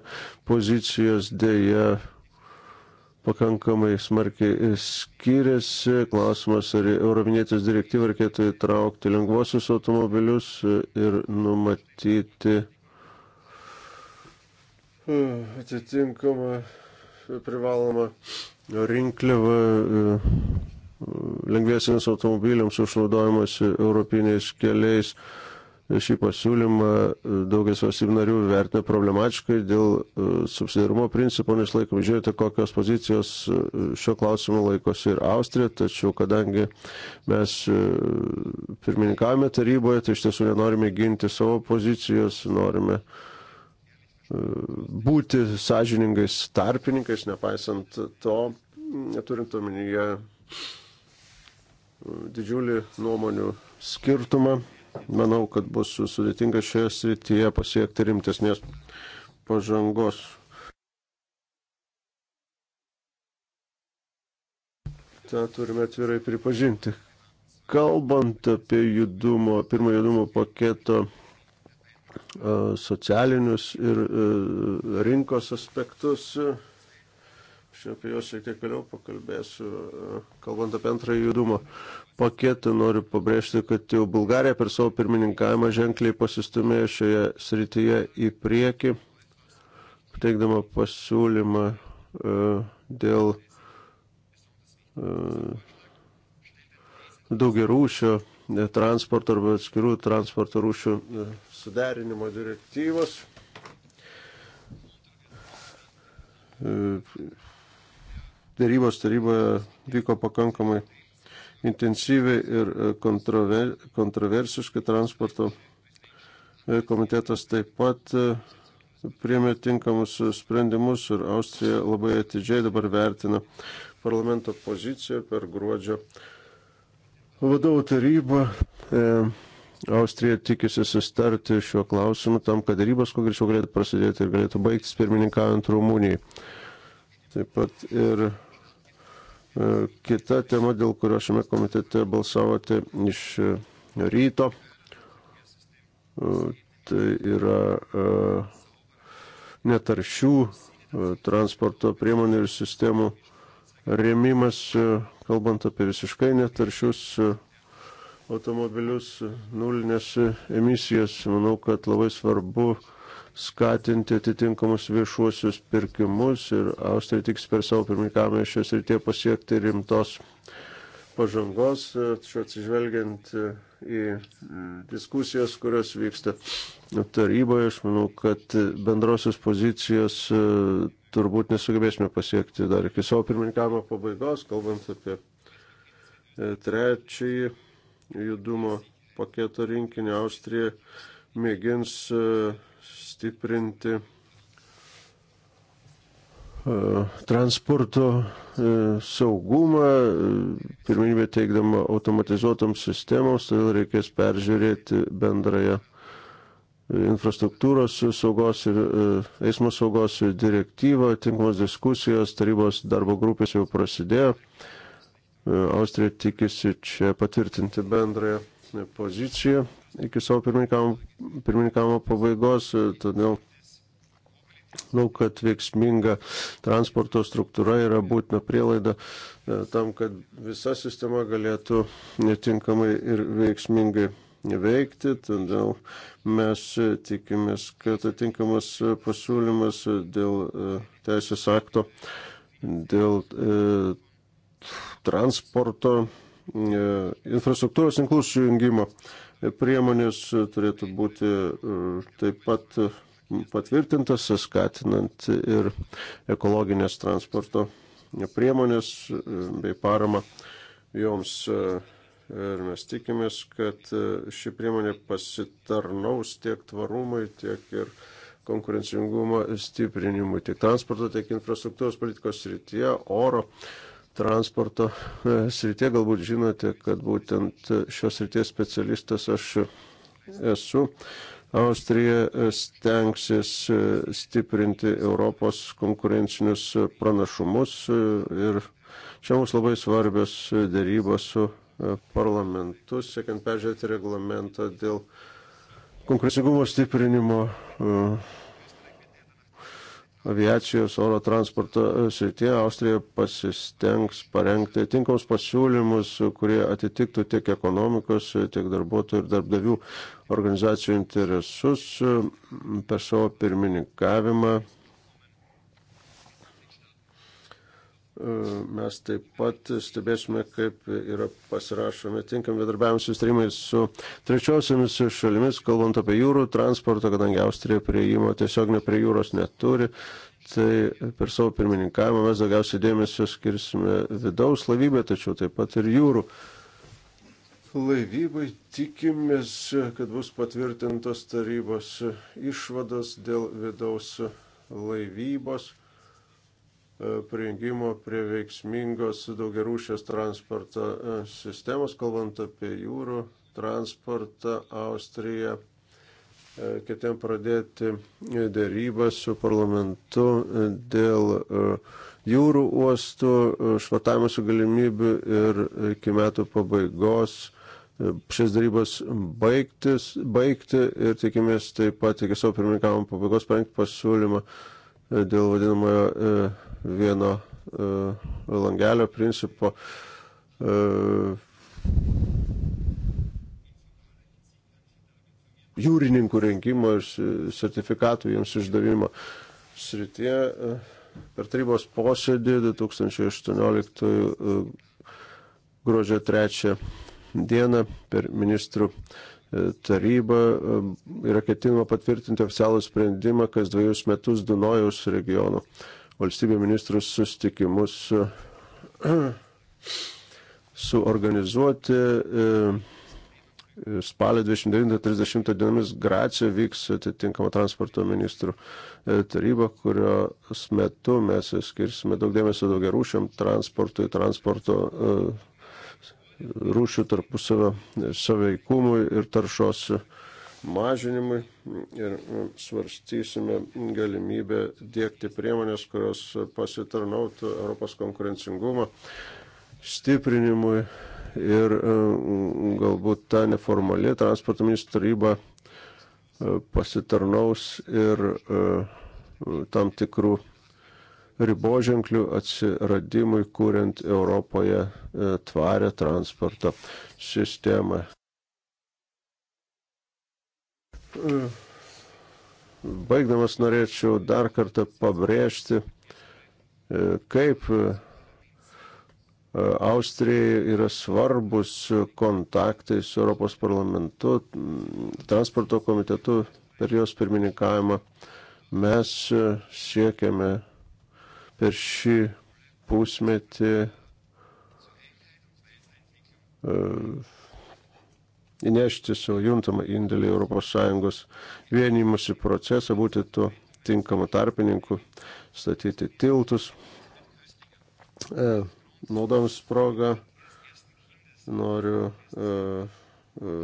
[SPEAKER 3] pozicijos dėja pakankamai smarkiai skiriasi. Klausimas, ar Eurovinėtės direktyvą reikėtų įtraukti lengvosius automobilius ir numatyti atitinkamą privalomą rinkliavą e, lengviesiams automobiliams užnaudojimas europiniais keliais. Šį pasiūlymą e, daugelis valstybių narių vertina problematiškai dėl e, subsidarumo principo, nes laikom žiūrėti, kokios pozicijos šio klausimu laikosi ir Austrija, tačiau kadangi mes pirmininkavome taryboje, tai iš tiesų nenorime ginti savo pozicijos, norime uh, būti sąžiningais tarpininkais, nepaisant to, turint omenyje didžiulį nuomonių skirtumą, manau, kad bus sudėtinga šioje srityje pasiekti rimtesnės pažangos. tą turime atvirai pripažinti. Kalbant apie judumo, pirmo judumo paketo E, socialinius ir e, rinkos aspektus. Aš apie juos šiek tiek vėliau pakalbėsiu. E, kalbant apie antrąjį judumo paketą, noriu pabrėžti, kad jau Bulgarija per savo pirmininkavimą ženkliai pasistumėjo šioje srityje į priekį, teikdama pasiūlymą dėl daugiarūšio transporto arba atskirų transporto rūšių suderinimo direktyvos. E, Dėrybos taryboje vyko pakankamai intensyviai ir e, kontrover, kontroversiškai transporto e, komitetas taip pat priemė tinkamus sprendimus ir Austrija labai atidžiai dabar vertina parlamento poziciją per gruodžio vadovų tarybą. E, Austrija tikisi sustarti šiuo klausimu tam, kad darybos kuo greičiau galėtų prasidėti ir galėtų baigtis pirmininkaujant Rumunijai. Taip pat ir e, kita tema, dėl kurio šiame komitete balsavote iš e, ryto, e, tai yra netaršių transporto priemonių ir sistemų rėmimas, kalbant apie visiškai netaršius automobilius nulinės emisijas. Manau, kad labai svarbu skatinti atitinkamus viešuosius pirkimus ir Austrija tiks per savo pirmininkavimą šios rytie pasiekti rimtos pažangos, tačiau atsižvelgiant į diskusijas, kurios vyksta taryboje, aš manau, kad bendrosios pozicijos e, turbūt nesugebėsime pasiekti dar iki savo pirmininkavimo pabaigos, kalbant apie e, trečiąjį judumo paketo rinkinį Austrija mėgins e, stiprinti e, transporto e, saugumą, pirminybę teikdama automatizuotams sistemoms, todėl reikės peržiūrėti bendrąją infrastruktūros saugos ir eismo saugos direktyvą, tinkamos diskusijos, tarybos darbo grupės jau prasidėjo. E, Austrija tikisi čia patvirtinti bendrąją e, poziciją iki savo pirmininkamo pabaigos, e, todėl manau, kad veiksminga transporto struktūra yra būtina prielaida tam, kad visa sistema galėtų netinkamai ir veiksmingai veikti, todėl mes tikimės, kad atinkamas pasiūlymas dėl teisės akto, dėl transporto, e, infrastruktūros tinklų sujungimo priemonės turėtų būti e, taip pat patvirtintas, skatinant ir ekologinės transporto priemonės e, bei paramą joms. Ir mes tikimės, kad ši priemonė pasitarnaus tiek tvarumui, tiek ir konkurencingumo stiprinimui, tiek transporto, tiek infrastruktūros politikos srityje, oro transporto e, srityje. Galbūt žinote, kad būtent šios srities specialistas aš esu. Austrija e, stengsis e, stiprinti Europos konkurencinius pranašumus ir čia mums labai svarbios dėrybos su parlamentu, siekiant peržiūrėti reglamentą dėl konkurencingumo stiprinimo aviacijos oro transporto e, srityje Austrija pasistengs parengti tinkamus pasiūlymus, kurie atitiktų tiek ekonomikos, tiek darbuotojų ir darbdavių organizacijų interesus e, per savo pirmininkavimą. Mes taip pat stebėsime, kaip yra pasirašomi tinkami darbiavimus sustrimai su trečiosiamis šalimis, kalbant apie jūrų transportą, kadangi Austrija prieimo tiesiog ne prie jūros neturi. Tai per savo pirmininkavimą mes daugiausiai dėmesio skirsime vidaus laivybę, tačiau taip pat ir jūrų laivybai tikimės, kad bus patvirtintos tarybos išvados dėl vidaus laivybos. E, priengimo prie veiksmingos daugiarūšės transporto e, sistemos, kalbant apie jūrų transportą, Austrija e, ketėm pradėti dėrybas su parlamentu dėl jūrų uostų, švatavimo su galimybių ir iki metų pabaigos šias darybas baigtis, baigti ir tikimės taip pat iki savo pirmininkavimo pabaigos parengti pasiūlymą dėl vadinamojo vieno e, langelio principo e, jūrininkų rengimo ir sertifikatų jiems išdavimo srityje. E, per tarybos posėdį 2018 gruodžio 3 dieną per ministrų taryba yra ketinama patvirtinti oficialų sprendimą, kas dviejus metus Dunojaus regiono valstybė ministrų sustikimus suorganizuoti. E, e, spalio 29-30 dienomis Gracija vyks atitinkama transporto ministrų e, taryba, kurios metu mes skirsime daug dėmesio daugia rūšiam transportui, transporto rūšių tarpusavio saveikumui ir taršos mažinimui ir e, svarstysime galimybę dėkti priemonės, kurios pasitarnautų Europos konkurencingumo stiprinimui ir e, galbūt ta neformali transporto ministrų taryba e, pasitarnaus ir tam tikrų riboženklių atsiradimui, kuriant Europoje tvarę transporto sistemą. Baigdamas norėčiau dar kartą pabrėžti, e, kaip e, Austrijai yra svarbus kontaktai su Europos parlamentu, transporto komitetu per jos pirmininkavimą. Mes e, siekiame per šį pusmetį uh, įnešti savo juntamą indėlį ES vienimusi procesą, būti tuo tinkamu tarpininku, statyti tiltus. E, naudodamas progą noriu e, e,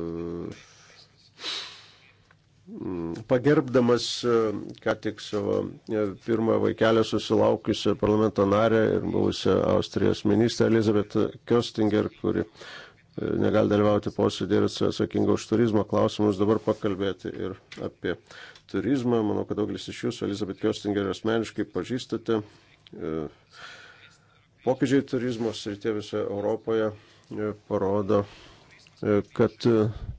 [SPEAKER 3] pagerbdamas e, ką tik savo e, pirmą vaikelę susilaukusią parlamento narę ir buvusią Austrijos ministrę Elizabetą Köstinger, kuri negali dalyvauti posėdėje ir atsakinga už turizmo klausimus, dabar pakalbėti ir apie turizmą. Manau, kad daugelis iš jūsų Elizabet Kjostinger asmeniškai pažįstate. E, pokyčiai turizmo srityje visoje Europoje e, parodo, e, kad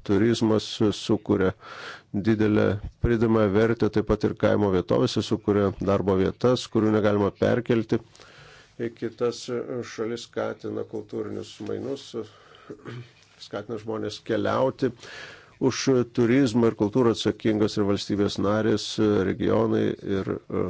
[SPEAKER 3] turizmas sukuria didelę pridamą vertę, taip pat ir kaimo vietovėse sukuria darbo vietas, kurių negalima perkelti į kitas šalis, skatina kultūrinius mainus, skatina žmonės keliauti. Už turizmą ir kultūrą atsakingos ir valstybės narės, regionai ir e,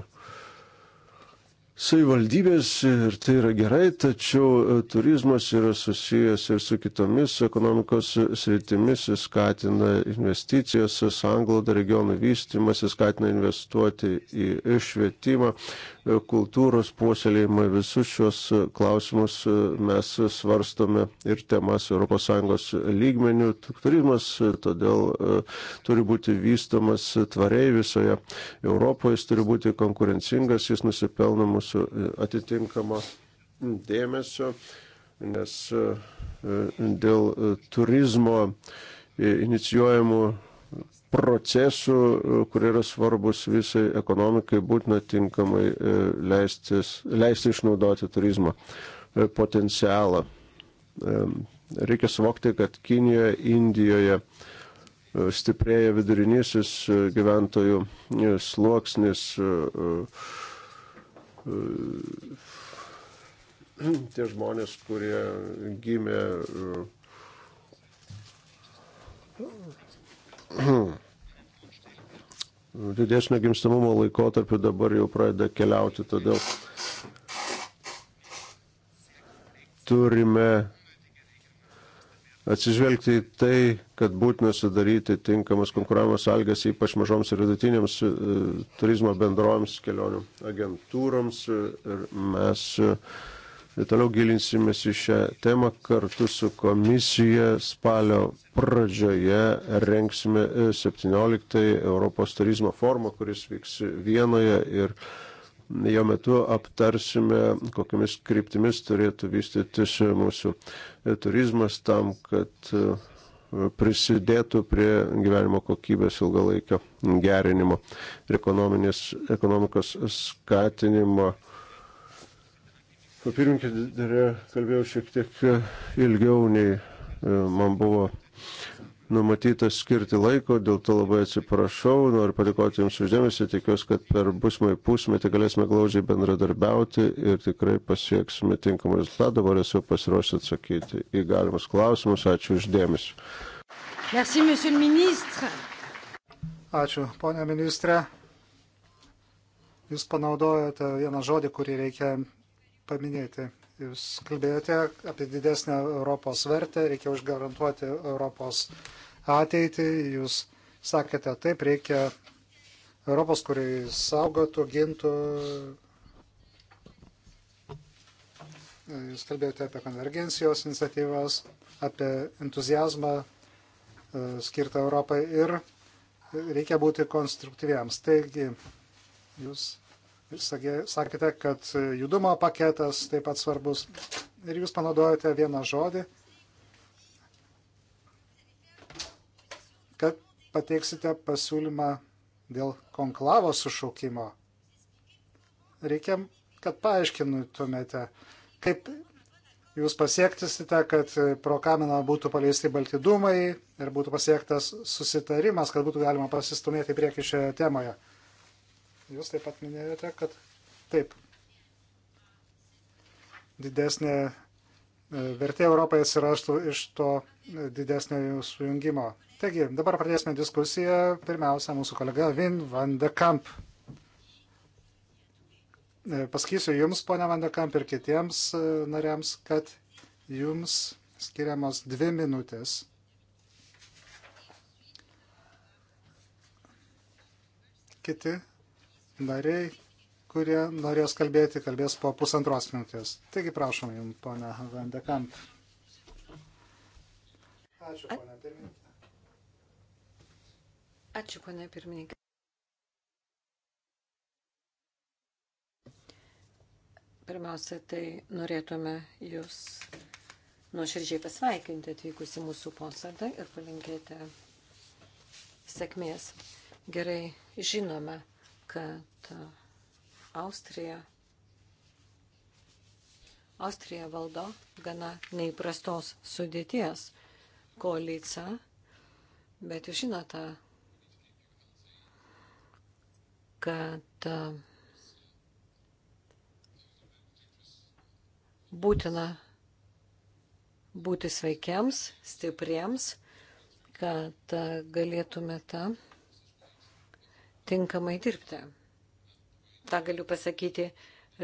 [SPEAKER 3] savivaldybės ir tai yra gerai, tačiau e, turizmas yra susijęs ir su kitomis ekonomikos sritimis, jis skatina investicijas, sąnglaudą regionų vystimas, jis skatina investuoti į švietimą, kultūros puoselėjimą. Visus šios klausimus mes svarstome ir temas ES lygmenių. Turizmas todėl e, turi būti vystomas tvariai visoje Europoje, jis turi būti konkurencingas, jis nusipelno mūsų e, atitinkamą dėmesio, nes e, dėl turizmo inicijuojamų procesų, e, kurie yra svarbus visai ekonomikai, būtina tinkamai e, leistis, leisti išnaudoti turizmo e, potencialą. Reikia suvokti, kad Kinijoje, Indijoje stiprėja vidurinysis gyventojų sluoksnis. Tie žmonės, kurie gimė Hmm. didesnio gimstamumo laikotarpiu dabar jau pradeda keliauti, todėl turime atsižvelgti į tai, kad būtina sudaryti tinkamas konkuravimo sąlygas, ypač mažoms ir vidutinėms e, turizmo bendroms kelionių agentūroms. Ir mes uh, Toliau gilinsimės į šią temą kartu su komisija spalio pradžioje renksime 17 e, Europos turizmo formą, kuris vyks Vienoje ir jo metu aptarsime, kokiamis kryptimis turėtų vystytis mūsų e, turizmas tam, kad e, prisidėtų prie gyvenimo kokybės ilgalaikio gerinimo ir ekonomikos skatinimo Papirinkė dėrė, kalbėjau šiek tiek e, ilgiau nei e, man buvo numatytas skirti laiko, dėl to labai atsiprašau, noriu padėkoti Jums uždėmesį, tikiuosi, kad per busmai pusmetį galėsime glaudžiai bendradarbiauti ir tikrai pasieksime tinkamą rezultatą, dabar esu pasiruošęs atsakyti į galimus klausimus, ačiū uždėmesį.
[SPEAKER 1] Ačiū, ponia ministrė. Jūs panaudojate vieną žodį, kurį reikia paminėti. Jūs kalbėjote apie didesnę Europos vertę, reikia užgarantuoti Europos ateitį. Jūs sakėte, taip reikia Europos, kuri saugotų, gintų. Jūs kalbėjote apie konvergencijos iniciatyvas, apie entuzijazmą e, skirtą Europai ir reikia būti konstruktyviams. Taigi, jūs sakėte, kad judumo paketas taip pat svarbus. Ir jūs panaudojate vieną žodį, kad pateiksite pasiūlymą dėl konklavo sušaukimo. Reikia, kad paaiškintumėte, kaip jūs pasiektysite, kad pro kaminą būtų paleisti balti dūmai ir būtų pasiektas susitarimas, kad būtų galima pasistumėti prieki šioje temoje. Jūs taip pat minėjote, kad taip, didesnė e, vertė Europai atsirastų iš to e, didesnio jų sujungimo. Taigi, dabar pradėsime diskusiją. Pirmiausia, mūsų kolega Vin van de Kamp. E, pasakysiu Jums, ponia van de Kamp, ir kitiems nariams, kad Jums skiriamos dvi minutės. Kiti nariai, kurie norės kalbėti, kalbės po pusantros minutės. Taigi prašom jums, ponia Vandekamp. Ačiū, ponia pirmininkė.
[SPEAKER 5] Ačiū, ponia pirmininkė. Pirmiausia, tai norėtume jūs nuoširdžiai pasveikinti atvykusi mūsų posėdą ir palinkėti sėkmės. Gerai žinome, kad uh, Austrija, Austrija valdo gana neįprastos sudėties koalica, bet jūs žinote, kad uh, būtina būti sveikiams, stipriems, kad uh, galėtumėte tinkamai dirbti. Ta galiu pasakyti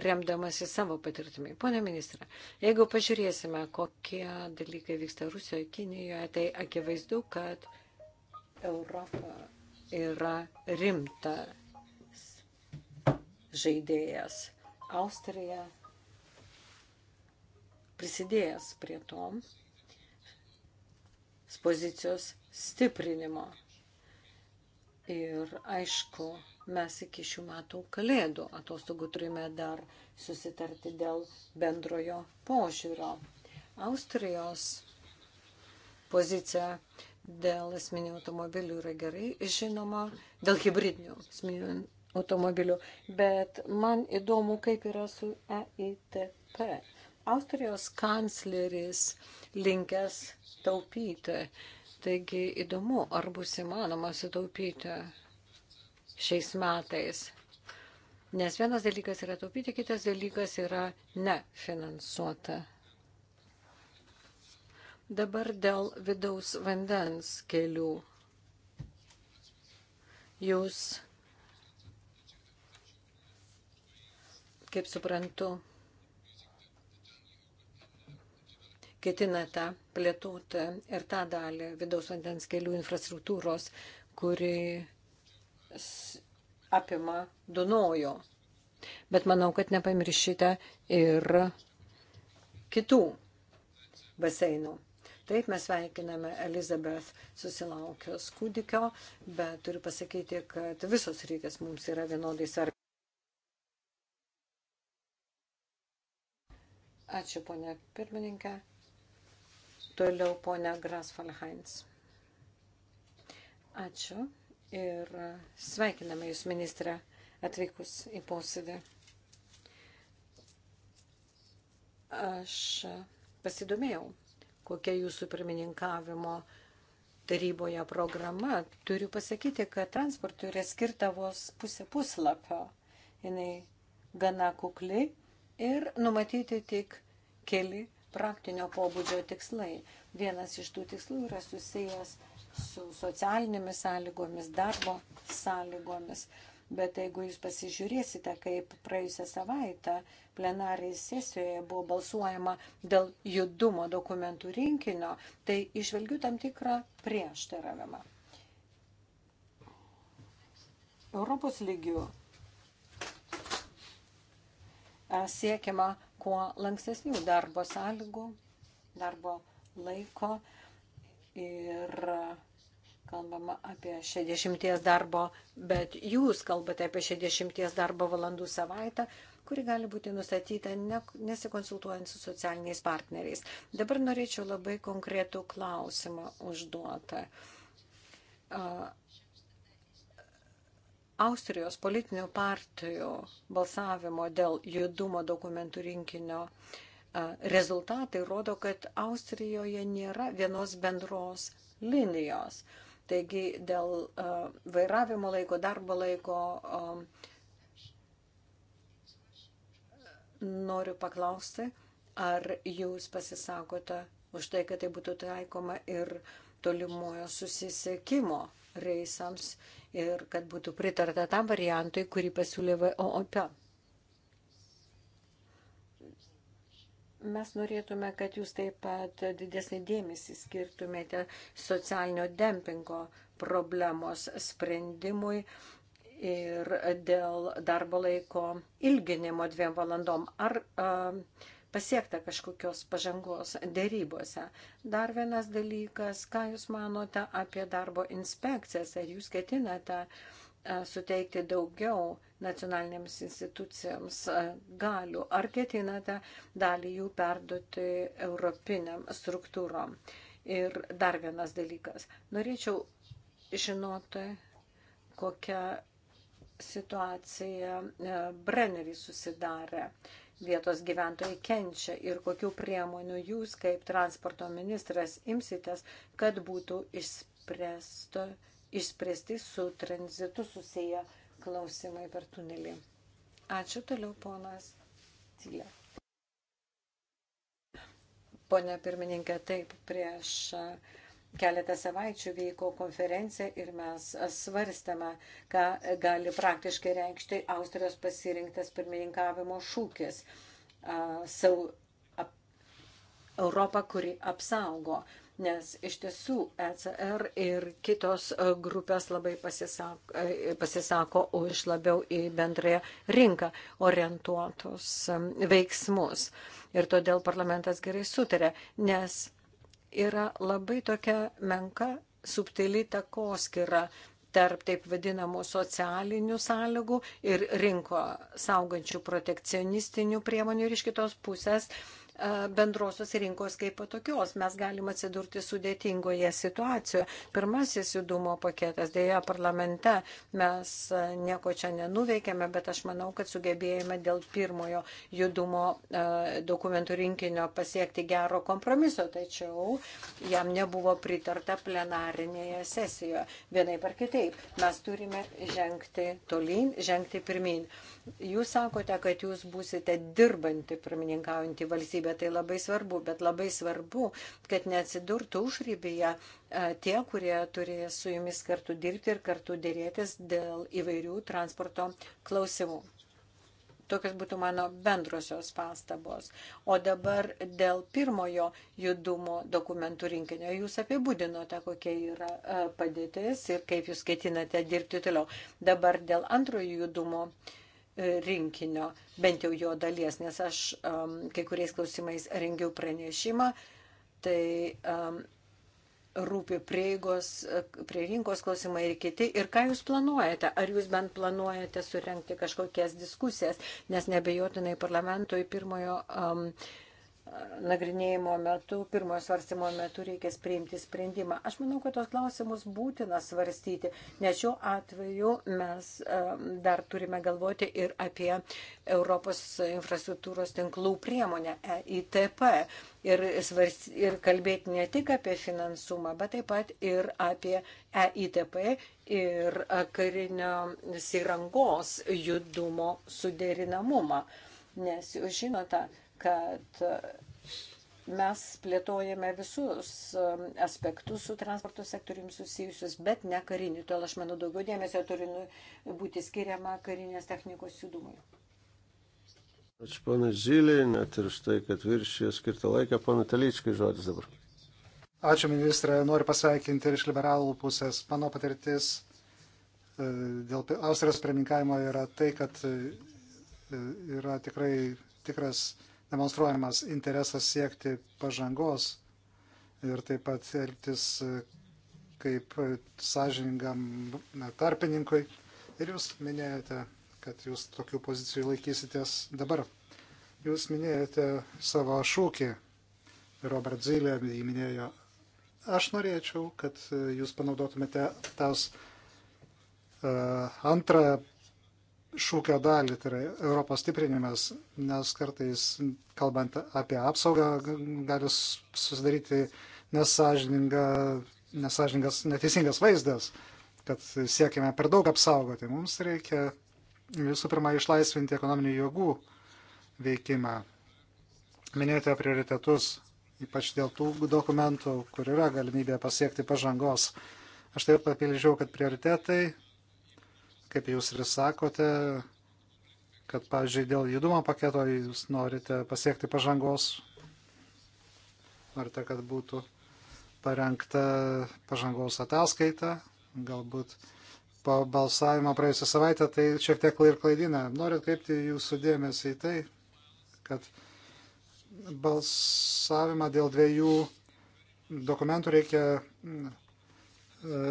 [SPEAKER 5] remdamasi savo patirtimi. Pone ministra, jeigu pažiūrėsime, kokie dalykai vyksta Rusijoje, Kinijoje, tai akivaizdu, kad Europa yra rimtas žaidėjas. Austrija prisidėjęs prie to pozicijos stiprinimo. Ir aišku, mes iki šių metų kalėdų atostogų turime dar susitarti dėl bendrojo požiūrio. Austrijos pozicija dėl asmeninių automobilių yra gerai žinoma, dėl hybridinių asmeninių automobilių, bet man įdomu, kaip yra su EITP. Austrijos kancleris linkęs taupyti Taigi įdomu, ar bus įmanoma sutaupyti šiais metais. Nes vienas dalykas yra taupyti, kitas dalykas yra nefinansuota. Dabar dėl vidaus vandens kelių. Jūs, kaip suprantu, ketinate plėtoti ir tą dalį vidaus vandens kelių infrastruktūros, kuri apima Dunojo. Bet manau, kad nepamiršite ir kitų baseinų. Taip mes veikiname Elizabeth susilaukios kūdikio, bet turiu pasakyti, kad visos rytis mums yra vienodai svarbios. Ačiū, ponė pirmininkė. Toliau ponia Grasvalhains. Ačiū ir sveikiname Jūs, ministrė, atvykus į posėdį. Aš pasidomėjau, kokia Jūsų pirmininkavimo taryboje programa. Turiu pasakyti, kad transportui yra skirta vos pusė puslapio. Jis gana kukli ir numatyti tik keli praktinio pobūdžio tikslai. Vienas iš tų tikslų yra susijęs su socialinėmis sąlygomis, darbo sąlygomis. Bet jeigu jūs pasižiūrėsite, kaip praėjusią savaitę plenariai sesijoje buvo balsuojama dėl judumo dokumentų rinkinio, tai išvelgiu tam tikrą prieštaravimą. Europos lygių e, siekiama kuo lankstesnių darbo sąlygų, darbo laiko ir kalbama apie 60 darbo, bet jūs kalbate apie 60 darbo valandų savaitę, kuri gali būti nustatyta ne, nesikonsultuojant su socialiniais partneriais. Dabar norėčiau labai konkretų klausimą užduoti. Austrijos politinių partijų balsavimo dėl judumo dokumentų rinkinio e, rezultatai rodo, kad Austrijoje nėra vienos bendros linijos. Taigi dėl e, vairavimo laiko, darbo laiko e, noriu paklausti, ar jūs pasisakote už tai, kad tai būtų taikoma ir tolimuojo susisiekimo reisams ir kad būtų pritarta tam variantui, kurį pasiūlė VOOP. Mes norėtume, kad jūs taip pat didesnį dėmesį skirtumėte socialinio dempingo problemos sprendimui ir dėl darbo laiko ilginimo dviem valandom. Ar uh, pasiekta kažkokios pažangos dėrybose. Dar vienas dalykas, ką Jūs manote apie darbo inspekcijas, ar Jūs ketinate e, suteikti daugiau nacionalinėms institucijoms e, galių, ar ketinate dalį jų perduoti europiniam struktūrom. Ir dar vienas dalykas. Norėčiau žinoti, kokia situacija e, Brennerį susidarė vietos gyventojai kenčia ir kokių priemonių jūs kaip transporto ministras imsitės, kad būtų išspręsto, išspręsti su tranzitu susiję klausimai per tunelį. Ačiū toliau, ponas Tylė. Pone pirmininkė, taip prieš uh, keletą savaičių vyko konferencija ir mes svarstame, ką gali praktiškai reikšti Austrijos pasirinktas pirmininkavimo šūkis. Sau, ap, Europa, kuri apsaugo nes iš tiesų ECR ir kitos e, grupės labai pasisako, e, pasisako už labiau į bendrąją rinką orientuotus e, veiksmus. Ir todėl parlamentas gerai sutarė, nes yra labai tokia menka subtili takoskira tarp taip vadinamų socialinių sąlygų ir rinko saugančių protekcionistinių priemonių ir iš kitos pusės E, bendrosios rinkos kaip tokios. Mes galim atsidurti sudėtingoje situacijoje. Pirmasis judumo paketas, dėja parlamente mes e, nieko čia nenuveikėme, bet aš manau, kad sugebėjome dėl pirmojo judumo e, dokumentų rinkinio pasiekti gero kompromiso, tačiau jam nebuvo pritarta plenarinėje sesijoje. Vienai par kitaip, mes turime žengti tolyn, žengti pirmin. Jūs sakote, kad jūs būsite dirbanti, pirmininkaujantį valstybę, tai labai svarbu, bet labai svarbu, kad neatsidurtų užrybyje e, tie, kurie turės su jumis kartu dirbti ir kartu dėrėtis dėl įvairių transporto klausimų. Tokios būtų mano bendrosios pastabos. O dabar dėl pirmojo judumo dokumentų rinkinio. Jūs apibūdinote, kokia yra e, padėtis ir kaip jūs ketinate dirbti toliau. Dabar dėl antrojo judumo uh, rinkinio, bent jau jo dalies, nes aš um, kai kuriais klausimais rengiau pranešimą, tai um, rūpi prieigos, prie rinkos klausimai ir kiti. Ir ką jūs planuojate? Ar jūs bent planuojate surenkti kažkokias diskusijas, nes nebejotinai parlamentui pirmojo um, nagrinėjimo metu, pirmojo svarstymo metu reikės priimti sprendimą. Aš manau, kad tos klausimus būtina svarstyti, nes šiuo atveju mes e, dar turime galvoti ir apie Europos infrastruktūros tinklų priemonę EITP ir, svarst, ir kalbėti ne tik apie finansumą, bet taip pat ir apie EITP ir karinio įrangos judumo suderinamumą. Nes jūs žinote, kad e, mes plėtojame visus e, aspektus su transporto sektoriumi susijusius, bet ne karinių. Todėl aš manau, daugiau dėmesio turi nu, būti skiriama karinės technikos judumui.
[SPEAKER 3] Ačiū pana Žyliai, net ir štai, kad viršė skirtą laiką, pana Talyčkai žodis dabar.
[SPEAKER 1] Ačiū ministrė, noriu pasveikinti ir iš liberalų pusės. Mano patirtis e, dėl Austrijos preminkavimo yra tai, kad yra tikrai tikras demonstruojamas interesas siekti pažangos ir taip pat elgtis e, kaip sąžiningam tarpininkui. Ir jūs minėjote, kad jūs tokių pozicijų laikysitės dabar. Jūs minėjote savo šūkį, Robert Zylė jį minėjo. Aš norėčiau, kad e, jūs panaudotumėte tas uh, antrą šūkio dalį, tai yra Europos stiprinimas, nes kartais, kalbant apie apsaugą, gali susidaryti nesažininga, nesažiningas, neteisingas vaizdas, kad siekime per daug apsaugoti. Mums reikia visų pirma išlaisvinti ekonominių jėgų veikimą. Minėjote prioritetus, ypač dėl tų dokumentų, kur yra galimybė pasiekti pažangos. Aš taip papildžiau, kad prioritetai kaip jūs ir sakote, kad, pavyzdžiui, dėl judumo paketo jūs norite pasiekti pažangos, norite, kad būtų parengta pažangos ataskaita, galbūt po balsavimo praėjusią savaitę, tai šiek tiek ir klaidina. Noriu atkreipti jūsų dėmesį į tai, kad balsavimą dėl dviejų dokumentų reikia mm, e,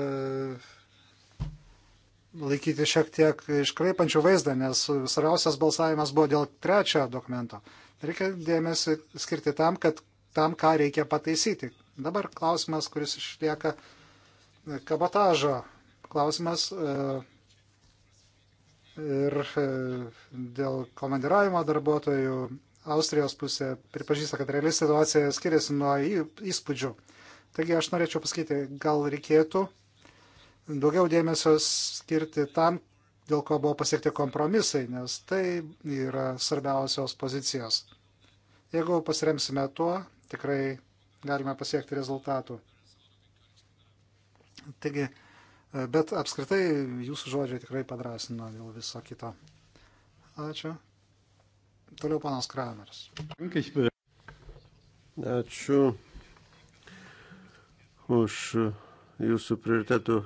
[SPEAKER 1] laikyti šiek tiek iškraipančių vaizdą, nes svarbiausias balsavimas buvo dėl trečiojo dokumento. Reikia dėmesį skirti tam, kad tam, ką reikia pataisyti. Dabar klausimas, kuris išlieka e, kabotažo klausimas e, ir e, dėl komandiravimo darbuotojų. Austrijos pusė pripažįsta, kad reali situacija skiriasi nuo įspūdžių. Taigi aš norėčiau pasakyti, gal reikėtų daugiau dėmesio skirti tam, dėl ko buvo pasiekti kompromisai, nes tai yra svarbiausios pozicijos. Jeigu pasiremsime tuo, tikrai galime pasiekti rezultatų. Taigi, bet apskritai jūsų žodžiai tikrai padrasino dėl viso kito. Ačiū. Toliau panas Krameris.
[SPEAKER 3] Ačiū už jūsų prioritetų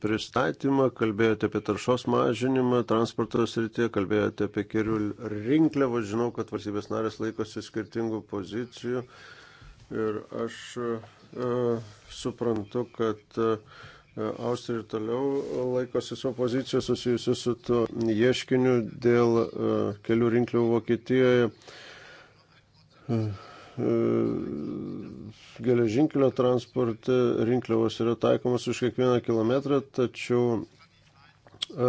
[SPEAKER 3] pristatymą, kalbėjote apie taršos mažinimą, transporto srityje, kalbėjote apie kelių rinkliavą, žinau, kad valstybės narės laikosi skirtingų pozicijų ir aš uh, suprantu, kad uh, Austrija ir toliau laikosi savo pozicijos susijusios su tuo ieškiniu dėl uh, kelių rinkliavų Vokietijoje. Uh, E, geležinkelio transporte rinkliavos yra taikomas už kiekvieną kilometrą, tačiau e,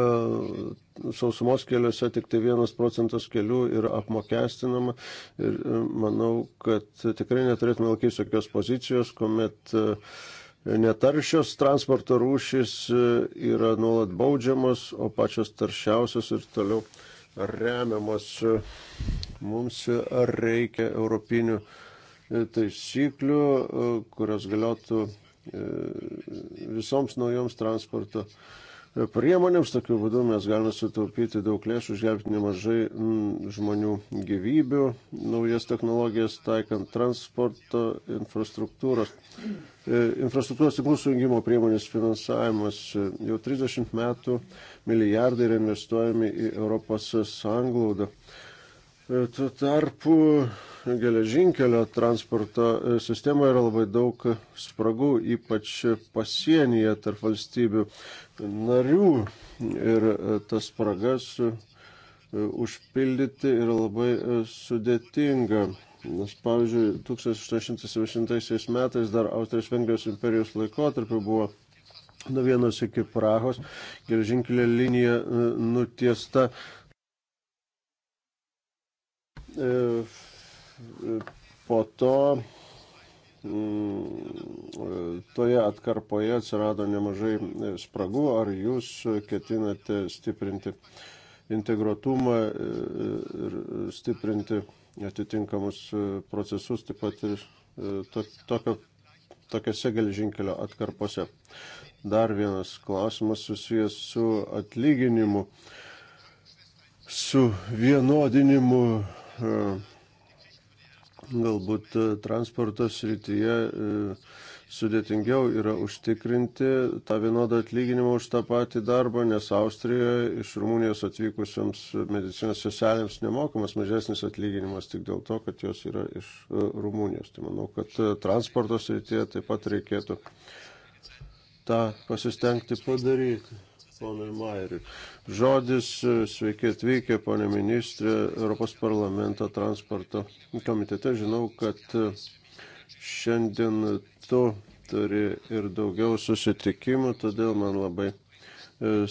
[SPEAKER 3] sausumos keliuose tik tai vienas procentas kelių yra apmokestinama ir e, manau, kad tikrai neturėtume laikytis tokios pozicijos, kuomet netaršios transporto rūšis yra nuolat baudžiamos, o pačios taršiausios ir toliau remiamos. Mums reikia europinių e, taisyklių, e, kurios galėtų e, visoms naujoms transporto priemonėms. Tokiu būdu mes galime sutaupyti daug lėšų, išgelbėti nemažai mm, žmonių gyvybių, naujas technologijas taikant transporto infrastruktūros. E, infrastruktūros tinklų sujungimo priemonės finansavimas jau 30 metų milijardai yra investuojami į Europos sąnglaudą. E, tuo tarpu geležinkelio transporto e, sistemoje yra labai daug spragų, ypač pasienyje tarp valstybių narių. Ir e, tas spragas užpildyti yra labai sudėtinga. Nes, pavyzdžiui, 1870 metais dar Austrijos-Vengrijos imperijos laikotarpiu buvo nuo vienos iki Prahos geležinkelio linija nutiesta E, po to mm, e, toje atkarpoje atsirado nemažai e, spragų. Ar jūs ketinate stiprinti integruotumą ir stiprinti atitinkamus procesus taip pat ir to, tokio, tokiose geležinkelio atkarpose? Dar vienas klausimas susijęs su atlyginimu, su vienodinimu E, galbūt e, transporto srityje e, sudėtingiau yra užtikrinti tą vienodą atlyginimą už tą patį darbą, nes Austrijoje iš Rumunijos atvykusiams medicinos seselėms nemokamas mažesnis atlyginimas tik dėl to, kad jos yra iš Rumunijos. Tai manau, kad transporto srityje taip pat reikėtų tą pasistengti padaryti ponui Mairiui. Žodis, e, sveiki atvykę, ponė ministrė, Europos parlamento transporto komitete. Žinau, kad e, šiandien tu turi ir daugiau susitikimų, todėl man labai e,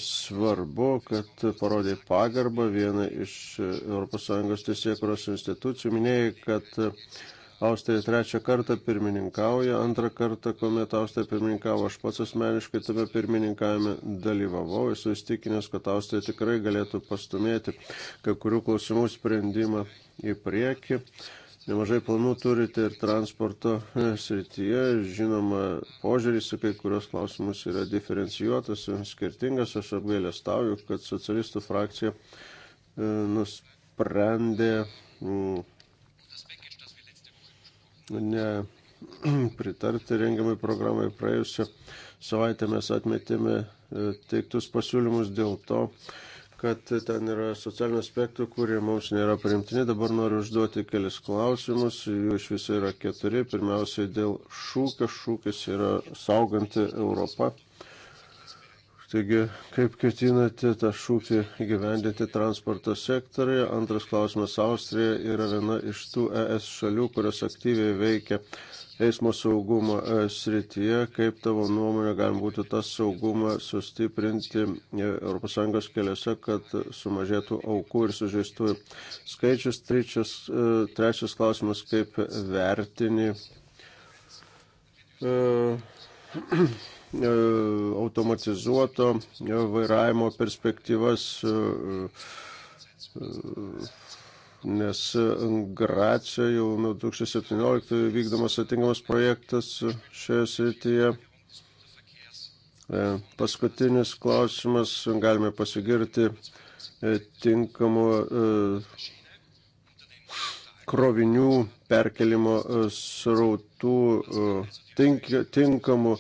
[SPEAKER 3] svarbu, kad parodė pagarbą vieną iš ES teisėkuros institucijų. Minėjai, kad Austrija trečią kartą pirmininkauja, antrą kartą, kuomet Austrija pirmininkavo, aš pats asmeniškai tame pirmininkavime dalyvavau, esu įstikinęs, kad Austrija tikrai galėtų pastumėti kai kurių klausimų sprendimą į priekį. Nemažai planų turite ir transporto e, srityje. Žinoma, požiūris į kai kurios klausimus yra diferencijuotas ir skirtingas. Aš apgailę stauju, kad socialistų frakcija e, nusprendė nepritarti rengiamai programai. Praėjusią savaitę mes atmetėme e, teiktus pasiūlymus dėl to, kad ten yra socialinių aspektų, kurie mums nėra priimtini. Dabar noriu užduoti kelis klausimus. Jų iš viso yra keturi. Pirmiausiai dėl šūkio. Šūkis yra sauganti Europą. Taigi, kaip ketinate tą šūkį gyvendinti transporto sektoriuje? Antras klausimas. Austrija yra viena iš tų ES šalių, kurios aktyviai veikia eismo saugumo e, srityje. Kaip tavo nuomonė galima būtų tą saugumą sustiprinti ES keliuose, kad sumažėtų aukų ir sužeistųjų skaičius? Trečias, e, trečias klausimas. Kaip vertini? Uh, E, automatizuoto e, vairavimo perspektyvas, e, nes Gracija jau nuo 2017 vykdomas atingamas projektas šioje srityje. Paskutinis klausimas, galime pasigirti tinkamu krovinių perkelimo srautų tink, tinkamų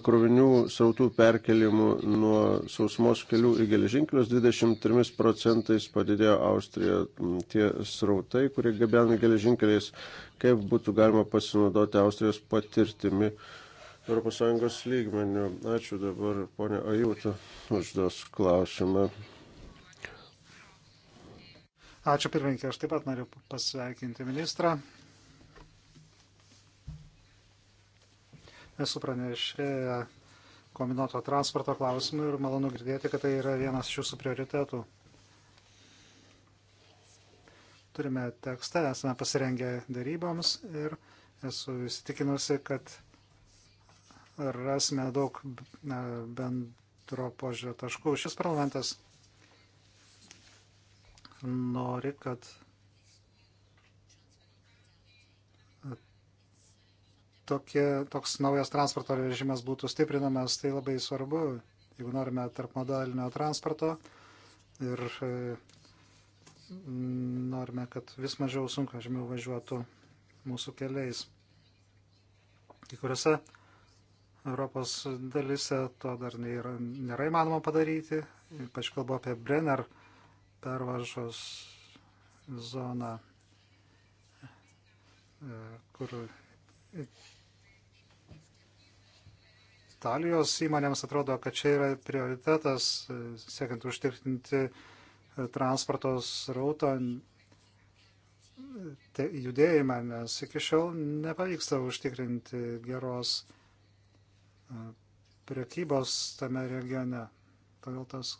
[SPEAKER 3] krovinių srautų perkelimų nuo sausumos kelių į geležinkelius 23 procentais padidėjo Austrija. Tie srautai, kurie gabenami geležinkeliais, kaip būtų galima pasinaudoti Austrijos patirtimi ES lygmenių. Ačiū dabar, ponė Ajūta, užduos klausimą.
[SPEAKER 1] Ačiū pirmininkė, aš taip pat noriu pasveikinti ministrą Esu pranešėję kombinuoto transporto klausimų ir malonu girdėti, kad tai yra vienas iš jūsų prioritetų. Turime tekstą, esame pasirengę daryboms ir esu įsitikinusi, kad rasime daug bendro požiūrio taškų. Šis parlamentas nori, kad tokie, toks naujas transporto režimas būtų stiprinamas, tai labai svarbu, jeigu norime tarp modalinio transporto ir e, norime, kad vis mažiau sunkvežimių važiuotų mūsų keliais. Kai kuriuose Europos dalise to dar nėra, nėra įmanoma padaryti, ypač kalbu apie Brenner pervažos zoną, e, kur Italijos įmonėms atrodo, kad čia yra prioritetas, e, siekiant užtikrinti e, transporto srauto e, judėjimą, nes iki šiol nepavyksta užtikrinti geros priekybos tame regione. Todėl tas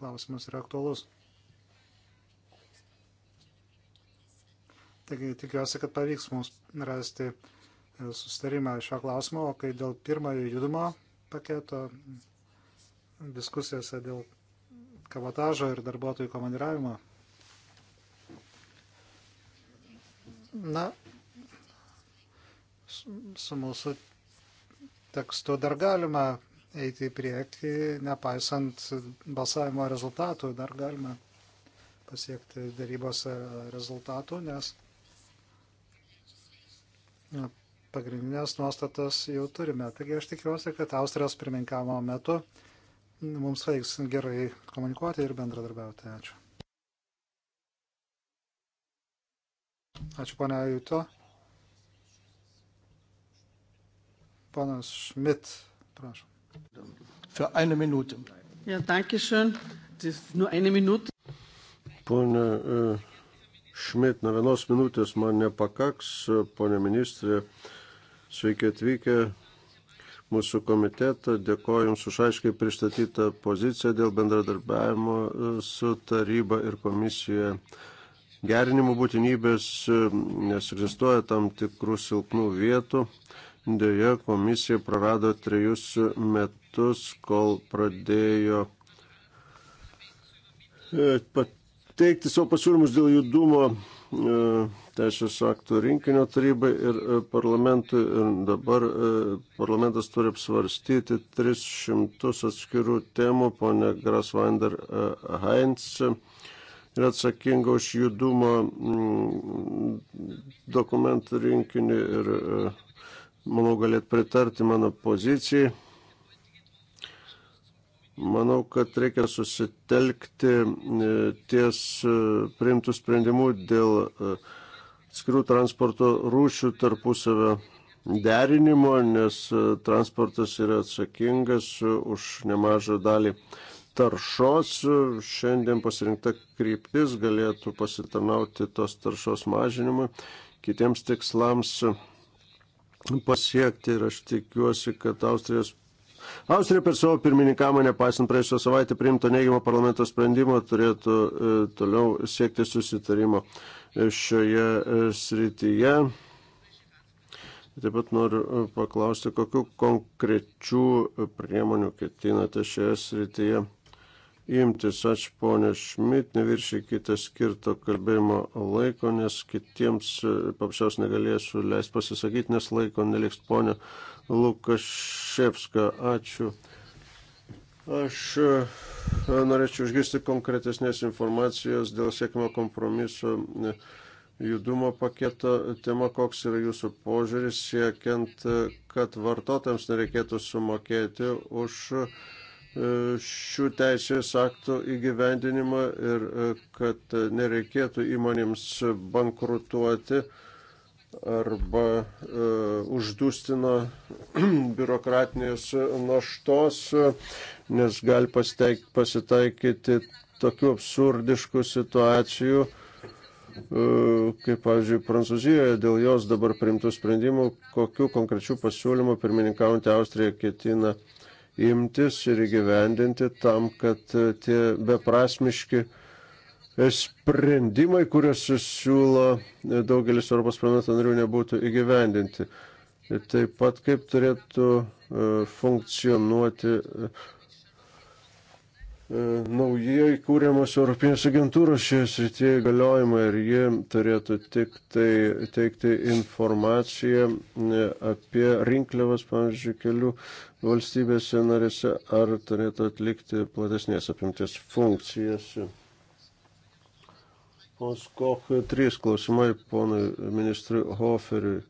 [SPEAKER 1] klausimas yra aktualus. Taigi tikiuosi, kad pavyks mums rasti uh, sustarimą šio klausimo, o kai dėl pirmojo judumo paketo diskusijose dėl kavotažo ir darbuotojų komandiravimo. Na, su mūsų tekstu dar galima eiti į priekį, nepaisant balsavimo rezultatų, dar galima pasiekti darybose rezultatų, nes pagrindinės nuostatas jau turime. Taigi aš tikiuosi, kad Austrijos pirmininkavimo metu mums veiks gerai komunikuoti ir bendradarbiauti. Ačiū. Ačiū, ponia Juto. Ponas Schmidt, prašom. Für eine Minute.
[SPEAKER 5] Ja, danke schön. Das ist nur eine Minute.
[SPEAKER 3] Pone äh, Schmidt, na vienos minutės man nepakaks, ponė ministrė. Uh, Sveiki atvykę mūsų komitetą. Dėkoju Jums už aiškiai pristatytą poziciją dėl bendradarbiavimo e, su taryba ir komisija gerinimo būtinybės, e, nes egzistuoja tam tikrų silpnų vietų. Deja, komisija prarado trejus metus, kol pradėjo e, pateikti savo pasiūlymus dėl judumo teisės aktų rinkinio tarybai ir e, parlamentui. Ir dabar e, parlamentas turi apsvarstyti 300 atskirų temų. Pone Grasvander e, Heinz yra atsakinga už judumą mm, dokumentų rinkinį ir manau galėt pritarti mano pozicijai. Manau, kad reikia susitelkti ties priimtų sprendimų dėl uh, skirų transporto rūšių tarpusavio derinimo, nes e, transportas yra atsakingas už nemažą dalį taršos. Šiandien pasirinkta kryptis galėtų pasitarnauti tos taršos mažinimui, kitiems tikslams pasiekti ir aš tikiuosi, kad Austrijos Austrija per savo pirmininkamą, nepaisant praėjusią savaitę priimto neigiamą parlamento sprendimo, turėtų e, toliau siekti susitarimo e, šioje e, srityje. Taip pat noriu paklausti, kokiu konkrečių priemonių ketinate šioje srityje imtis. Ačiū, ponė Šmit, neviršykite skirto kalbėjimo laiko, nes kitiems paprasčiausiai negalėsiu leisti pasisakyti, nes laiko neliks ponė Lukaševską. Ačiū. Aš e, norėčiau išgirsti konkretesnės informacijos dėl siekimo kompromiso e, judumo paketo tema, koks yra jūsų požiūris siekiant, e, kad vartotojams nereikėtų sumokėti už šių teisės aktų įgyvendinimą ir kad nereikėtų įmonėms bankrutuoti arba e, uždūstino biurokratinės naštos, nes gali pasiteik, pasitaikyti tokių absurdiškų situacijų, e, kaip, pavyzdžiui, Prancūzijoje dėl jos dabar primtų sprendimų, kokiu konkrečiu pasiūlymu pirmininkaujantį Austriją ketina imtis ir įgyvendinti tam, kad tie beprasmiški sprendimai, kuriuos siūlo daugelis Europos parlamento narių, nebūtų įgyvendinti. Ir taip pat kaip turėtų e, funkcionuoti e, e, naujai kūriamos Europinės agentūros šioje srityje galiojimai ir jie turėtų tik tai teikti informaciją apie rinkliavas, pavyzdžiui, kelių valstybėse narėse ar turėtų atlikti platesnės apimties funkcijas Pons Koch, trys klausimai ponui ministrui Hoferiui.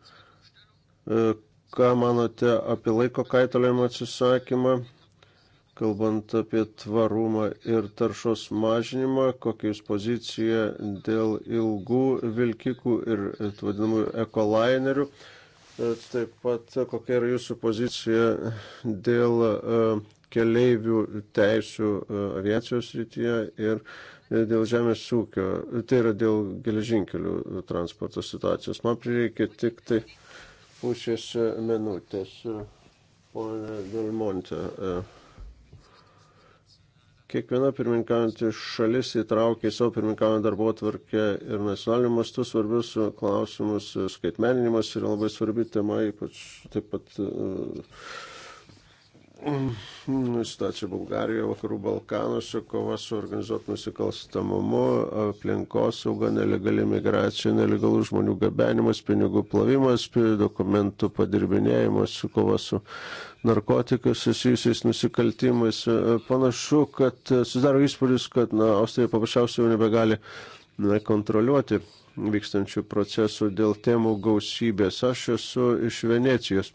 [SPEAKER 3] E, ką manote apie laiko kaitaliojimo atsisakymą, kalbant apie tvarumą ir taršos mažinimą, kokia jūs pozicija dėl ilgų vilkikų ir e, vadinamų ekolainerių, e, taip pat kokia yra jūsų pozicija dėl keleivių teisų aviacijos rytyje ir dėl žemės ūkio, tai yra dėl geležinkelių transporto situacijos. Man prireikė tik tai pusės minutės, ponė Delmonte. Kiekviena pirmininkaujantį šalis įtraukia į savo pirmininkaujant darbo tvarkę ir nacionaliniu mastu svarbius klausimus. Skaitmeninimas yra labai svarbi tema, ypač taip pat uh, vertiname situaciją Bulgarijoje, Vakarų Balkanuose, kova su organizuotų nusikalstamumu, aplinkosauga, nelegali migracija, nelegalų žmonių gabenimas, pinigų plovimas, dokumentų padirbinėjimas, kova su narkotikas susijusiais nusikaltimais. Panašu, kad susidaro įspūdis, kad na, Austrija paprasčiausiai jau nebegali na, kontroliuoti vykstančių procesų dėl temų gausybės. Aš esu iš Venecijos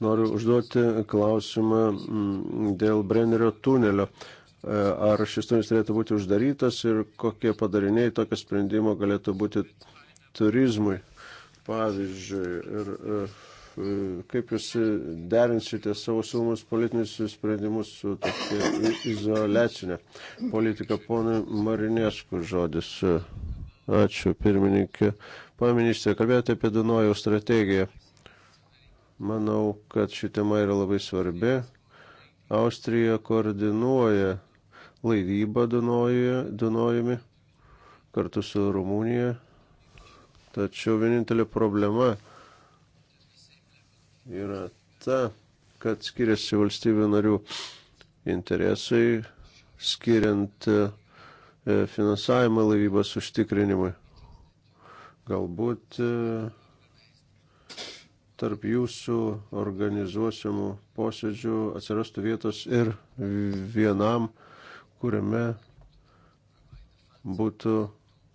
[SPEAKER 3] Noriu užduoti klausimą mm, dėl Brennerio tunelio. E, ar šis tunelis turėtų būti uždarytas ir kokie padariniai tokio sprendimo galėtų būti turizmui, pavyzdžiui, ir e, kaip jūs derinsite savo siūlomus politinius sprendimus su tokia izolacinė politika. Ponai Marinėskų žodis. Ačiū, pirmininkė. Pane ministrė, kalbėjote apie Dunojaus strategiją. Manau, kad ši tema yra labai svarbi. Austrija koordinuoja laivybą Dunojumi kartu su Rumunija. Tačiau vienintelė problema yra ta, kad skiriasi valstybių narių interesai, skiriant e, finansavimą laivybos užtikrinimui. Galbūt e, tarp jūsų organizuosimų posėdžių atsirastų vietos ir vienam, kuriame būtų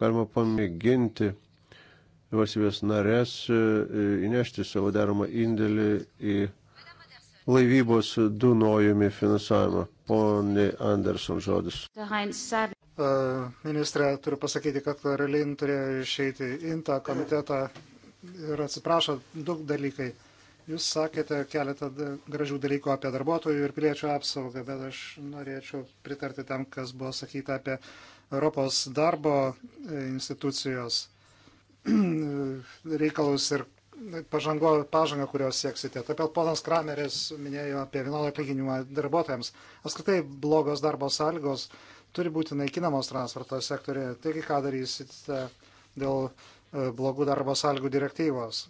[SPEAKER 3] galima pamėginti valstybės narės e, įnešti savo deramą indėlį į laivybos dunojumi finansavimą. Pone Anderson žodis.
[SPEAKER 1] E, Ministrė, turiu pasakyti, kad Karalin turėjo išeiti į INTA komitetą ir atsiprašo daug dalykai. Jūs sakėte keletą gražių dalykų apie darbuotojų ir piliečių apsaugą, bet aš norėčiau pritarti tam, kas buvo sakyta apie Europos darbo e, institucijos reikalus ir pažango, pažangą, kurios sieksite. Taip pat ponas Krameris minėjo apie vienodą atlyginimą darbuotojams. Apskritai blogos darbo sąlygos turi būti naikinamos transporto sektorėje. Taigi ką darysite dėl uh, E, blogų darbo sąlygų direktyvos.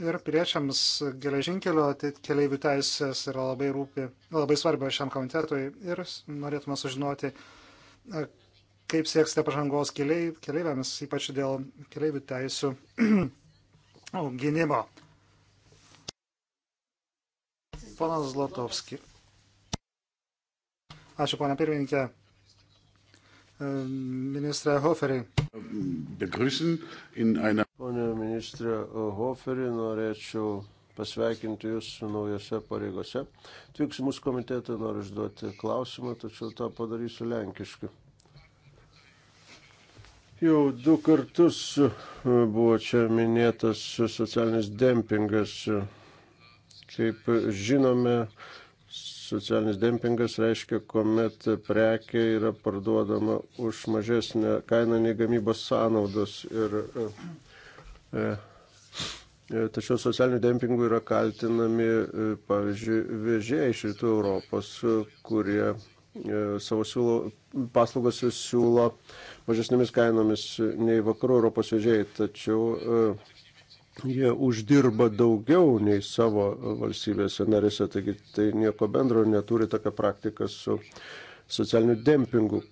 [SPEAKER 1] Ir piliečiams geležinkelio keliaivių teisės yra labai rūpi, labai svarbios šiam komitetui ir norėtume sužinoti, e, kaip sieksite pažangos keliai, keliaiviams, ypač dėl keliaivių teisų gynimo. Ponas Zlotovski. Ačiū, ponia pirmininkė. E, ministrė Hoferiai begrüßen in einer.
[SPEAKER 3] Pone ministrė Hoferi, norėčiau pasveikinti Jūs naujose pareigose. Atvyks mūsų komitetą, noriu užduoti klausimą, tačiau tą padarysiu lenkiškai. Jau du kartus buvo čia minėtas socialinis dempingas. Kaip žinome, socialinis dempingas reiškia, kuomet prekė yra parduodama už mažesnę kainą nei gamybos sąnaudos. Ir, e, e, e, tačiau socialiniu dempingu yra kaltinami, e, pavyzdžiui, vežėjai iš rytų Europos, kurie e, savo siūlo, paslaugas siūlo mažesnėmis kainomis nei vakarų Europos vežėjai. Tačiau e, jie uždirba daugiau nei savo valstybėse narėse, taigi tai nieko bendro neturi tokia praktika su socialiniu dempingu,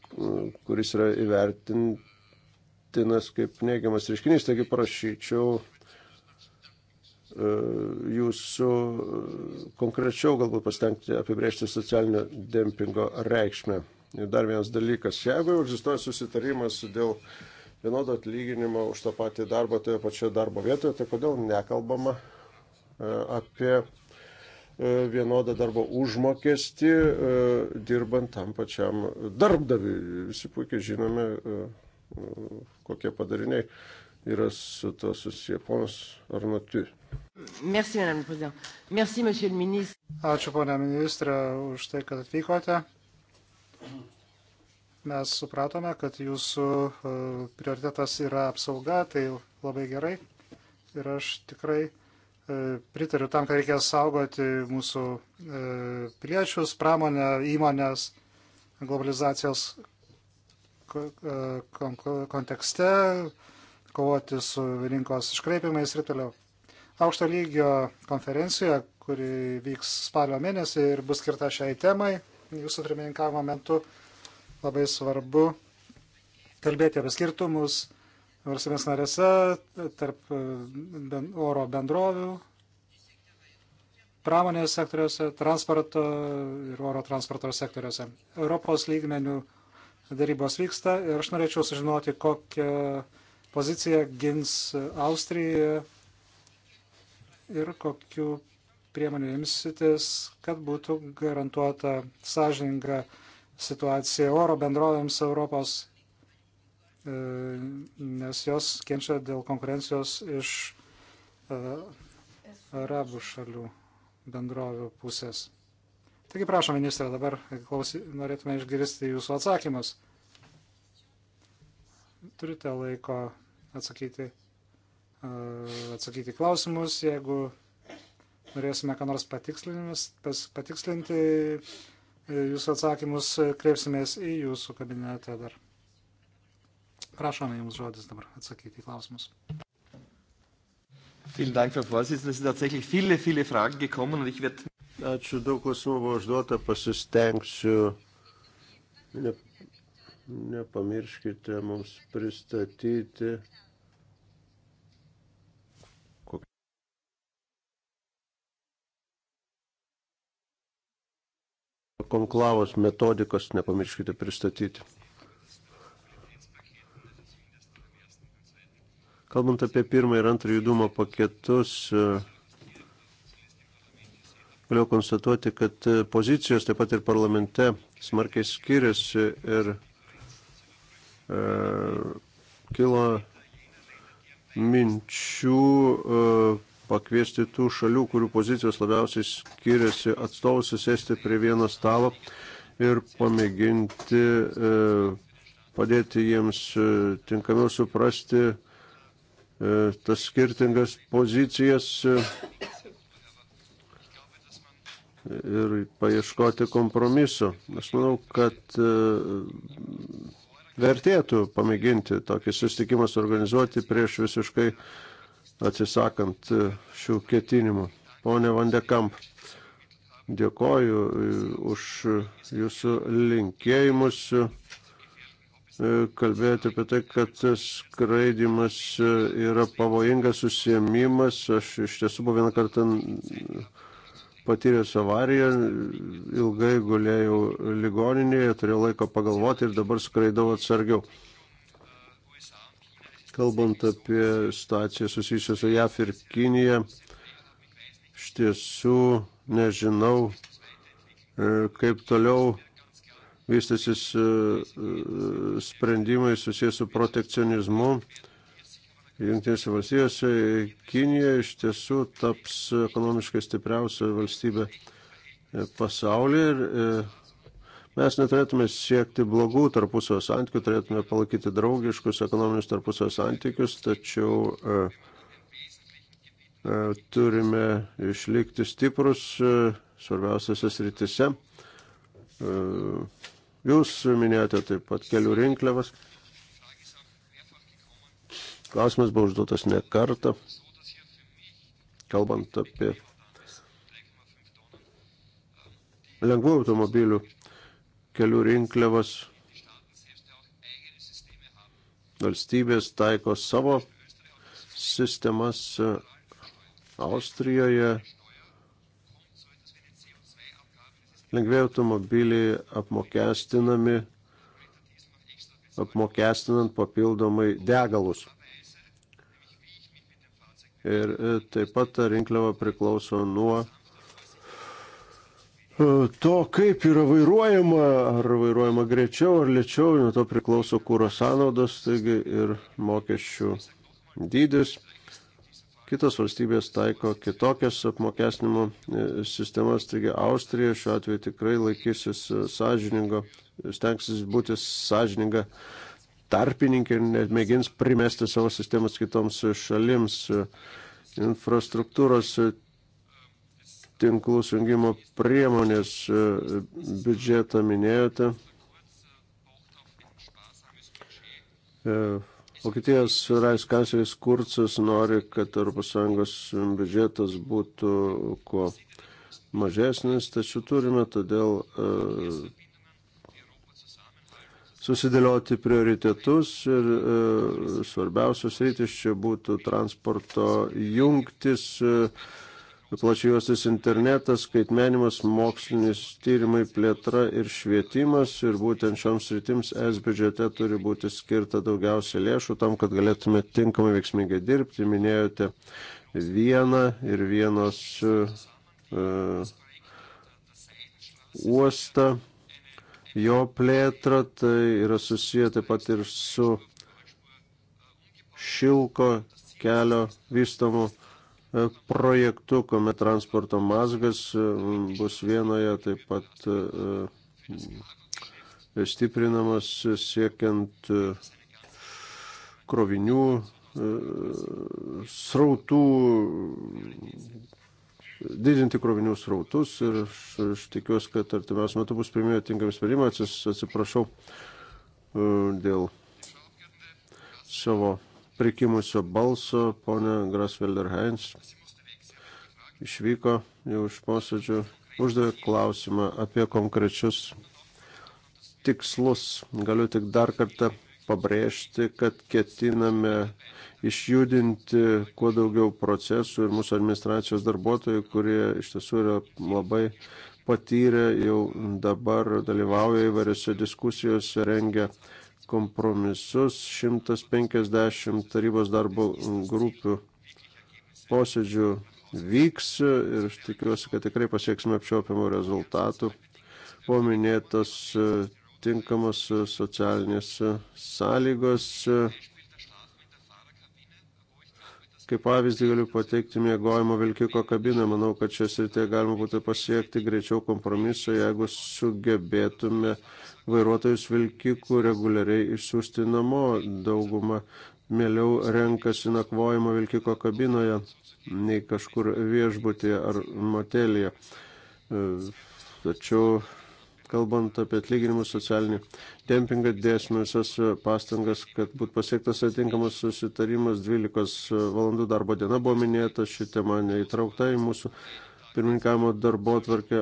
[SPEAKER 3] kuris yra įvertintinas kaip neigiamas reiškinys. Taigi prašyčiau e, jūsų konkrečiau galbūt pastengti apibrėžti socialinio dempingo reikšmę. Ir dar vienas dalykas, jeigu jau egzistuoja susitarimas dėl uh, vienodą atlyginimą už tą patį darbą toje pačioje darbo vietoje, tai kodėl nekalbama e, apie e, vienodą darbo užmokestį e, dirbant tam pačiam darbdaviui. Visi puikiai žinome, kokie padariniai yra su to susiję. Ponas Arnatu.
[SPEAKER 1] Merci, madame prezident. Merci, monsieur le ministre. Ačiū, ponia ministrė, už tai, kad atvykote mes supratome, kad jūsų e, prioritetas yra apsauga, tai labai gerai. Ir aš tikrai e, pritariu tam, kad reikės saugoti mūsų e, piliečius, pramonę, įmonės globalizacijos kontekste, kovoti su rinkos iškreipimais ir toliau. Aukšto lygio konferencijoje, kuri vyks spalio mėnesį ir bus skirta šiai temai, jūsų pirmininkavimo metu labai svarbu kalbėti apie skirtumus valstybės narėse tarp e, oro bendrovių, pramonės sektoriuose, transporto ir oro transporto sektoriuose. Europos lygmenių darybos vyksta ir aš norėčiau sužinoti, kokią poziciją gins Austrija ir kokiu priemonių imsitės, kad būtų garantuota sąžininga situacija oro bendrovėms Europos, e, nes jos kenčia dėl konkurencijos iš e, arabų šalių bendrovių pusės. Taigi prašom, ministrė, dabar klausy, norėtume išgirsti jūsų atsakymus. Turite laiko atsakyti, e, atsakyti klausimus, jeigu norėsime ką nors patikslinti, jūsų atsakymus kreipsimės į jūsų kabinetą dar. Prašome jums žodis dabar atsakyti į klausimus.
[SPEAKER 3] Ačiū daug klausimų buvo užduota, pasistengsiu. Ne, nepamirškite mums pristatyti konklavos metodikos nepamirškite pristatyti. Kalbant apie pirmą ir antrą judumo paketus, galiu konstatuoti, kad pozicijos taip pat ir parlamente smarkiai skiriasi ir e, kilo minčių e, pakviesti tų šalių, kurių pozicijos labiausiai skiriasi atstovus, susėsti prie vieno stalo ir pamėginti e, padėti jiems e, tinkamiau suprasti e, tas skirtingas pozicijas ir paieškoti kompromiso. Aš manau, kad vertėtų pamėginti tokį susitikimą suorganizuoti prieš visiškai uh, atsisakant e, šių ketinimų. Pone Vandekamp, dėkoju e, už jūsų linkėjimus. E, kalbėjote apie tai, kad skraidimas yra pavojingas užsiemimas. Aš iš tiesų buvau vieną kartą patyręs avariją, ilgai guėjau ligoninėje, turėjau laiko pagalvoti ir dabar skraidau atsargiau. Kalbant apie situaciją susijusią su JAF ir Kinija, iš tiesų nežinau, e, kaip toliau vystasis e, e, sprendimai susijęs su protekcionizmu. Junktinėse valstijose Kinija iš tiesų taps ekonomiškai stipriausia valstybė pasaulyje ir Mes neturėtume siekti blogų tarpusio santykių, turėtume palaikyti draugiškus ekonominius tarpusio santykius, tačiau e, e, turime išlikti stiprus e, svarbiausiose sritise. E, jūs minėjote taip pat kelių rinkliavas. Klausimas buvo užduotas ne kartą, kalbant apie lengvų automobilių kelių rinkliavas. Valstybės taiko savo sistemas e, Austrijoje. Lengviai automobiliai apmokestinami, apmokestinant papildomai degalus. Ir e, taip pat ta rinkliava priklauso nuo E, to, kaip yra vairuojama, ar vairuojama greičiau ar lėčiau, nuo to priklauso kūro sąnaudos, taigi ir mokesčių dydis. Kitos valstybės taiko kitokias apmokesnimo e, sistemas, taigi Austrija šiuo atveju tikrai laikysis e, sąžiningo, stengsis būti sąžininga tarpininkė ir nemėgins primesti savo sistemas kitoms šalims. Infrastruktūros tinklų sujungimo priemonės e, biudžetą minėjote. E, Vokietijos raiskansėlis Kurcas nori, kad ES biudžetas būtų kuo mažesnis, tačiau turime todėl e, susidėlioti prioritetus ir e, svarbiausios rytis čia būtų transporto jungtis. E, plačiuosius internetas, skaitmenimas, mokslinis tyrimai, plėtra ir švietimas. Ir būtent šioms rytims es biudžete turi būti skirta daugiausia lėšų tam, kad galėtume tinkamai veiksmingai dirbti. Minėjote vieną ir vienos uh, uostą, jo plėtrą. Tai yra susiję taip pat ir su šilko kelio vystomu E, projektu, kuomet transporto mazgas e, bus vienoje taip pat e, stiprinamas siekiant krovinių srautų, didinti krovinių srautus ir aš, aš tikiuosi, kad artimiausiu metu bus priimėjo tinkami sprendimai, atsiprašau dėl savo prikimusio balso, ponė Grasvelder Heinz išvyko jau iš posėdžio, uždavė klausimą apie konkrečius tikslus. Galiu tik dar kartą pabrėžti, kad ketiname išjudinti kuo daugiau procesų ir mūsų administracijos darbuotojų, kurie iš tiesų yra labai patyrę, jau dabar dalyvauja įvairiose diskusijose, rengia kompromisus 150 tarybos darbo grupių posėdžių vyks ir aš tikiuosi, kad tikrai pasieksime apčiopiamų rezultatų. Buvo minėtos e, tinkamos e, socialinės e, sąlygos. Kaip pavyzdį galiu pateikti mėgojimo vilkiko kabiną. Manau, kad šią sritį galima būtų pasiekti greičiau kompromiso, jeigu sugebėtume uh, vairuotojus vilkikų reguliariai išsiųsti namo. Dauguma mieliau renkasi nakvojimo vilkiko kabinoje nei kažkur viešbutėje ar motelėje. E, tačiau kalbant apie atlyginimus socialinį dempingą, dėsime visas pastangas, kad būtų pasiektas atitinkamas susitarimas. 12 valandų darbo diena buvo minėta, ši tema neįtraukta į mūsų pirmininkavimo darbo tvarkė,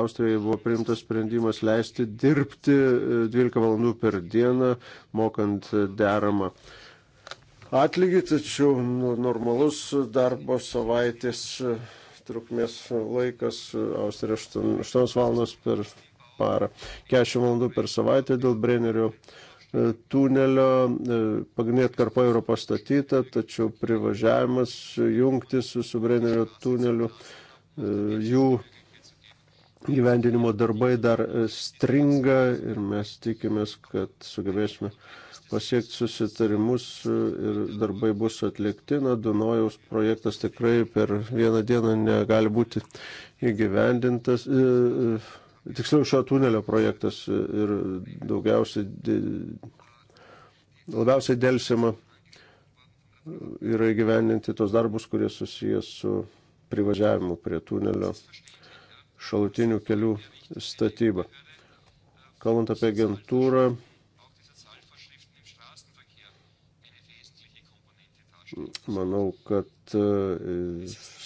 [SPEAKER 3] Austrijoje buvo priimtas sprendimas leisti dirbti 12 e, valandų per dieną, mokant e, deramą atlygį, tačiau nu, normalus darbo savaitės e, trukmės laikas Austrija 8, 8 valandos per parą, 40 valandų per savaitę dėl Brennerio tunelio, pagrindinė atkarpa yra pastatyta, tačiau privažiavimas jungtis su Brennerio tuneliu jų gyvendinimo darbai dar stringa ir mes tikimės, kad sugebėsime pasiekti susitarimus ir darbai bus atlikti. Na, Dunojaus projektas tikrai per vieną dieną negali būti įgyvendintas. E, e, tiksliau šio tunelio projektas ir daugiausiai, labiausiai dėlsima yra įgyvendinti tos darbus, kurie susijęs su privažiavimų prie tunelio šalutinių kelių statybą. Kalbant apie agentūrą, manau, kad e,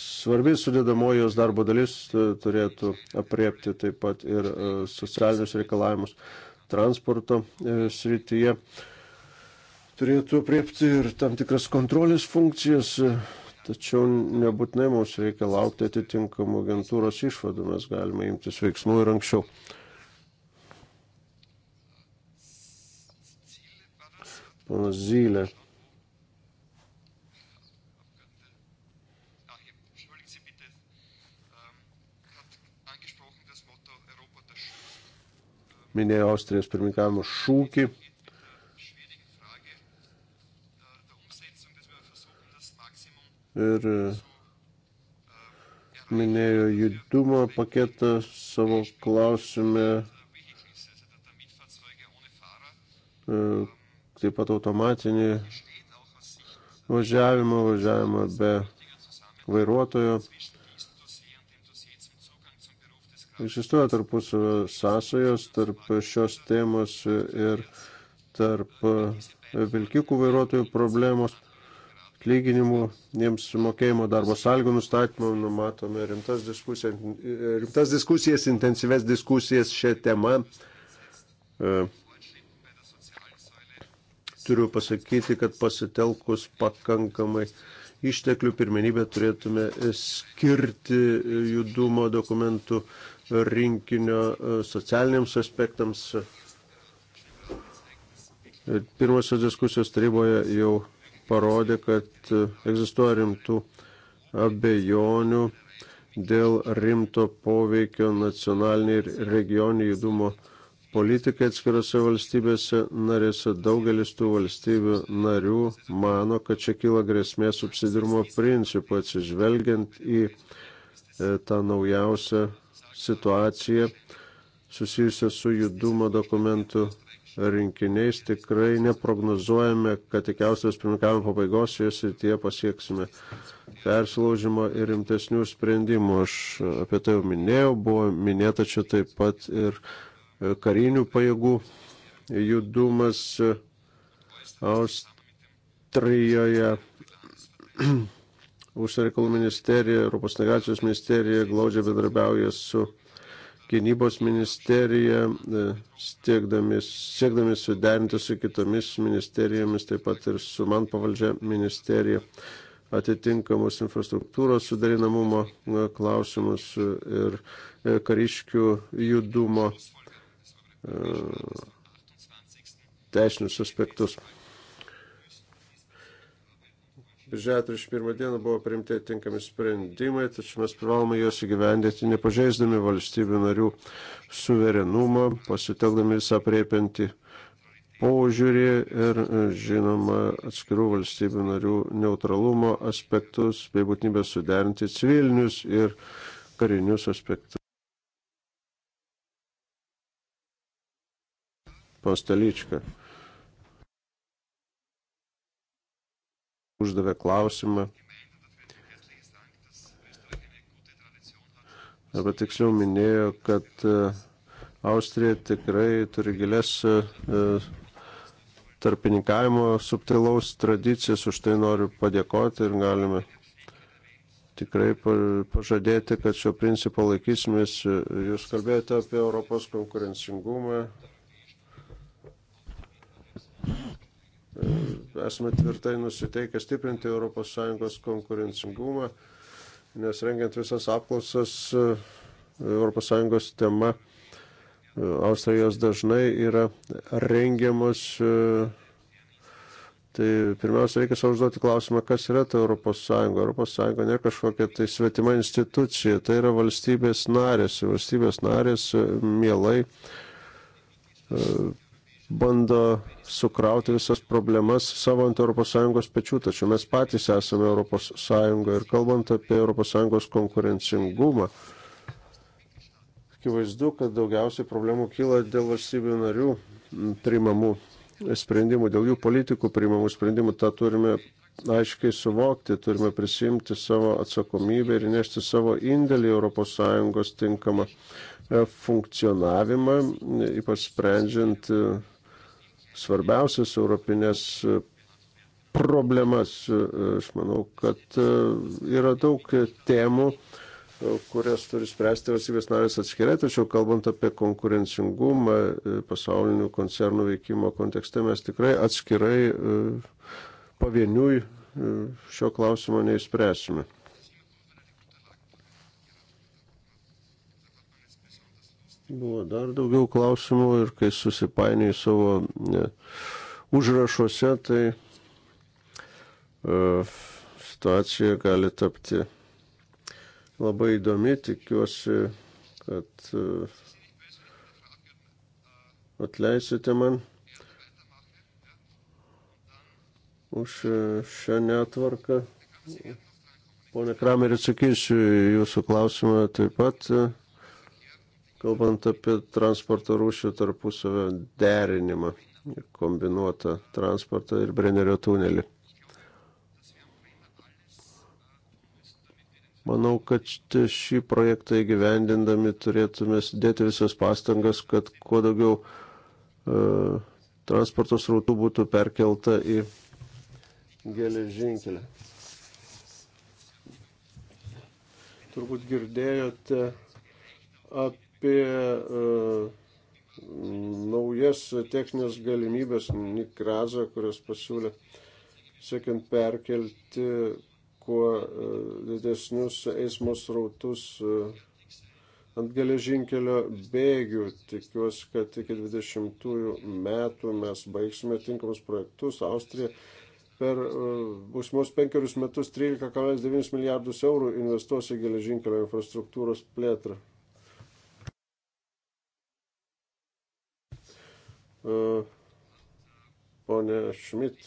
[SPEAKER 3] svarbi sudėdamoji jos darbo dalis e, turėtų apriepti taip pat ir e, socialinius reikalavimus transporto srityje. Turėtų apriepti ir tam tikras kontrolės funkcijas, Tačiau nebūtinai mums reikia laukti atitinkamų agentūros išvadų, mes galime imtis veiksmų ir anksčiau. Panas Zylė. Minėjo Austrijos pirmininkavimo šūkį. ir e, minėjo judumo paketą savo klausime, e, taip pat automatinį važiavimą, važiavimą be vairuotojo. Egzistuoja tarpusavio sąsajos tarp šios temos ir tarp vilkikų vairuotojų problemos atlyginimų, jiems sumokėjimo darbo sąlygų nustatymą, numatome rimtas diskusijas, rimtas diskusijas, intensyves diskusijas šią temą. E, turiu pasakyti, kad pasitelkus pakankamai išteklių pirmenybę turėtume skirti judumo dokumentų rinkinio e, socialiniams aspektams. E, pirmosios diskusijos taryboje jau parodė, kad e, egzistuoja rimtų abejonių dėl rimto poveikio nacionaliniai ir regioniniai judumo politikai atskirose valstybėse narėse. Daugelis tų valstybių narių mano, kad čia kyla grėsmė subsidirmo principu atsižvelgiant į e, tą naujausią situaciją susijusią su judumo dokumentų rinkiniais tikrai neprognozuojame, kad iki Austrijos pirmininkavimo pabaigos jos ir tie pasieksime persilaužimo ir rimtesnių sprendimų. Aš apie tai jau minėjau, buvo minėta čia taip pat ir e, karinių pajėgų judumas e, Austrijoje. Užsienio reikalų ministerija, Europos negacijos ministerija glaudžiai bendrabiauja su gynybos ministerija, e, siekdami, siekdami suderinti su kitomis ministerijomis, taip pat ir su man pavaldžia ministerija, atitinkamus infrastruktūros suderinamumo e, klausimus ir e, kariškių judumo teisinius aspektus. Birželio 31 dieną buvo priimti atitinkami sprendimai, tačiau mes privalome juos įgyvendinti, nepažeisdami valstybių narių suverenumą, pasitelkdami visą priepinti požiūrį ir, žinoma, atskirų valstybių narių neutralumo aspektus, bei būtinybę suderinti civilinius ir karinius aspektus. Pastelyčka. uždavė klausimą. Arba tiksliau minėjo, kad e, Austrija tikrai turi gilės e, e, tarpininkavimo subtilaus tradicijas, už tai noriu padėkoti ir galime tikrai pažadėti, kad šio principo laikysimės. Jūs kalbėjote apie Europos konkurencingumą, esame tvirtai nusiteikę stiprinti ES konkurencingumą, nes rengiant visas apklausas ES tema Austrijos dažnai yra rengiamos. Tai pirmiausia, reikia savo užduoti klausimą, kas yra ta Europos Sąjunga. Europos Sąjunga nėra kažkokia tai svetima institucija, tai yra valstybės narės. Valstybės narės mielai bando sukrauti visas problemas savo ant ES pečių, tačiau mes patys esame ES ir kalbant apie ES konkurencingumą, akivaizdu, kad daugiausiai problemų kyla dėl valstybių narių primamų sprendimų, dėl jų politikų primamų sprendimų, tą turime aiškiai suvokti, turime prisimti savo atsakomybę ir nešti savo indėlį ES tinkamą e, funkcionavimą, ypač sprendžiant e, svarbiausias europinės e, problemas. E, aš manau, kad e, yra daug temų, kurias turi spręsti valstybės narės atskirai, tačiau kalbant apie konkurencingumą pasaulinių koncernų veikimo kontekste, mes tikrai atskirai pavieniui šio klausimo neišspręsime. Buvo dar daugiau klausimų ir kai susipainiai savo ne, užrašuose, tai uh, situacija gali tapti labai įdomi. Tikiuosi, kad uh, atleisite man už e, šią netvarką. Pone Kramerį, atsakysiu jūsų klausimą taip pat. Uh, kalbant apie transporto rūšių tarpusavio derinimą, kombinuotą transportą ir Brenerio tunelį. Manau, kad šį projektą įgyvendindami turėtume dėti visas pastangas, kad kuo daugiau uh, transporto srautų būtų perkelta į geležinkelį. Turbūt girdėjote apie apie e, naujas techninės galimybės Nikrazą, kurias pasiūlė, siekiant perkelti kuo e, didesnius eismo srautus e, ant geležinkelio bėgių. Tikiuosi, kad iki 20 metų mes baigsime tinkamus projektus. Austrija per būsimus penkerius metus 13,9 milijardus eurų investuos į geležinkelio infrastruktūros plėtrą. E, pone Šmit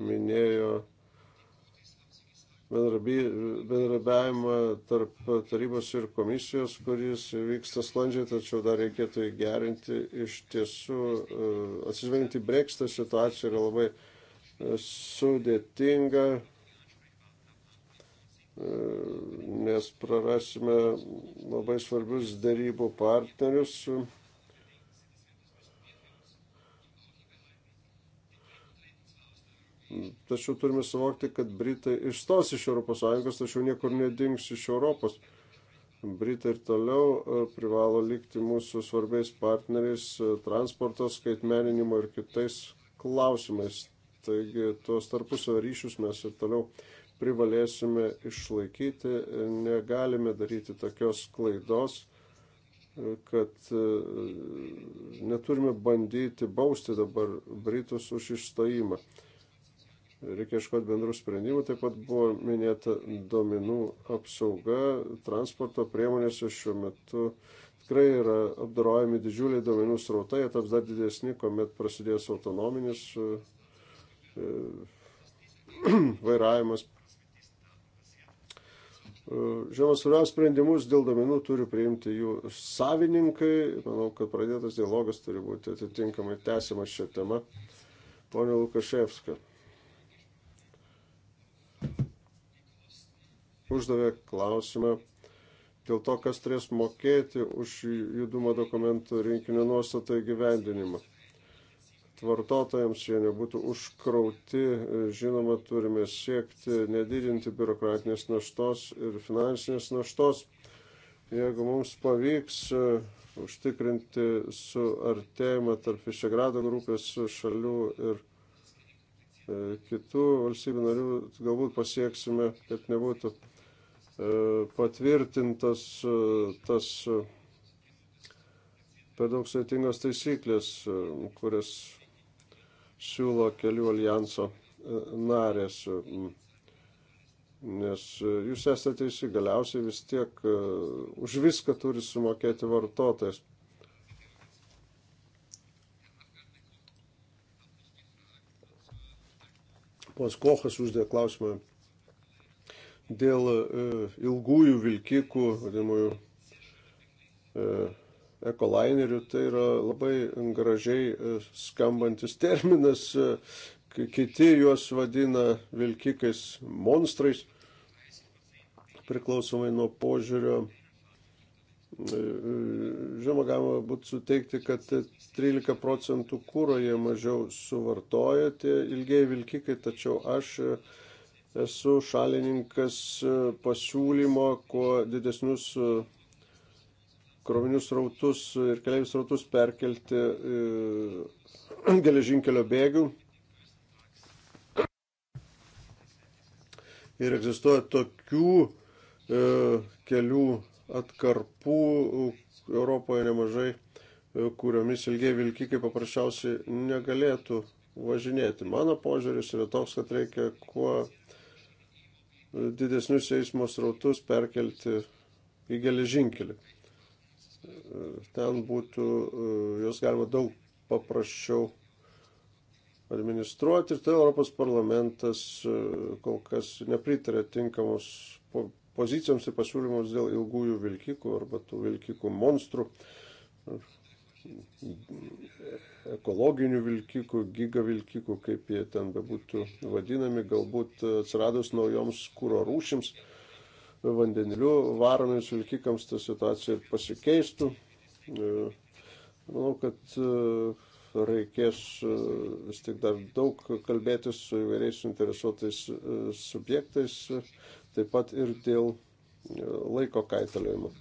[SPEAKER 3] minėjo bendrabiavimą tarp tarybos ir komisijos, kuris vyksta slandžiai, tačiau dar reikėtų įgerinti. Iš tiesų, e, atsižvelgiant į brekstą situacija yra labai e, sudėtinga, nes prarasime labai svarbius darybų partnerius. Tačiau turime suvokti, kad Britai išstos iš ES, tačiau niekur nedings iš Europos. Britai ir toliau e, privalo likti mūsų svarbiais partneriais e, transporto, skaitmeninimo ir kitais klausimais. Taigi tuos tarpusavio ryšius mes ir toliau privalėsime išlaikyti. Negalime daryti tokios klaidos, kad e, neturime bandyti bausti dabar Britus už išstojimą. Reikia iškoti bendrų sprendimų. Taip pat buvo minėta domenų apsauga. Transporto priemonėse šiuo metu tikrai yra apdarojami didžiuliai domenų srautai, jie taps dar didesni, kuomet prasidės autonominis e, e, vairavimas Žinoma, svarbiausius sprendimus dėl domenų turi priimti jų savininkai. Manau, kad pradėtas dialogas turi būti atitinkamai tęsiamas šią temą. Pone Lukaševska. Uždavė klausimą dėl to, kas turės mokėti už judumo dokumentų rinkinio nuostatą įgyvendinimą vartotojams jie nebūtų užkrauti. Žinoma, turime siekti nedidinti biurokratinės naštos ir finansinės naštos. Jeigu mums pavyks e, užtikrinti suartėjimą tarp Višegrado grupės šalių ir e, kitų valstybių narių, galbūt pasieksime, kad nebūtų e, patvirtintas tas per daug sveitingos taisyklės, kurias siūlo kelių alijanso e, narės. Nes e, jūs esate teisi, galiausiai vis tiek e, už viską turi sumokėti vartotojas. Pons Kochas uždė klausimą dėl ilgųjų vilkikų, vadinamųjų ekolainerių, tai yra labai gražiai e, skambantis terminas, e, kiti juos vadina vilkikais monstrais, priklausomai nuo požiūrio. E, žinoma, galima būtų suteikti, kad 13 procentų kūro jie mažiau suvartoja tie ilgiai vilkikai, tačiau aš esu šalininkas pasiūlymo, kuo didesnius krovinių srautus ir keliaivių srautus perkelti geležinkelio bėgių. Ir egzistuoja tokių e, kelių atkarpų Europoje nemažai, e, kuriomis ilgiai vilkikai paprasčiausiai negalėtų važinėti. Mano požiūris yra toks, kad reikia kuo didesnius eismo srautus perkelti į geležinkelį ten būtų, e, jos galima daug paprasčiau administruoti ir tai Europos parlamentas e, kol kas nepritarė tinkamos pozicijoms ir pasiūlymams dėl ilgųjų vilkikų arba tų vilkikų monstrų, ekologinių vilkikų, gigavilkikų, kaip jie ten bebūtų vadinami, galbūt atsiradus naujoms kūro rūšims vandeniliu varomiems vilkikams ta situacija pasikeistų. E, manau, kad e, reikės e, vis tik dar daug kalbėti su įvairiais suinteresuotais subjektais, taip pat ir dėl laiko kaitaliojimo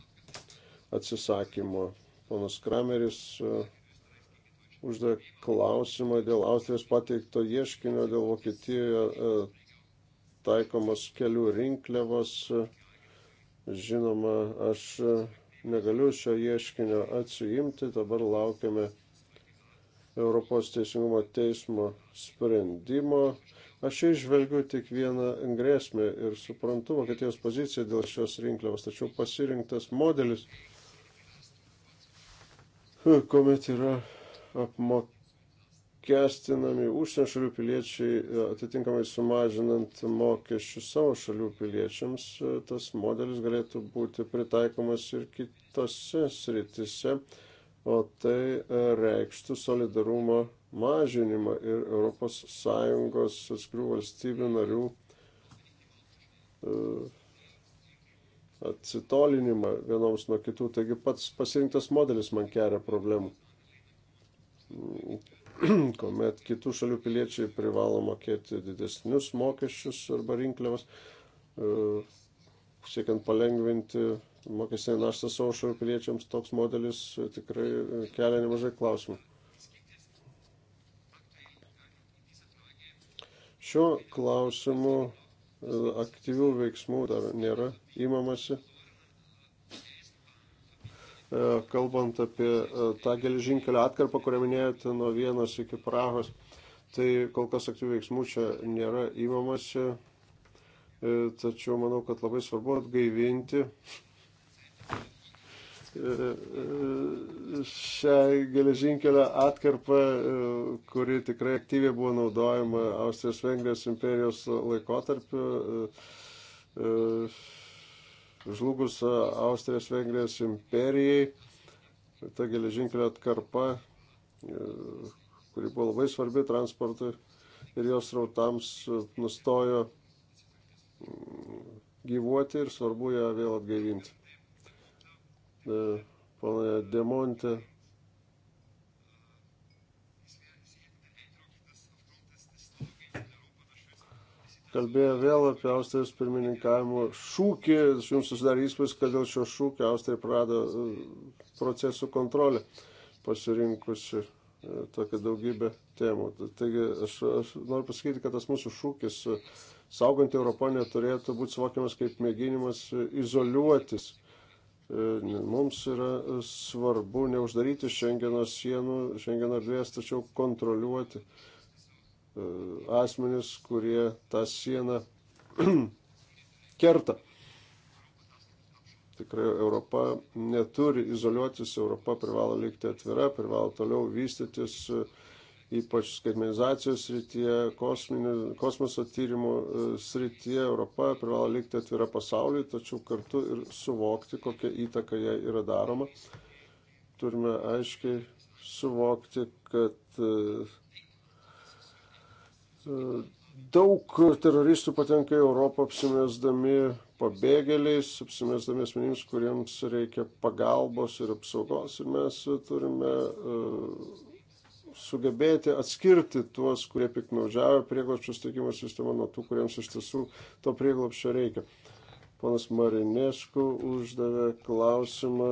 [SPEAKER 3] atsisakymo. Ponas Krameris uždavė klausimą dėl Austrijos pateikto ieškinio, dėl Vokietijoje taikomos kelių rinkliavos. E, Žinoma, aš e, negaliu šio ieškinio atsijimti, dabar laukiame Europos teisingumo teismo sprendimo. Aš išvelgiu tik vieną grėsmę ir suprantu Vokietijos poziciją dėl šios rinkliavos, tačiau pasirinktas modelis, kuomet yra apmokėtas apmokestinami užsienio šalių piliečiai, e, atitinkamai sumažinant mokesčius savo šalių piliečiams, e, tas modelis galėtų būti pritaikomas ir kitose sritise, o tai e, reikštų solidarumo mažinimą ir ES atskirų valstybių narių atsitolinimą vienoms nuo kitų. Taigi pats pasirinktas modelis man kelia problemų kuomet kitų šalių piliečiai privalo mokėti didesnius mokesčius arba rinkliavas, e, siekiant palengvinti mokestinę naštą savo šalių piliečiams, toks modelis e, tikrai e, kelia nemažai klausimų. Šiuo klausimu aktyvių veiksmų dar nėra įmamasi. E, kalbant apie e, tą geležinkelio atkarpą, kurią minėjote nuo vienos iki Prahos, tai kol kas aktyvių veiksmų čia nėra įmamasi, e, tačiau manau, kad labai svarbu atgaivinti šią geležinkelio atkarpą, kuri tikrai aktyviai buvo naudojama Austrijos-Vengrijos imperijos laikotarpiu Žlugus Austrijos Vengrijos imperijai, ta geležinkelio atkarpa, e, kuri buvo labai svarbi transportui ir jos rautams e, nustojo mm, gyvuoti ir svarbu ją vėl atgaivinti. E, pana Demonte kalbėjo vėl apie Austrijos pirmininkavimo šūkį. Jums susidarė įspūdis, kad dėl šio šūkio Austrija prarado e, procesų kontrolę, pasirinkusi e, tokią daugybę temų. Taigi aš, aš noriu pasakyti, kad tas mūsų šūkis e, saugant Europą neturėtų būti suvokiamas kaip mėginimas izoliuotis. Mums yra svarbu neuždaryti Šengeno sienų, Šengeno erdvės, tačiau kontroliuoti uh, E, asmenis, kurie tą sieną kerta. Tikrai Europa neturi izoliuotis, Europa privalo likti atvira, privalo toliau vystytis, e, ypač skaitmenizacijos srityje, kosmoso tyrimų e, srityje. Europa privalo likti atvira pasauliui, tačiau kartu ir suvokti, kokia įtaka jai yra daroma. Turime aiškiai suvokti, kad uh, E, daug teroristų patenka į Europą apsimesdami pabėgėliais, apsimesdami asmenims, kuriems reikia pagalbos ir apsaugos. Ir mes turime e, sugebėti atskirti tuos, kurie piknaudžiavo prieglapščio steigimo sistemą nuo tų, kuriems iš tiesų to prieglapščio reikia. Ponas Marinėškų uždavė klausimą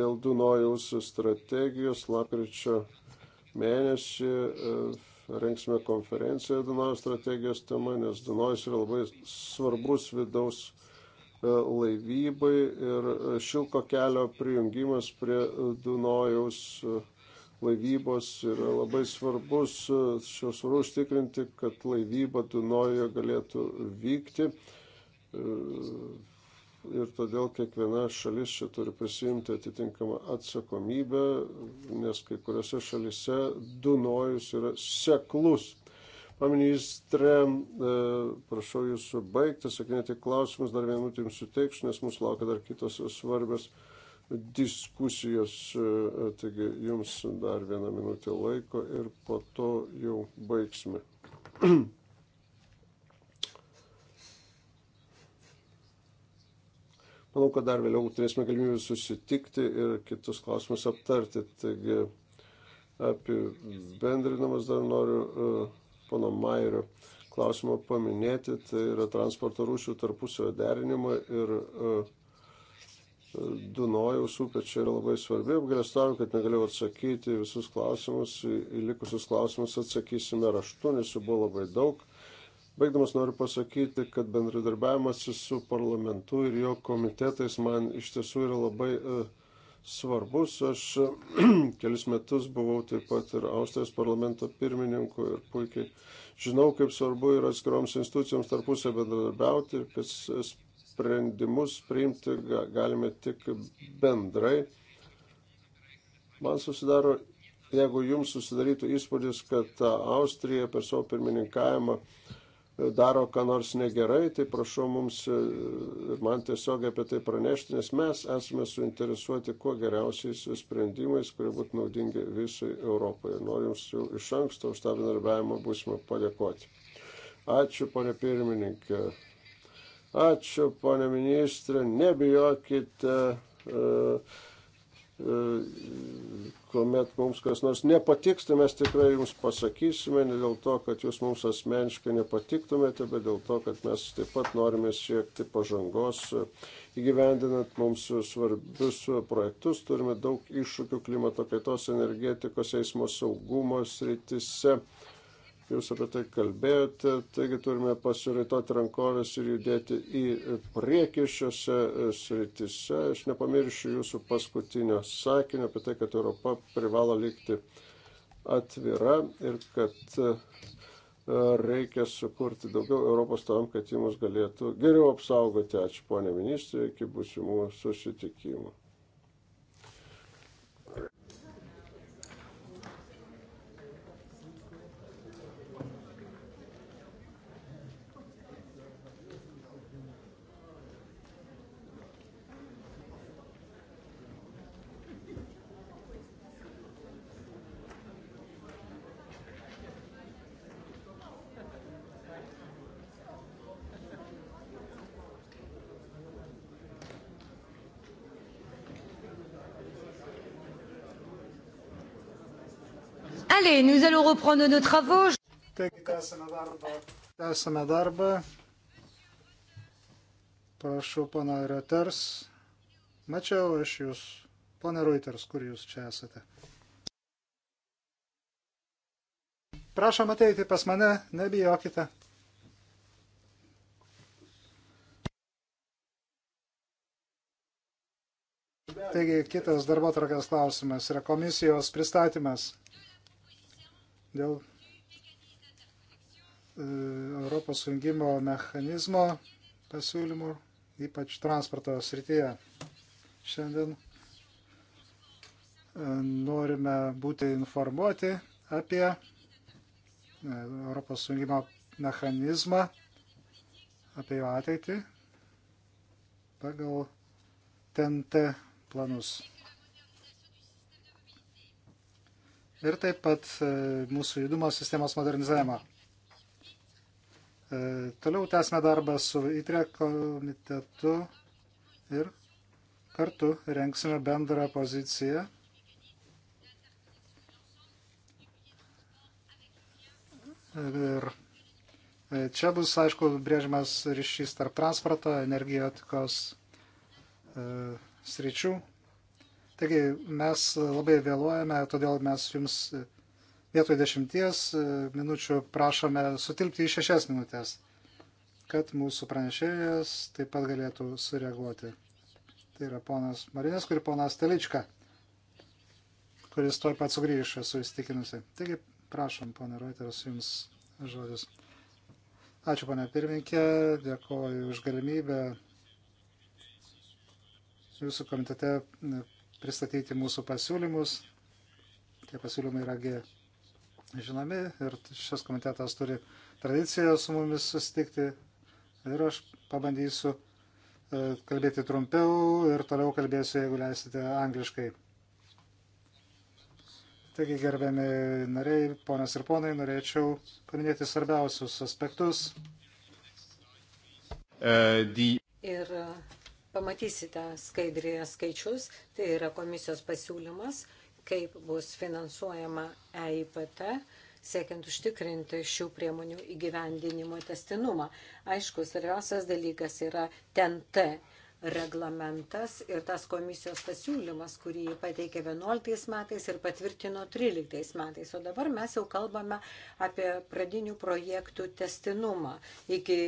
[SPEAKER 3] dėl Dunojaus strategijos lapkričio mėnesį. E, rengsime konferenciją Dunojų strategijos tema, nes Dunojus yra labai svarbus vidaus e, laivybai ir e, šilko kelio prijungimas prie Dunojaus e, laivybos yra labai svarbus. Šiuo svarbu užtikrinti, kad laivyba Dunojoje galėtų vykti. E, ir todėl kiekviena šalis čia turi prisimti atitinkamą atsakomybę, nes kai kuriuose šalise Dunojus yra seklus. Paministrė, e, prašau jūsų baigti, sakinėti klausimus, dar vienutį jums suteiksiu, nes mūsų laukia dar kitos svarbios diskusijos. E, taigi jums dar vieną minutę laiko ir po to jau baigsime. Manau, kad dar vėliau turėsime galimybę susitikti ir kitus klausimus aptarti. Taigi, apibendrinamas dar noriu uh, pono Mairio klausimą paminėti. Tai yra transporto rūšių tarpusio derinimo ir uh, Dunojaus upė čia yra labai svarbi. Apgalėstavau, kad negalėjau atsakyti visus klausimus. Į likusius klausimus atsakysime raštu, nes jų buvo labai daug. Baigdamas noriu pasakyti, kad bendradarbiavimas su parlamentu ir jo komitetais man iš tiesų yra labai e, svarbus. Aš kelis metus buvau taip pat ir Austrijos parlamento pirmininku ir puikiai žinau, kaip svarbu yra atskiroms institucijoms tarpusę bendradarbiauti ir kad sprendimus priimti galime tik bendrai. Man susidaro, jeigu jums susidarytų įspūdis, kad Austrija per savo pirmininkavimą uh, daro, ką nors negerai, tai prašau mums e, ir man tiesiog apie tai pranešti, nes mes esame suinteresuoti kuo geriausiais sprendimais, kurie būtų naudingi visai Europai. Noriu Jums jau iš anksto už tą bendarbiavimą būsime padėkoti. Ačiū, ponė pirmininkė. Ačiū, ponė ministrė. Nebijokite. Uh, kuomet mums kas nors nepatiks, tai mes tikrai jums pasakysime, ne dėl to, kad jūs mums asmeniškai nepatiktumėte, bet dėl to, kad mes taip pat norime siekti pažangos, įgyvendinant mums svarbius projektus, turime daug iššūkių klimato kaitos, energetikos, eismo saugumo srityse. Jūs apie tai kalbėjote, taigi turime pasiraitoti rankovės ir judėti į priekį šiose e, sritise. Aš nepamiršiu jūsų paskutinio sakinio apie tai, kad Europa privalo likti atvira ir kad e, reikia sukurti daugiau Europos tam, kad ji mus galėtų geriau apsaugoti. Ačiū, ponė ministrė, iki būsimų susitikimų.
[SPEAKER 2] Écoutez, nous allons reprendre nos travaux.
[SPEAKER 1] Taigi, tęsame darbą. Tęsame darbą. Prašau, pana Reuters. Mačiau aš jūs. Pane Reuters, kur jūs čia esate? Prašom ateiti pas mane, nebijokite. Taigi, kitas darbo trakas klausimas yra komisijos pristatymas. Dėl e, Europos sujungimo mechanizmo pasiūlymų, ypač transporto srityje. Šiandien e, norime būti informuoti apie e, Europos sujungimo mechanizmą, apie jo ateitį pagal TNT planus. ir taip pat e, mūsų judumo sistemos modernizavimą. E, toliau tęsime darbą su ITRE komitetu ir kartu renksime bendrą poziciją. Ir e, čia bus, aišku, brėžimas ryšys tarp transporto, energetikos sričių. Taigi mes labai vėluojame, todėl mes jums vietoj dešimties minučių prašome sutilpti į šešias minutės, kad mūsų pranešėjas taip pat galėtų sureaguoti. Tai yra ponas Marinės, kuri ponas Telička, kuris toj pat sugrįžo, esu įstikinusi. Taigi, prašom, ponė Reuters, jums žodis. Ačiū, ponė pirmininkė, dėkoju už galimybę jūsų komitete pristatyti mūsų pasiūlymus. Tie pasiūlymai yragi žinomi ir šis komitetas turi tradiciją su mumis susitikti ir aš pabandysiu e, kalbėti trumpiau ir toliau kalbėsiu, jeigu leisite, angliškai. Taigi, gerbiami nariai, ponas ir ponai, norėčiau paminėti svarbiausius aspektus.
[SPEAKER 4] Uh, the...
[SPEAKER 5] Ir uh, Pamatysite skaidrėje skaičius, tai yra komisijos pasiūlymas, kaip bus finansuojama EIPT, siekiant užtikrinti šių priemonių įgyvendinimo testinumą. Aišku, svarbiausias dalykas yra TNT reglamentas ir tas komisijos pasiūlymas, kurį jį pateikė 11 metais ir patvirtino 13 metais. O dabar mes jau kalbame apie pradinių projektų testinumą iki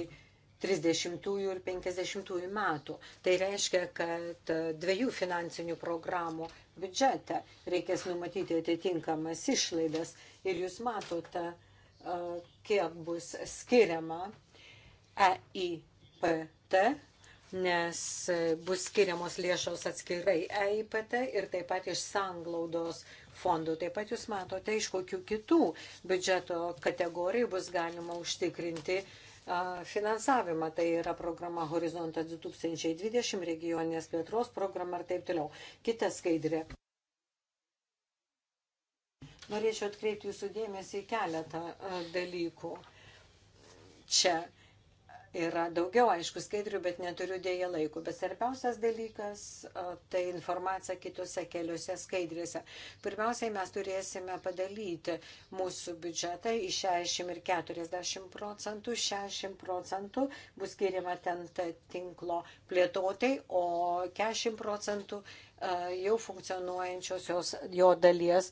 [SPEAKER 5] 30 ir 50 metų. Tai reiškia, kad e, dviejų finansinių programų biudžete reikės numatyti atitinkamas išlaidas ir jūs matote, e, kiek bus skiriama EIPT, nes e, bus skiriamos lėšos atskirai EIPT ir taip pat iš sanglaudos fondų. Taip pat jūs matote, iš kokių kitų biudžeto kategorijų bus galima užtikrinti uh, finansavimą. Tai yra programa Horizontas 2020, regioninės plėtros programa ir taip toliau. Kita skaidrė. Norėčiau atkreipti jūsų dėmesį į keletą dalykų. Čia yra daugiau, aišku, skaidrių, bet neturiu dėja laiko. Bet svarbiausias dalykas - tai informacija kitose keliose skaidrėse. Pirmiausiai mes turėsime padalyti mūsų biudžetą į 60 ir 40 procentų. 60 procentų bus skiriama ten tinklo plėtotai, o 40 procentų jau funkcionuojančios jos, jo dalies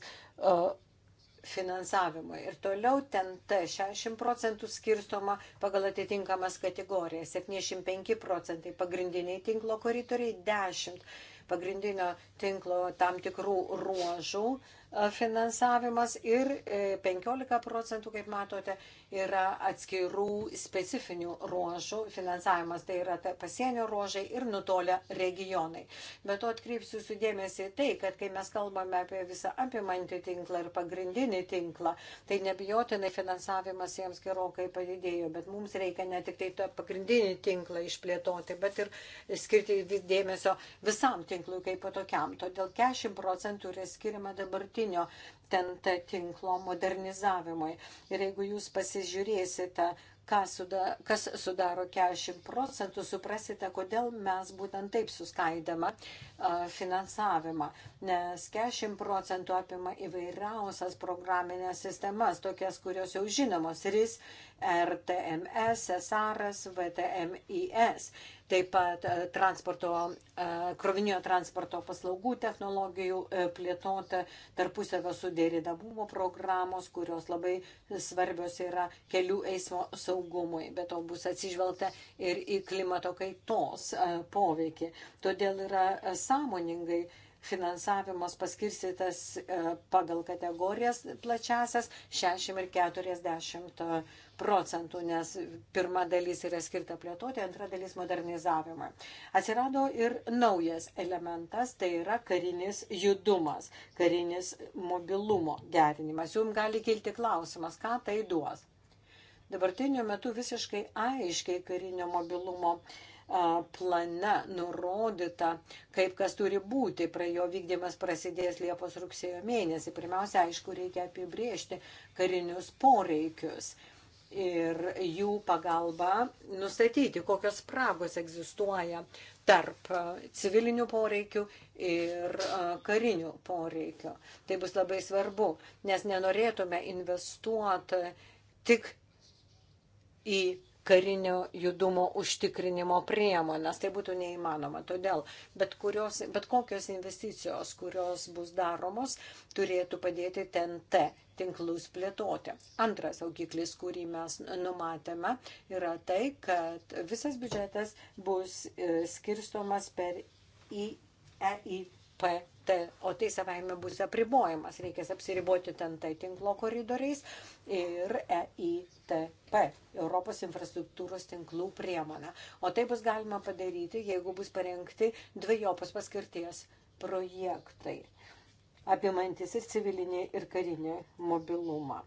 [SPEAKER 5] finansavimui. Ir toliau ten T 60 procentų skirstoma pagal atitinkamas kategorijas. 75 procentai pagrindiniai tinklo koridoriai, 10 pagrindinio tinklo tam tikrų ruožų finansavimas ir 15 e, procentų, kaip matote, yra atskirų specifinių ruožų finansavimas, tai yra ta pasienio ruožai ir nutolę regionai. Bet to atkreipsiu sudėmėsi į tai, kad kai mes kalbame apie visą apimantį tinklą ir pagrindinį tinklą, tai nebijotinai finansavimas jiems gerokai padidėjo, bet mums reikia ne tik tai tą pagrindinį tinklą išplėtoti, bet ir skirti dėmesio visam tinklui kaip patokiam. Todėl 40 procentų yra skiriama dabartiniam dabartinio TNT tinklo modernizavimui. Ir jeigu jūs pasižiūrėsite, kas sudaro 40 procentų, suprasite, kodėl mes būtent taip suskaidama finansavimą. Nes 40 procentų apima įvairiausias programinės sistemas, tokias, kurios jau žinomos - RIS, RTMS, SRS, VTMIS taip pat e, transporto, e, krovinio transporto paslaugų technologijų e, plėtota, tarpusavio sudėridamumo programos, kurios labai svarbios yra kelių eismo saugumui, bet to bus atsižvelgta ir į klimato kaitos poveikį. Todėl yra sąmoningai finansavimas paskirstytas pagal kategorijas plačiasias 60 ir 40 procentų, nes pirma dalis yra skirta plėtoti, antra dalis modernizavimui. Atsirado ir naujas elementas, tai yra karinis judumas, karinis mobilumo gerinimas. Jums gali kilti klausimas, ką tai duos. Dabartiniu metu visiškai aiškiai karinio mobilumo plane nurodyta, kaip kas turi būti. Praėjo vykdymas prasidės Liepos rugsėjo mėnesį. Pirmiausia, aišku, reikia apibriežti karinius poreikius ir jų pagalba nustatyti, kokios spragos egzistuoja tarp civilinių poreikių ir karinių poreikių. Tai bus labai svarbu, nes nenorėtume investuoti tik į karinio judumo užtikrinimo priemonės. Tai būtų neįmanoma. Todėl bet, kurios, bet kokios investicijos, kurios bus daromos, turėtų padėti TNT tinklus plėtoti. Antras saugiklis, kurį mes numatėme, yra tai, kad visas biudžetas bus e, skirstomas per EIPT, o tai savaime bus apribojimas. Reikės apsiriboti ten tai tinklo koridoriais ir EITP, Europos infrastruktūros tinklų priemonę. O tai bus galima padaryti, jeigu bus parengti dviejopos paskirties projektai apimantis ir civilinį, ir karinį mobilumą.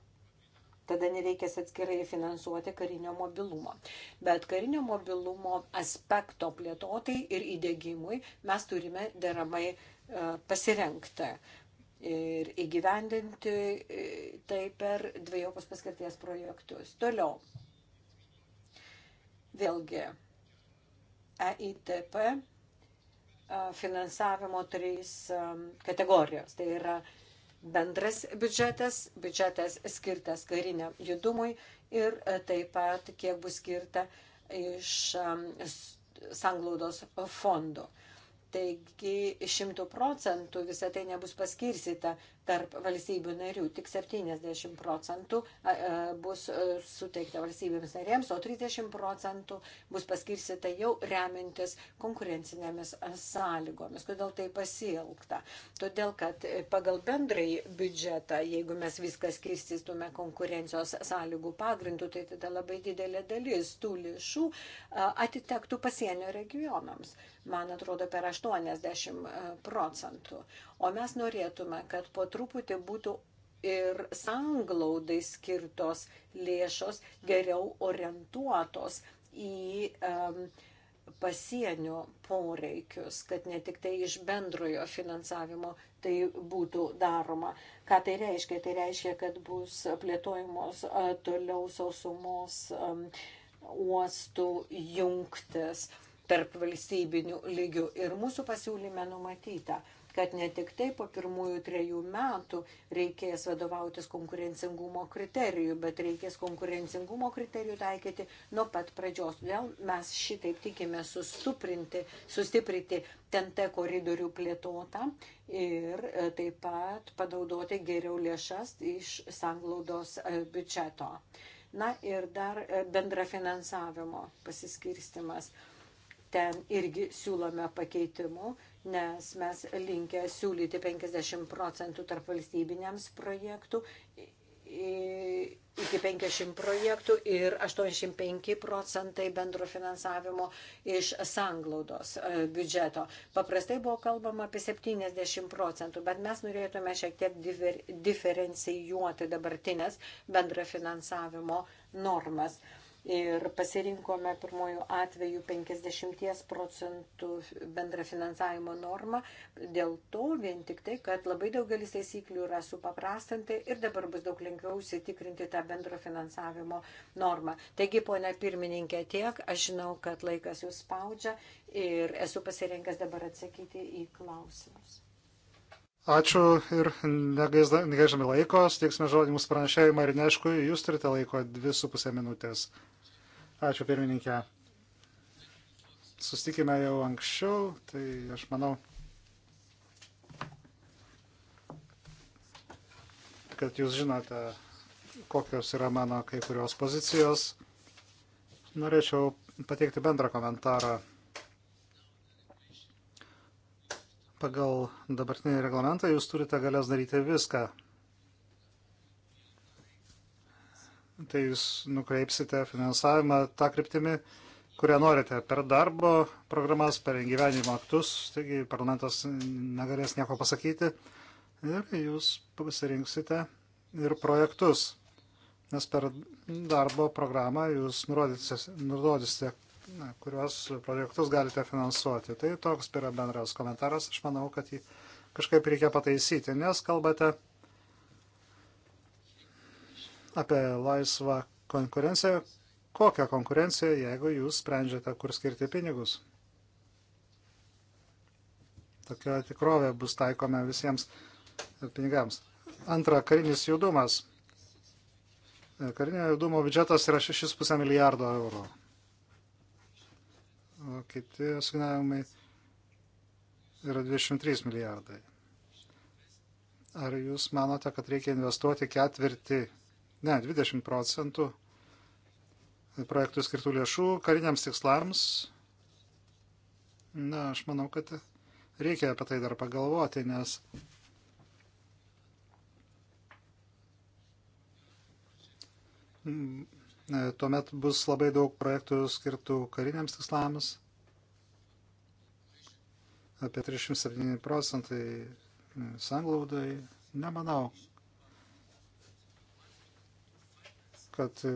[SPEAKER 5] Tada nereikės atskirai finansuoti karinio mobilumo. Bet karinio mobilumo aspekto plėtotai ir įdėgymui mes turime deramai e, pasirengti ir įgyvendinti e, tai per dviejopos paskirties projektus. Toliau. Vėlgi, EITP finansavimo trys kategorijos. Tai yra bendras biudžetas, biudžetas skirtas kariniam judumui ir taip pat kiek bus skirta iš sanglaudos fondo. Taigi šimtų procentų visą tai nebus paskirsita tarp valstybių narių. Tik 70 procentų bus e, suteikta valstybėms narėms, o 30 procentų bus paskirsita jau remintis konkurencinėmis sąlygomis. Kodėl tai pasilgta? Todėl, kad e, pagal bendrai biudžetą, jeigu mes viską skirstystume konkurencijos sąlygų pagrindų, tai tada labai didelė dalis tų lėšų atitektų pasienio regionams. Man atrodo, per 80 e, procentų. O mes norėtume, kad po truputį truputį būtų ir sanglaudai skirtos lėšos geriau orientuotos į um, pasienio poreikius, kad ne tik tai iš bendrojo finansavimo tai būtų daroma. Ką tai reiškia? Tai reiškia, kad bus plėtojamos toliau sausumos um, uostų jungtis tarp valstybinių lygių. Ir mūsų pasiūlyme numatyta, kad ne tik tai po pirmųjų trejų metų reikės vadovautis konkurencingumo kriterijų, bet reikės konkurencingumo kriterijų taikyti nuo pat pradžios. Todėl mes šitaip tikime sustiprinti, sustiprinti TNT koridorių plėtotą ir e, taip pat panaudoti geriau lėšas iš sanglaudos e, biudžeto. Na ir dar e, bendra finansavimo pasiskirstimas. Ten irgi siūlome pakeitimų, nes mes linkę siūlyti 50 procentų tarp valstybiniams projektų iki 50 projektų ir 85 procentai bendro finansavimo iš sanglaudos e, biudžeto. Paprastai buvo kalbama apie 70 procentų, bet mes norėtume šiek tiek diver, diferencijuoti dabartinės bendro finansavimo normas ir pasirinkome pirmojų atveju 50 procentų bendra finansavimo normą dėl to vien tik tai, kad labai daugelis taisyklių yra supaprastinti ir dabar bus daug lengviau įsitikrinti tą bendro finansavimo normą. Taigi, ponia pirmininkė, tiek, aš žinau, kad laikas jūs spaudžia ir esu pasirengęs dabar atsakyti į klausimus.
[SPEAKER 1] Ačiū ir negaiždami laiko, steiksime žodį mūsų pranešėjai Marineškui, jūs turite laiko 2,5 minutės. Ačiū pirmininkė. Sustikime jau anksčiau, tai aš manau, kad jūs žinote, kokios yra mano kai kurios pozicijos. Norėčiau pateikti bendrą komentarą pagal dabartinį reglamentą jūs turite galės daryti viską. Tai jūs nukreipsite finansavimą tą kryptimį, kurią norite, per darbo programas, per gyvenimo aktus, taigi parlamentas negalės nieko pasakyti ir jūs pasirinksite ir projektus, nes per darbo programą jūs nurodysite, nurodysite na, kuriuos projektus galite finansuoti. Tai toks yra bendras komentaras. Aš manau, kad jį kažkaip reikia pataisyti, nes kalbate apie laisvą konkurenciją. Kokią konkurenciją, jeigu jūs sprendžiate, kur skirti pinigus? Tokia tikrovė bus taikoma visiems pinigams. Antra, karinis judumas. Karinio judumo biudžetas yra 6,5 milijardo eurų o kiti asignavimai yra 23 milijardai. Ar jūs manote, kad reikia investuoti ketvirtį, ne, 20 procentų projektų skirtų lėšų kariniams tikslams? Na, aš manau, kad reikia apie tai dar pagalvoti, nes E, tuomet bus labai daug projektų skirtų kariniams tikslams. Apie 37 procentai e, sanglaudai. Nemanau, kad e,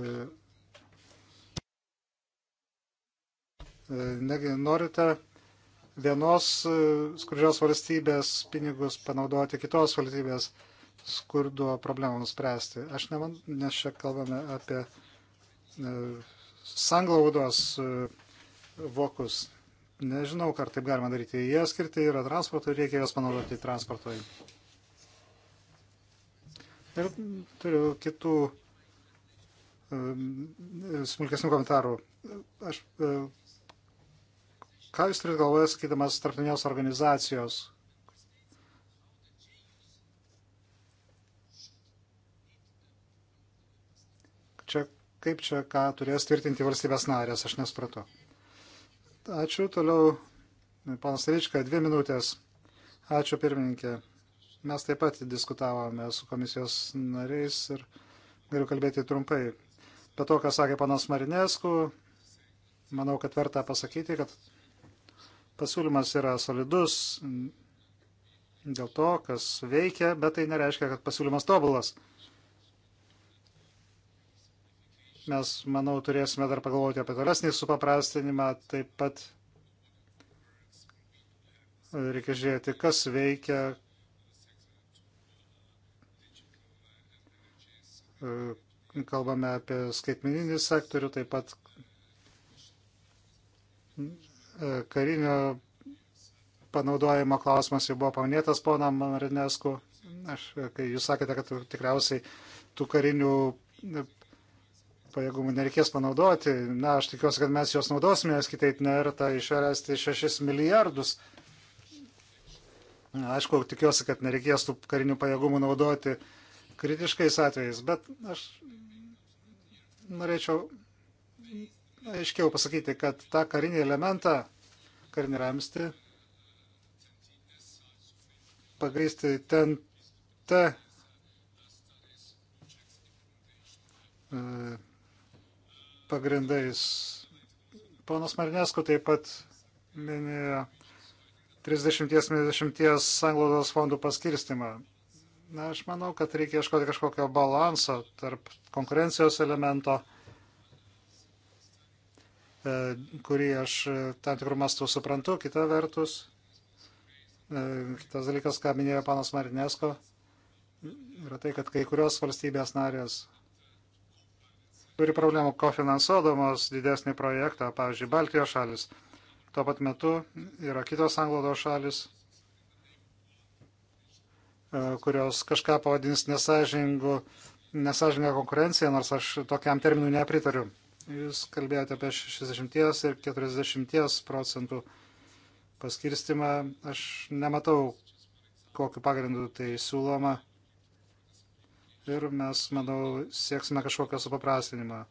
[SPEAKER 1] negi norite vienos skurdžios valstybės pinigus panaudoti kitos valstybės skurdo problemams spręsti. Aš nemanau, nes čia kalbame apie sanglaudos e, vokus. Nežinau, ar taip galima daryti. Jie skirti yra transportui, reikia juos panaudoti transportui. Ir turiu kitų e, smulkesnių komentarų. Aš, e, ką jūs turite galvoje, sakydamas tarptautinės organizacijos, Kaip čia ką turės tvirtinti valstybės narės, aš nespratau. Ačiū, toliau, panas Ryčka, dvi minutės. Ačiū, pirmininkė. Mes taip pat diskutavome su komisijos nariais ir galiu kalbėti trumpai. Bet to, ką sakė panas Marinesku, manau, kad verta pasakyti, kad pasiūlymas yra solidus dėl to, kas veikia, bet tai nereiškia, kad pasiūlymas tobulas. mes, manau, turėsime dar pagalvoti apie tolesnį supaprastinimą, taip pat reikia žiūrėti, kas veikia, e, kalbame apie skaitmeninį sektorių, taip pat e, karinio panaudojimo klausimas jau buvo paminėtas pona Marinesku. Aš, e, kai jūs sakėte, kad tikriausiai tų karinių pajėgumų nereikės panaudoti. Na, aš tikiuosi, kad mes juos naudosime, nes kitaip neverta išversti 6 milijardus. Aišku, tikiuosi, kad nereikės tų karinių pajėgumų naudoti kritiškais atvejais, bet aš norėčiau aiškiau pasakyti, kad tą karinį elementą, karinį ramstį, pagaisti ten ta e, pagrindais. Ponas Marinesko taip pat minėjo 30-70 sanglaudos fondų paskirstimą. Na, aš manau, kad reikia ieškoti kažkokio balanso tarp konkurencijos elemento, e, kurį aš e, tam tikrų mastų suprantu, kita vertus, e, kitas dalykas, ką minėjo panas Marinesko, yra tai, kad kai kurios valstybės narės turi problemų kofinansuodamos didesnį projektą, pavyzdžiui, Baltijos šalis. Tuo pat metu yra kitos anglodos šalis, e, kurios kažką pavadins nesažingu, nesažinga konkurencija, nors aš tokiam terminui nepritariu. Jūs kalbėjote apie 60 ir 40 procentų paskirstimą. Aš nematau, kokiu pagrindu tai siūloma ir mes, manau, sieksime kažkokią supaprastinimą.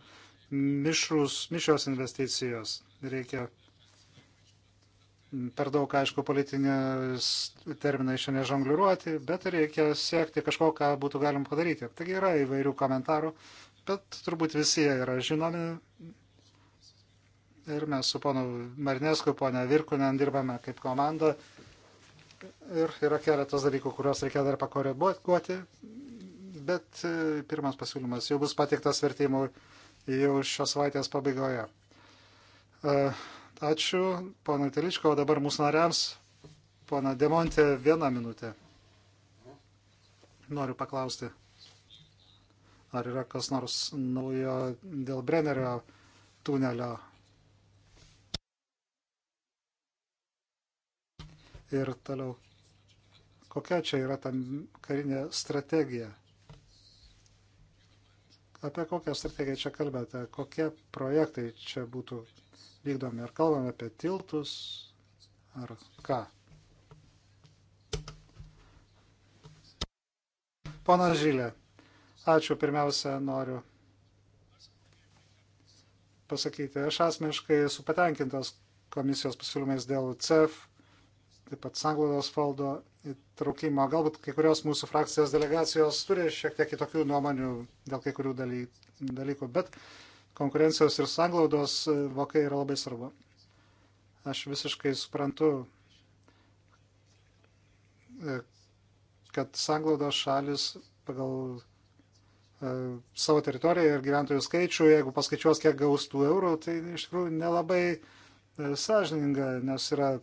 [SPEAKER 1] Mišrus, mišrios investicijos reikia per daug, aišku, politinės terminai šiandien žongliruoti, bet reikia siekti kažko, ką būtų galima padaryti. Taigi yra įvairių komentarų, bet turbūt visi jie yra žinomi. Ir mes su ponu Marnesku, ponia Virkunen dirbame kaip komanda. Ir yra keletas dalykų, kuriuos reikia dar pakoreguoti bet e, pirmas pasiūlymas jau bus pateiktas vertimui jau šios savaitės pabaigoje. E, ačiū, ponui Teliško, o dabar mūsų nariams, pona Demontė, vieną minutę. Noriu paklausti, ar yra kas nors naujo dėl Brennerio tunelio ir toliau. Kokia čia yra ta karinė strategija? Apie kokią strategiją čia kalbate, kokie projektai čia būtų vykdomi, ar kalbame apie tiltus, ar ką? Pana Žylė, ačiū pirmiausia, noriu pasakyti. Aš asmeniškai esu patenkintas komisijos pasiūlymais dėl CEF, taip pat Sanglaudos valdo įtraukimo. Galbūt kai kurios mūsų frakcijos delegacijos turi šiek tiek kitokių nuomonių dėl kai kurių dalykų, bet konkurencijos ir sanglaudos vokai yra labai svarbu. Aš visiškai suprantu, e, kad sanglaudos šalis pagal e, savo teritoriją ir gyventojų skaičių, jeigu paskaičiuos, kiek gaus tų eurų, tai iš tikrųjų nelabai e, sąžininga, nes yra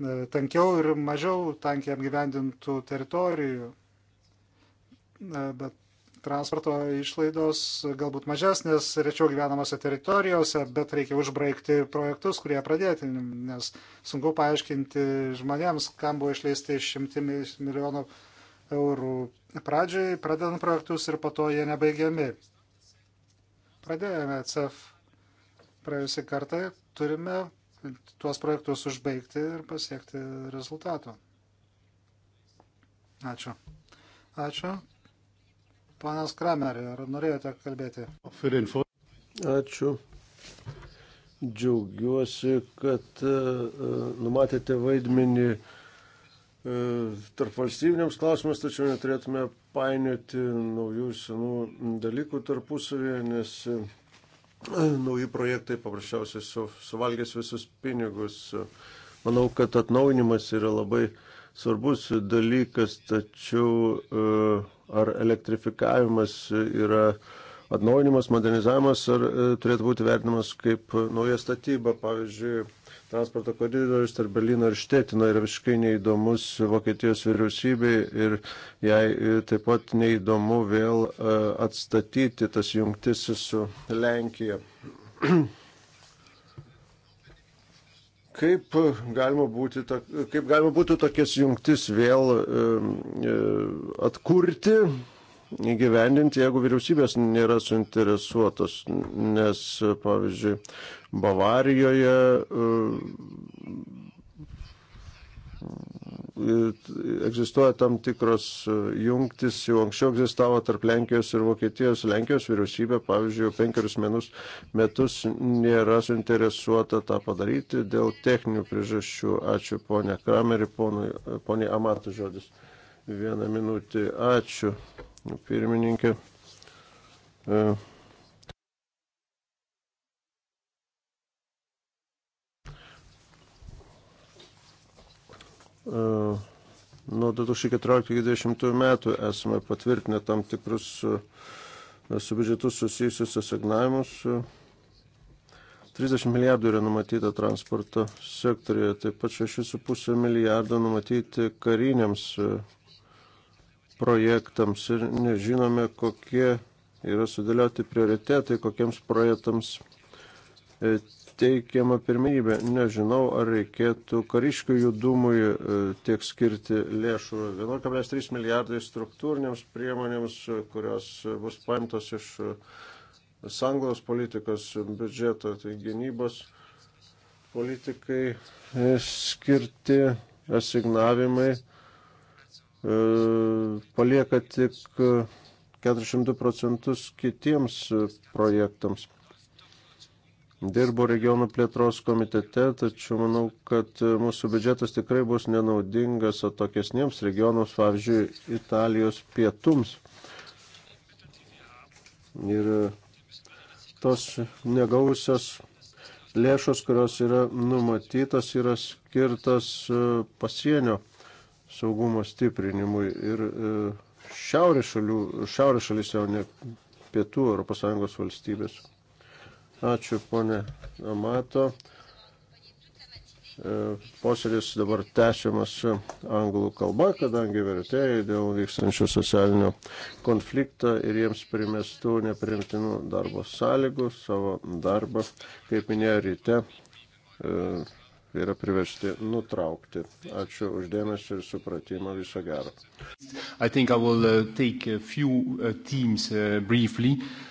[SPEAKER 1] E, tankiau ir mažiau tankiai apgyvendintų teritorijų, e, bet transporto išlaidos galbūt mažesnės rečiau gyvenamose teritorijose, bet reikia užbraigti projektus, kurie pradėti, nes sunku paaiškinti žmonėms, kam buvo išleisti šimtai milijonų eurų pradžiai, pradedant projektus ir po to jie nebaigiami. Pradėjome CEF praėjusį kartą, turime tuos projektus užbaigti ir pasiekti rezultato. Ačiū. Ačiū. Panas Kramerį, ar norėjote kalbėti?
[SPEAKER 3] Ačiū. Džiaugiuosi, kad e, e, numatėte vaidmenį e, tarp valstybiniams klausimams, tačiau neturėtume painioti naujų senų dalykų tarpusavėje, nes nauji projektai paprasčiausiai su, suvalgės visus pinigus. Manau, kad atnaujinimas yra labai svarbus dalykas, tačiau e, ar elektrifikavimas yra atnaujinimas, modernizavimas, ar e, turėtų būti vertinamas kaip nauja statyba. Pavyzdžiui, transporto koridorius tarp Berlyno ir Štetino yra visiškai neįdomus Vokietijos vyriausybei ir jai e, taip pat neįdomu vėl e, atstatyti tas jungtis su Lenkija. Kaip galima, būti, kaip galima būtų tokias jungtis vėl e, atkurti, įgyvendinti, jeigu vyriausybės nėra suinteresuotos, nes, pavyzdžiui, Bavarijoje e, e, egzistuoja tam tikros e, jungtis, jau anksčiau egzistavo tarp Lenkijos ir Vokietijos. Lenkijos vyriausybė, pavyzdžiui, jau penkerius menus, metus nėra suinteresuota tą padaryti dėl techninių priežasčių. Ačiū ponia Kramerį, ponia Amatų žodis. Vieną minutį. Ačiū, pirmininkė. Uh. E, nuo 2014-2020 metų esame patvirtinę tam tikrus e, su biudžetu susijusius asignavimus. 30 milijardų yra numatyta transporto sektorijoje, taip pat 6,5 milijardo numatyti kariniams e, projektams ir nežinome, kokie yra sudėlioti prioritetai, kokiems projektams teikiama pirmybė. Nežinau, ar reikėtų kariškių judumui e, tiek skirti lėšų. 1,3 milijardai struktūrinėms priemonėms, e, kurios e, bus paimtos iš sanglos politikos biudžeto, tai gynybos politikai skirti asignavimai palieka tik 42 procentus kitiems projektams dirbu regionų plėtros komitete, tačiau manau, kad e, mūsų biudžetas tikrai bus nenaudingas atokesniems regionams, pavyzdžiui, Italijos pietums. Ir e, tos negausios lėšos, kurios yra numatytas, yra skirtas e, pasienio saugumo stiprinimui ir šiaurės, šalių, šiaurės šalyse, o ne pietų ES valstybės. Ačiū, ponė Amato. E, posėdis dabar tęsiamas anglų kalba, kadangi vertėjai dėl vykstančių socialinio konflikto ir jiems primestų neprimtinų darbo sąlygų savo darbą, kaip minėjo ryte, e, yra priversti nutraukti. Ačiū uždėmesi ir supratimą
[SPEAKER 4] viso gero. I think I will uh, take a few uh, teams uh, briefly. Uh,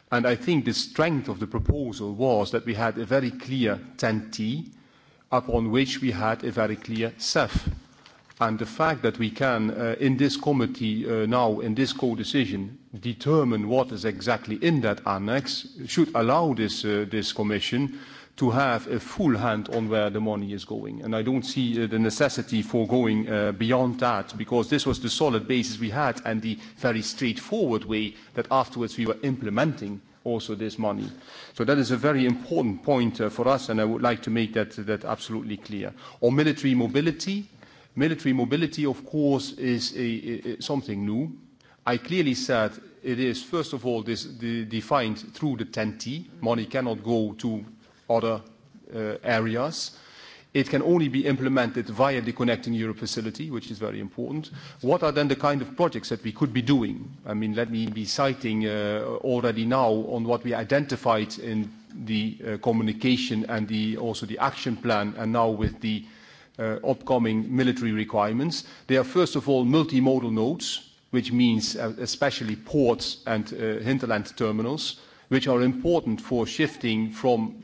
[SPEAKER 4] And I think the strength of the proposal was that we had a very clear 10T, upon which we had a very clear CEF. And the fact that we can, uh, in this committee uh, now, in this co-decision, determine what is exactly in that annex should allow this, uh, this commission uh, to have a full hand on where the money is going. And I don't see uh, the necessity for going uh, beyond that, because this was the solid basis we had and the very straightforward way that afterwards we were implementing also this money. So that is a very important point uh, for us, and I would like to make that, that absolutely clear. On military mobility, military mobility, of course, is a, a, something new. I clearly said it is, first of all, this, the, defined through the 10T. Money cannot go to other uh, areas. It can only be implemented via the Connecting Europe facility, which is very important. What are then the kind of projects that we could be doing? I mean, let me be citing uh, already now on what we identified in the uh, communication and the, also the action plan, and now with the uh, upcoming military requirements. They are, first of all, multimodal nodes, which means uh, especially ports and uh, hinterland terminals, which are important for shifting from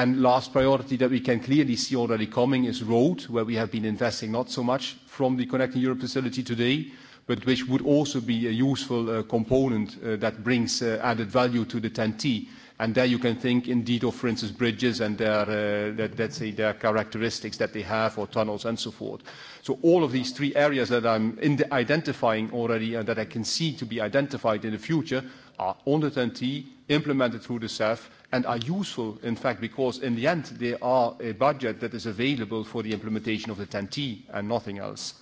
[SPEAKER 4] And last priority that we can clearly see already coming is road, where we have been investing not so much from the Connecting Europe facility today, but which would also be a useful uh, component uh, that brings uh, added value to the TEN-T. And there you can think indeed of, for instance, bridges and their, uh, that, let's say, their characteristics that they have, or tunnels and so forth. So all of these three areas that I'm identifying already and that I can see to be identified in the future are on the TEN-T, implemented through the CEF, and are useful, in fact, because in the end they are a budget that is available for the implementation of the 10T and nothing else.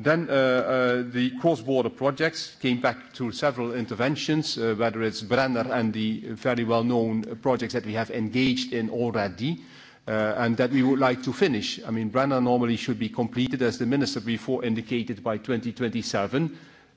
[SPEAKER 4] Then uh, uh, the cross-border projects came back to several interventions, uh, whether it's Brenner and the very well-known projects that we have engaged in already, uh, and that we would like to finish. I mean, Brenner normally should be completed, as the Minister before indicated, by 2027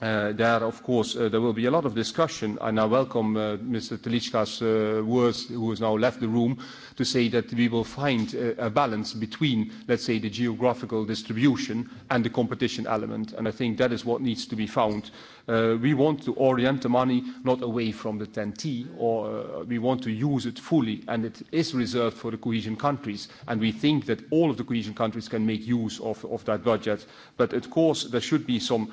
[SPEAKER 4] Uh, there, of course, uh, there will be a lot of discussion, and I welcome uh, Mr. Telichka's uh, words, who has now left the room, to say that we will find uh, a balance between, let's say, the geographical distribution and the competition element, and I think that is what needs to be found. Uh, we want to orient the money not away from the 10T, or uh, we want to use it fully, and it is reserved for the cohesion countries, and we think that all of the cohesion countries can make use of, of that budget, but of course there should be some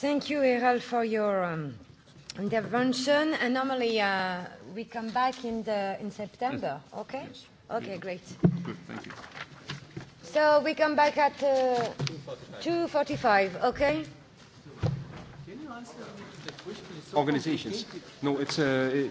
[SPEAKER 2] Thank you, Errol, for your um, intervention. And normally uh, we come back in, the, in September, yes. okay? Yes. Okay, yes. great. Good, thank you. So we come back at uh, 2.45, okay?
[SPEAKER 5] Can you answer the question?
[SPEAKER 4] So Organizations. No, it's... Uh, it,